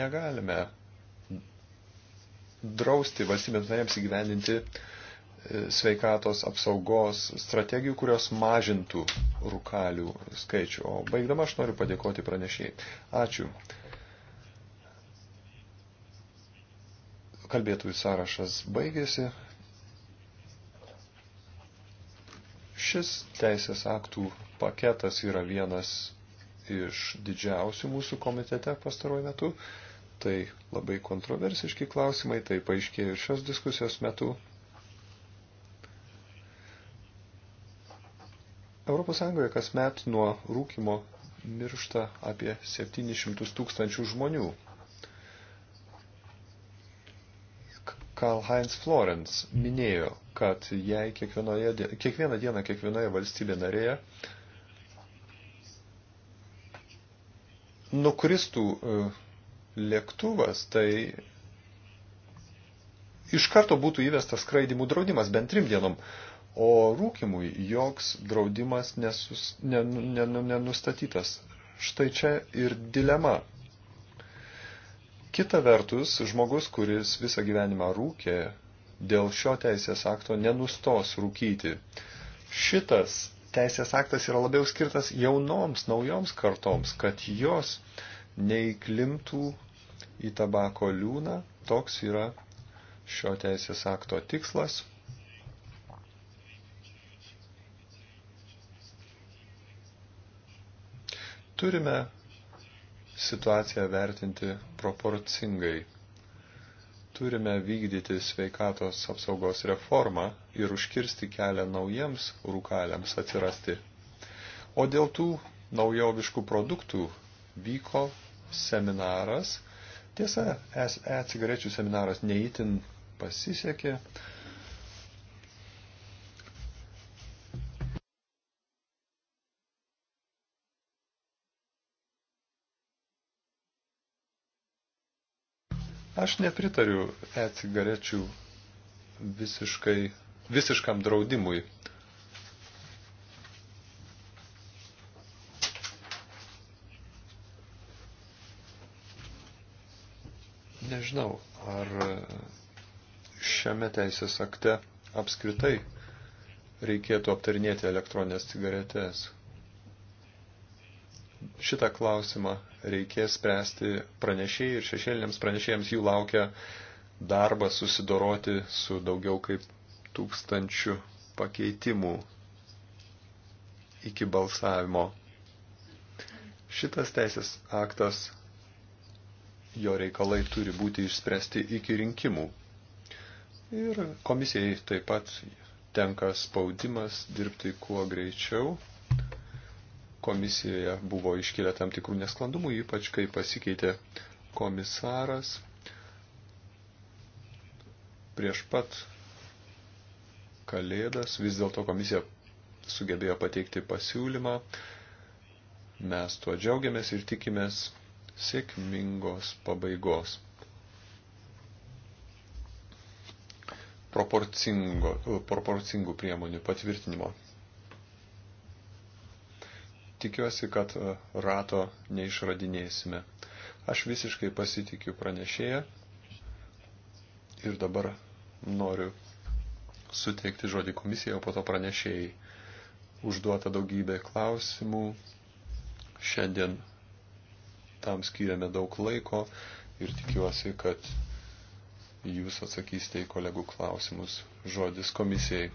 negalime drausti valstybėms narėms įgyvendinti uh, sveikatos apsaugos strategijų, kurios mažintų rūkalių skaičių. O baigdama aš noriu padėkoti pranešėjai. Ačiū. Kalbėtųjų sąrašas baigėsi. Šis teisės aktų paketas yra vienas iš didžiausių mūsų komitete pastaruoju metu. Tai labai kontroversiški klausimai, tai paaiškėjo ir šios diskusijos metu. Europos Sąjungoje kasmet nuo rūkimo miršta apie 700 tūkstančių žmonių. Karl Heinz Florence minėjo, kad jei kiekvieną dieną kiekvienoje valstybė narėje nukristų e, lėktuvas, tai iš karto būtų įvestas skraidimų draudimas bent trim dienom. Uh, O rūkimui joks draudimas nesus, nu, nu, nenustatytas. Štai čia ir dilema. Kita vertus, žmogus, kuris visą gyvenimą rūkė, dėl šio teisės akto nenustos rūkyti. Šitas teisės aktas yra labiau skirtas jaunoms, naujoms kartoms, kad jos neįklimtų į tabako liūną. Toks yra šio teisės akto tikslas Turime situaciją vertinti proporcingai. Turime vykdyti sveikatos apsaugos reformą ir užkirsti kelią naujiems rūkaliams atsirasti. O dėl tų naujoviškų produktų vyko seminaras. Tiesa, e-cigarečių seminaras neįtin pasisekė, Aš nepritariu e-cigarečių visiškai, visiškam draudimui. Nežinau, ar šiame teisės akte apskritai reikėtų aptarinėti elektroninės cigaretės. Šitą klausimą reikės spręsti pranešėjai ir šešėliniams pranešėjams jų laukia darbas susidoroti su daugiau kaip tūkstančių pakeitimų iki balsavimo. Šitas teisės aktas, jo reikalai turi būti išspręsti iki rinkimų. Ir komisijai taip pat tenka spaudimas dirbti kuo greičiau komisijoje buvo iškilę tam tikrų nesklandumų, ypač kai pasikeitė komisaras prieš pat kalėdas. Vis dėlto komisija sugebėjo pateikti pasiūlymą. Mes tuo džiaugiamės ir tikimės sėkmingos pabaigos. Proporcingų priemonių patvirtinimo tikiuosi, kad e, rato neišradinėsime. Aš visiškai pasitikiu pranešėją ir dabar noriu suteikti žodį komisijai, o po to pranešėjai. Užduota daugybė klausimų. Šiandien tam skiriame daug laiko ir tikiuosi, kad jūs atsakysite į kolegų klausimus. Žodis komisijai.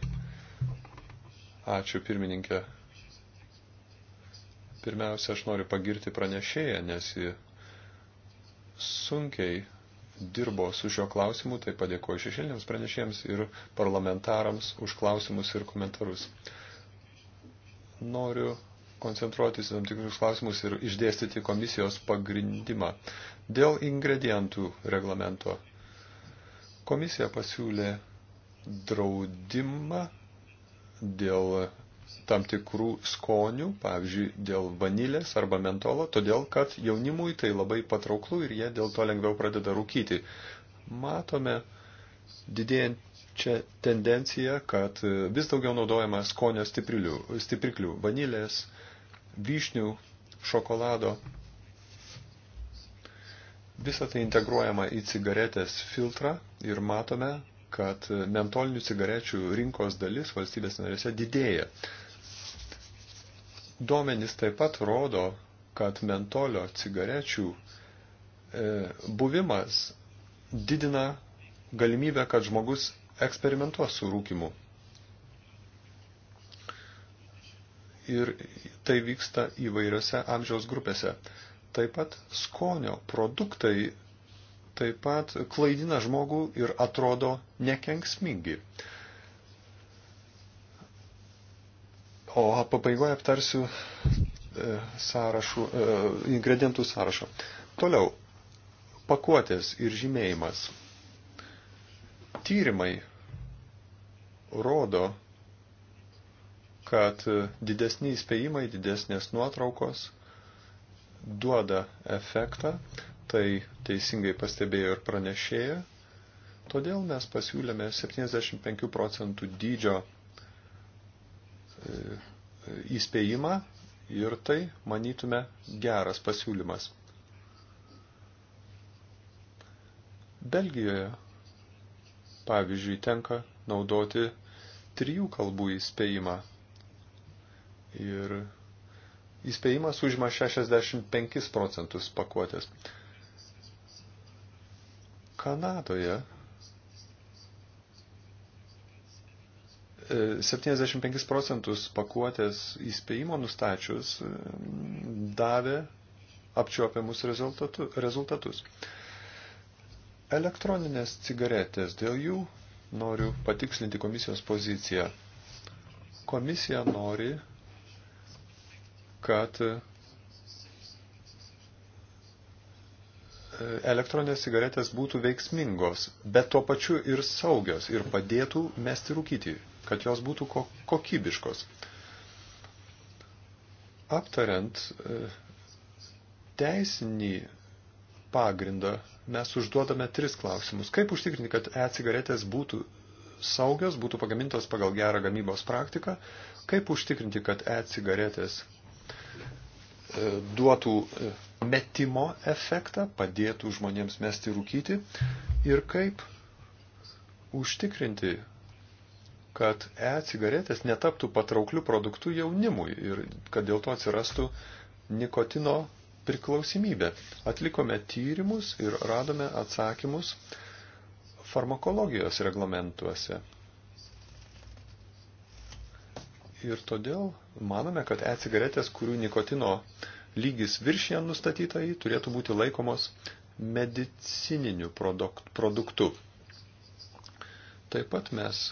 Ačiū pirmininkė. Pirmiausia, aš noriu pagirti pranešėją, nes ji sunkiai dirbo su šio klausimu, tai padėkoju šešėliniams pranešėjams ir parlamentarams už klausimus ir komentarus. Noriu koncentruotis į tam tikrus klausimus ir išdėstyti komisijos pagrindimą. Dėl ingredientų reglamento komisija pasiūlė draudimą dėl tam tikrų skonių, pavyzdžiui, dėl vanilės arba mentolo, todėl kad jaunimui tai labai patrauklų ir jie dėl to lengviau pradeda rūkyti. Matome didėjančią tendenciją, kad vis daugiau naudojama skonio stipriklių - vanilės, vyšnių, šokolado. Visą tai integruojama į cigaretės filtrą ir matome, kad mentolinių cigarečių rinkos dalis valstybės narėse didėja. Duomenys taip pat rodo, kad mentolio cigarečių e, buvimas didina galimybę, kad žmogus eksperimentuos su rūkimu. Ir tai vyksta įvairiose amžiaus grupėse. Taip pat skonio produktai taip pat klaidina žmogų ir atrodo nekenksmingi. O pabaigoje aptarsiu e, sąrašų, e, ingredientų sąrašą. Toliau. Pakuotės ir žymėjimas. Tyrimai rodo, kad didesni įspėjimai, didesnės nuotraukos duoda efektą, tai teisingai pastebėjo ir pranešėja. Todėl mes pasiūlėme 75 procentų dydžio E, įspėjimą ir tai, manytume, geras pasiūlymas. Belgijoje, pavyzdžiui, tenka naudoti trijų kalbų įspėjimą. Ir įspėjimas užima 65 procentus pakuotės. Kanadoje 75 e, procentus pakuotės įspėjimo nustačius e, davė apčiuopiamus rezultatus. Elektroninės cigaretės dėl jų noriu patikslinti komisijos poziciją. Komisija nori, kad e, elektroninės cigaretės būtų veiksmingos, bet tuo pačiu ir saugios ir padėtų mesti rūkyti kad jos būtų kokybiškos. Aptariant e, teisinį pagrindą, mes užduodame tris klausimus. Kaip užtikrinti, kad e-cigaretės būtų saugios, būtų pagamintos pagal gerą gamybos praktiką? Kaip užtikrinti, kad e-cigaretės e, duotų e, metimo efektą, padėtų žmonėms mesti rūkyti? Ir kaip užtikrinti, kad e-cigaretės netaptų patrauklių produktų jaunimui ir kad dėl to atsirastų nikotino priklausomybė. Atlikome tyrimus ir radome atsakymus farmakologijos reglamentuose. Ir todėl manome, kad e-cigaretės, kurių nikotino lygis viršė nustatytai, turėtų būti laikomos medicininiu produktu. Taip pat mes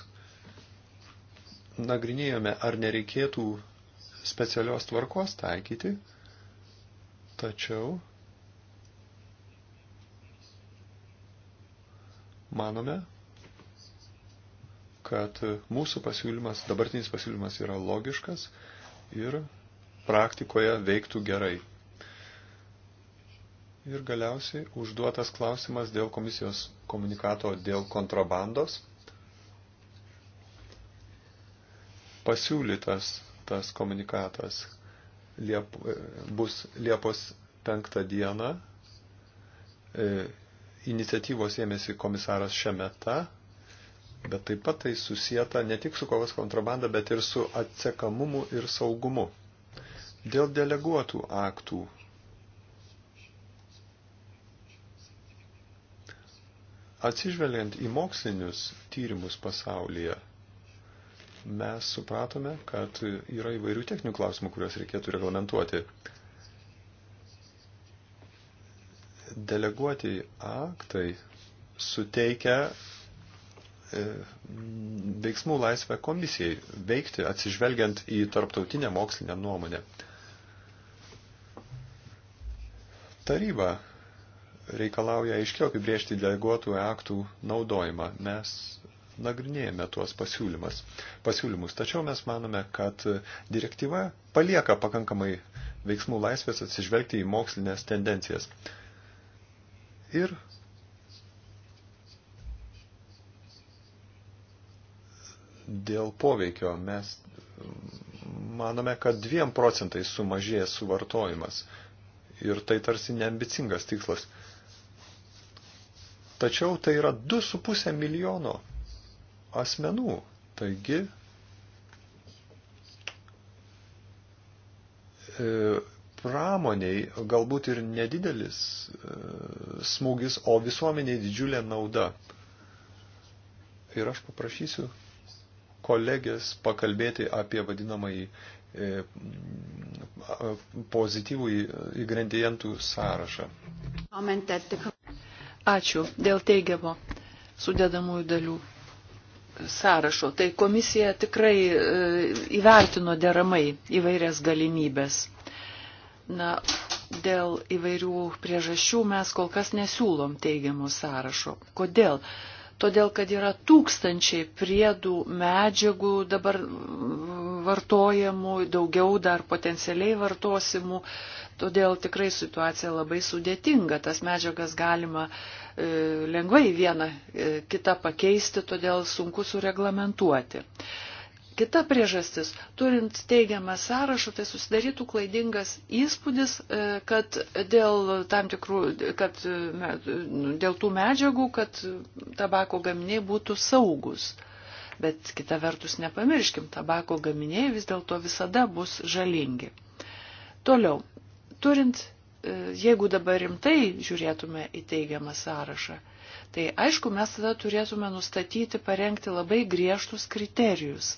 nagrinėjome, ar nereikėtų specialios tvarkos taikyti, tačiau manome, kad mūsų pasiūlymas, dabartinis pasiūlymas yra logiškas ir praktikoje veiktų gerai. Ir galiausiai užduotas klausimas dėl komisijos komunikato dėl kontrabandos – pasiūlytas tas komunikatas Liep, e, bus Liepos penktą dieną. E, iniciatyvos ėmėsi komisaras Šemeta, bet taip pat tai susijęta ne tik su kovos kontrabanda, bet ir su atsekamumu ir saugumu. Dėl deleguotų aktų. Atsižvelgiant į mokslinius tyrimus pasaulyje, mes supratome, kad yra įvairių techninių klausimų, kuriuos reikėtų reglamentuoti. Deleguoti aktai suteikia e, veiksmų laisvę komisijai veikti atsižvelgiant į tarptautinę mokslinę nuomonę. Taryba reikalauja aiškiau apibriežti deleguotų aktų naudojimą. Mes nagrinėjame tuos pasiūlymus. pasiūlymus. Tačiau mes manome, kad direktyva palieka pakankamai veiksmų laisvės atsižvelgti į mokslinės tendencijas. Ir dėl poveikio mes manome, kad dviem procentais sumažėjęs suvartojimas. Ir tai tarsi neambicingas tikslas. Tačiau tai yra 2,5 milijono asmenų. Taigi, e, pramoniai galbūt ir nedidelis e, smūgis, o visuomeniai didžiulė nauda. Ir aš paprašysiu kolegės pakalbėti apie vadinamąjį e, pozityvų ingredientų sąrašą. Ačiū dėl teigiamo sudėdamųjų dalių sąrašo, tai komisija tikrai e, įvertino deramai įvairias galimybės. Na, dėl įvairių priežasčių mes kol kas nesiūlom teigiamo sąrašo. Kodėl? Todėl, kad yra tūkstančiai priedų medžiagų dabar vartojamų, daugiau dar potencialiai vartosimų, Todėl tikrai situacija labai sudėtinga, tas medžiagas galima e, lengvai vieną e, kitą pakeisti, todėl sunku sureglamentuoti. Kita priežastis, turint teigiamą sąrašą, tai susidarytų klaidingas įspūdis, e, kad dėl, tam tikrų, kad e, nu, dėl tų medžiagų, kad tabako gaminiai būtų saugus. Bet kita vertus nepamirškim, tabako gaminiai vis dėlto visada bus žalingi. Toliau, Turint, e, jeigu dabar rimtai žiūrėtume į teigiamą sąrašą, tai aišku, mes tada turėtume nustatyti, parengti labai griežtus kriterijus.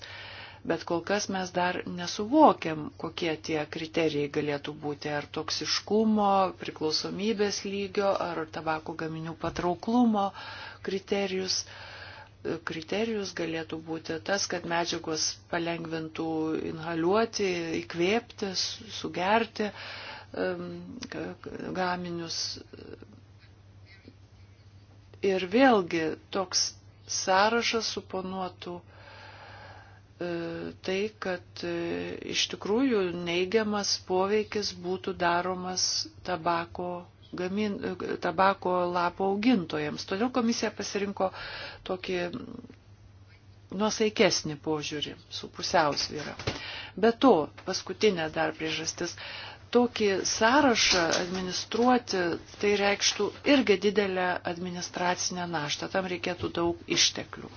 Bet kol kas mes dar nesuvokiam, kokie tie kriterijai galėtų būti, ar toksiškumo, priklausomybės lygio, ar tabako gaminių patrauklumo kriterijus e, kriterijus galėtų būti tas, kad medžiagos palengvintų inhaliuoti, įkvėpti, sugerti, gaminius. Ir vėlgi toks sąrašas suponuotų e, tai, kad e, iš tikrųjų neigiamas poveikis būtų daromas tabako, gamin, e, tabako lapo augintojams. Todėl komisija pasirinko tokį nuosaikesnį požiūrį su pusiausvyrą. Be to, paskutinė dar priežastis, tokį sąrašą administruoti, tai reikštų irgi didelę administracinę naštą, tam reikėtų daug išteklių.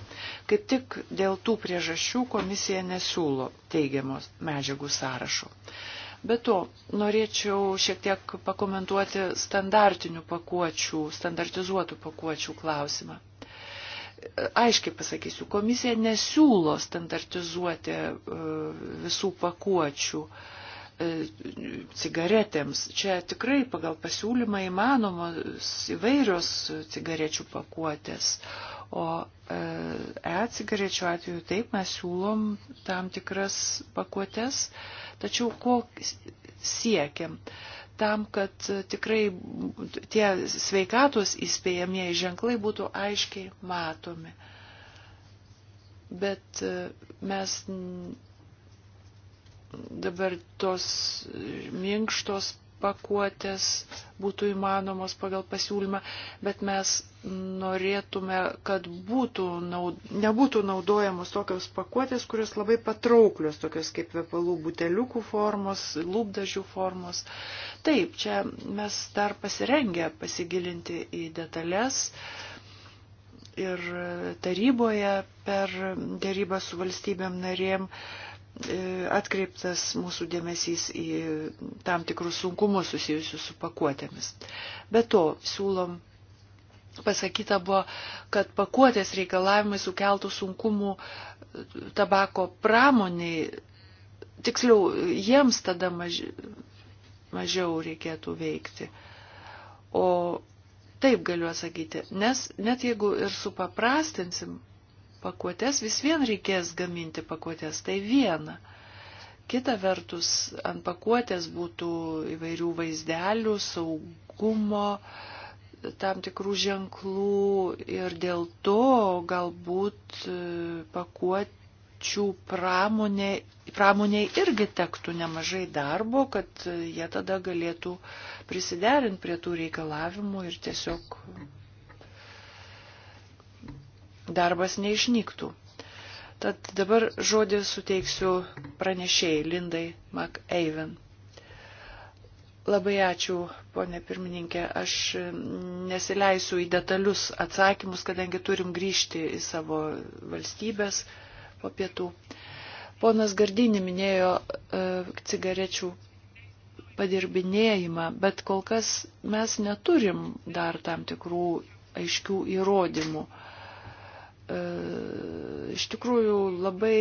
Kaip tik dėl tų priežasčių komisija nesiūlo teigiamos medžiagų sąrašo. Be to, norėčiau šiek tiek pakomentuoti standartinių pakuočių, standartizuotų pakuočių klausimą aiškiai pasakysiu, komisija nesiūlo standartizuoti e, visų pakuočių. E, cigaretėms. Čia tikrai pagal pasiūlymą įmanomos įvairios cigarečių pakuotės. O e, e-cigarečių atveju taip mes siūlom tam tikras pakuotės, tačiau ko siekiam? Tam, kad tikrai tie sveikatos įspėjamieji ženklai būtų aiškiai matomi. Bet e, mes dabar tos minkštos pakuotės būtų įmanomos pagal pasiūlymą, bet mes norėtume, kad būtų naud... nebūtų naudojamos tokios pakuotės, kurios labai patrauklios, tokios kaip vepalų buteliukų formos, lūpdažių formos. Taip, čia mes dar pasirengę pasigilinti į detalės ir taryboje per dėrybą su valstybėm narėm uh, E, atkreiptas mūsų dėmesys į tam tikrus sunkumus susijusius su pakuotėmis. Be to, siūlom pasakyta buvo, kad pakuotės reikalavimai sukeltų sunkumų tabako pramoniai, tiksliau, jiems tada maži, mažiau reikėtų veikti. O taip galiu atsakyti, nes net jeigu ir supaprastinsim pakuotės, vis vien reikės gaminti pakuotės, tai viena. Kita vertus, ant pakuotės būtų įvairių vaizdelių, saugumo, tam tikrų ženklų ir dėl to galbūt e, pakuočių pramonė, pramoniai irgi tektų nemažai darbo, kad e, jie tada galėtų prisiderinti prie tų reikalavimų ir tiesiog darbas neišnyktų. Tad dabar žodį suteiksiu pranešėjai Lindai McAven. Labai ačiū, ponė pirmininkė. Aš nesileisiu į detalius atsakymus, kadangi turim grįžti į savo valstybės po pietų. Ponas Gardinį minėjo e, cigarečių padirbinėjimą, bet kol kas mes neturim dar tam tikrų aiškių įrodymų. E, E, iš tikrųjų labai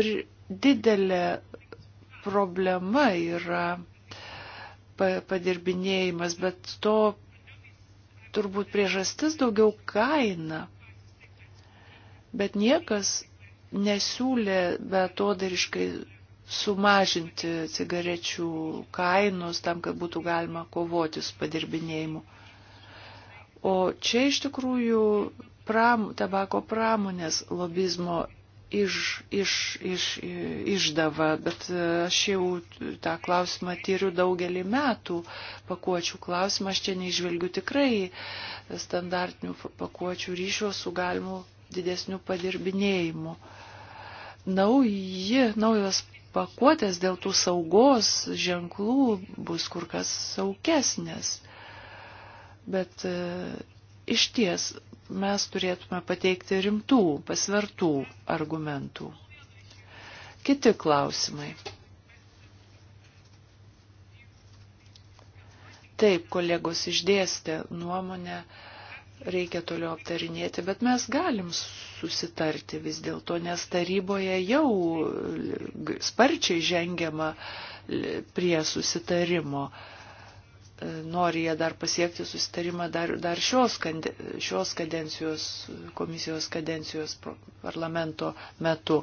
ir didelė problema yra padirbinėjimas, bet to turbūt priežastis daugiau kaina. Bet niekas nesiūlė betodariškai sumažinti cigarečių kainos tam, kad būtų galima kovoti su padirbinėjimu. O čia iš tikrųjų pram, tabako pramonės lobizmo iš, iš, iš, išdava, bet aš jau tą klausimą tyriu daugelį metų, pakuočių klausimą, aš čia neižvelgiu tikrai standartinių pakuočių ryšio su galimu didesniu padirbinėjimu. Nauji, naujos pakuotės dėl tų saugos ženklų bus kur kas saukesnės bet e, iš ties mes turėtume pateikti rimtų, pasvertų argumentų. Kiti klausimai. Taip, kolegos išdėstė nuomonę, reikia toliau aptarinėti, bet mes galim susitarti vis dėlto, nes taryboje jau sparčiai žengiama prie susitarimo. Uh, E, nori jie dar pasiekti susitarimą dar, dar šios, kande, šios kadencijos, komisijos kadencijos parlamento metu.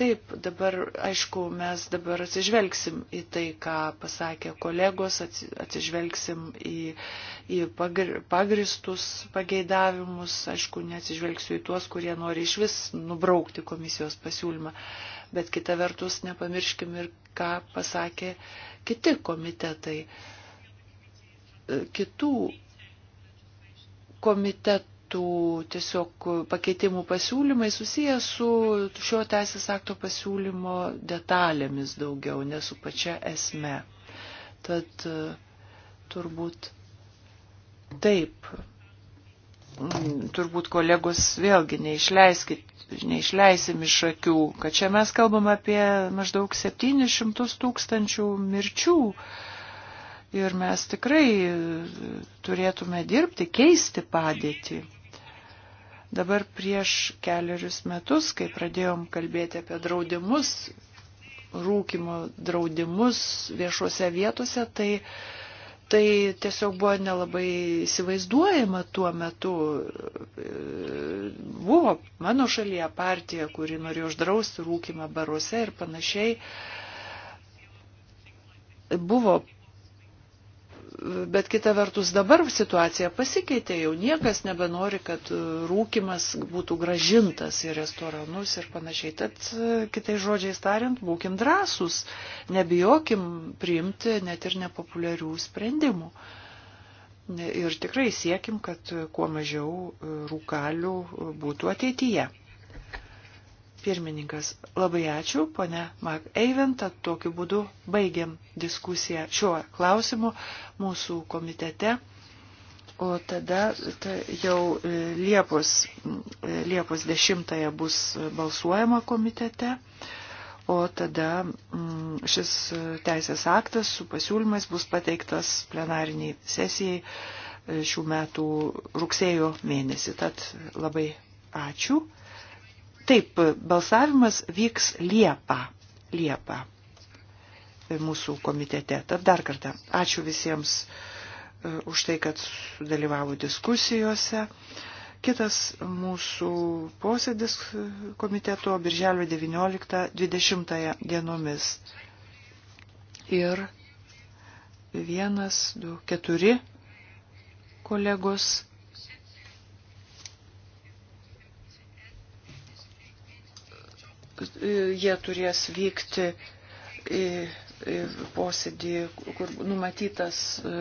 Taip, dabar, aišku, mes dabar atsižvelgsim į tai, ką pasakė kolegos, atsižvelgsim į, į pagri, pagristus pageidavimus, aišku, neatsižvelgsiu į tuos, kurie nori iš vis nubraukti komisijos pasiūlymą. Bet kita vertus, nepamirškim ir ką pasakė kiti komitetai kitų komitetų tiesiog pakeitimų pasiūlymai susijęs su šio teisės akto pasiūlymo detalėmis daugiau, ne su pačia esme. Tad e, turbūt taip. Mm, turbūt kolegos vėlgi neišleiskit, neišleisim iš akių, kad čia mes kalbam apie maždaug 700 tūkstančių mirčių Ir mes tikrai turėtume dirbti, keisti padėtį. Dabar prieš keliarius metus, kai pradėjom kalbėti apie draudimus, rūkimo draudimus viešuose vietose, tai tai tiesiog buvo nelabai įsivaizduojama tuo metu. Buvo mano šalyje partija, kuri norėjo uždrausti rūkimą baruose ir panašiai. Buvo Bet kita vertus dabar situacija pasikeitė, jau niekas nebenori, kad rūkimas būtų gražintas į restoranus ir panašiai. Tad kitai žodžiai tariant, būkim drąsūs, nebijokim priimti net ir nepopuliarių sprendimų. Ir tikrai siekim, kad kuo mažiau rūkalių būtų ateityje. Pirmininkas, labai ačiū, ponia Mark Eivent, tad tokiu būdu baigiam diskusiją šiuo klausimu mūsų komitete. O tada ta, jau e, Liepos, e, Liepos 10 bus balsuojama komitete, o tada mm, šis teisės aktas su pasiūlymais bus pateiktas plenariniai sesijai e, šių metų rugsėjo mėnesį. Tad labai ačiū. Taip, balsavimas vyks Liepą. Liepą mūsų komitete. Tad dar kartą ačiū visiems e, už tai, kad sudalyvavo diskusijose. Kitas mūsų posėdis e, komiteto birželio 19-20 dienomis. Ir vienas, du, keturi kolegos E, jie turės vykti į, į posėdį, kur numatytas e,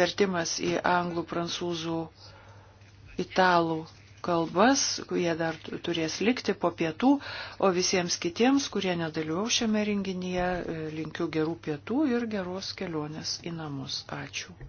vertimas į anglų, prancūzų, italų kalbas, jie dar turės likti po pietų, o visiems kitiems, kurie nedalyvau šiame renginyje, e, linkiu gerų pietų ir geros kelionės į namus. Ačiū.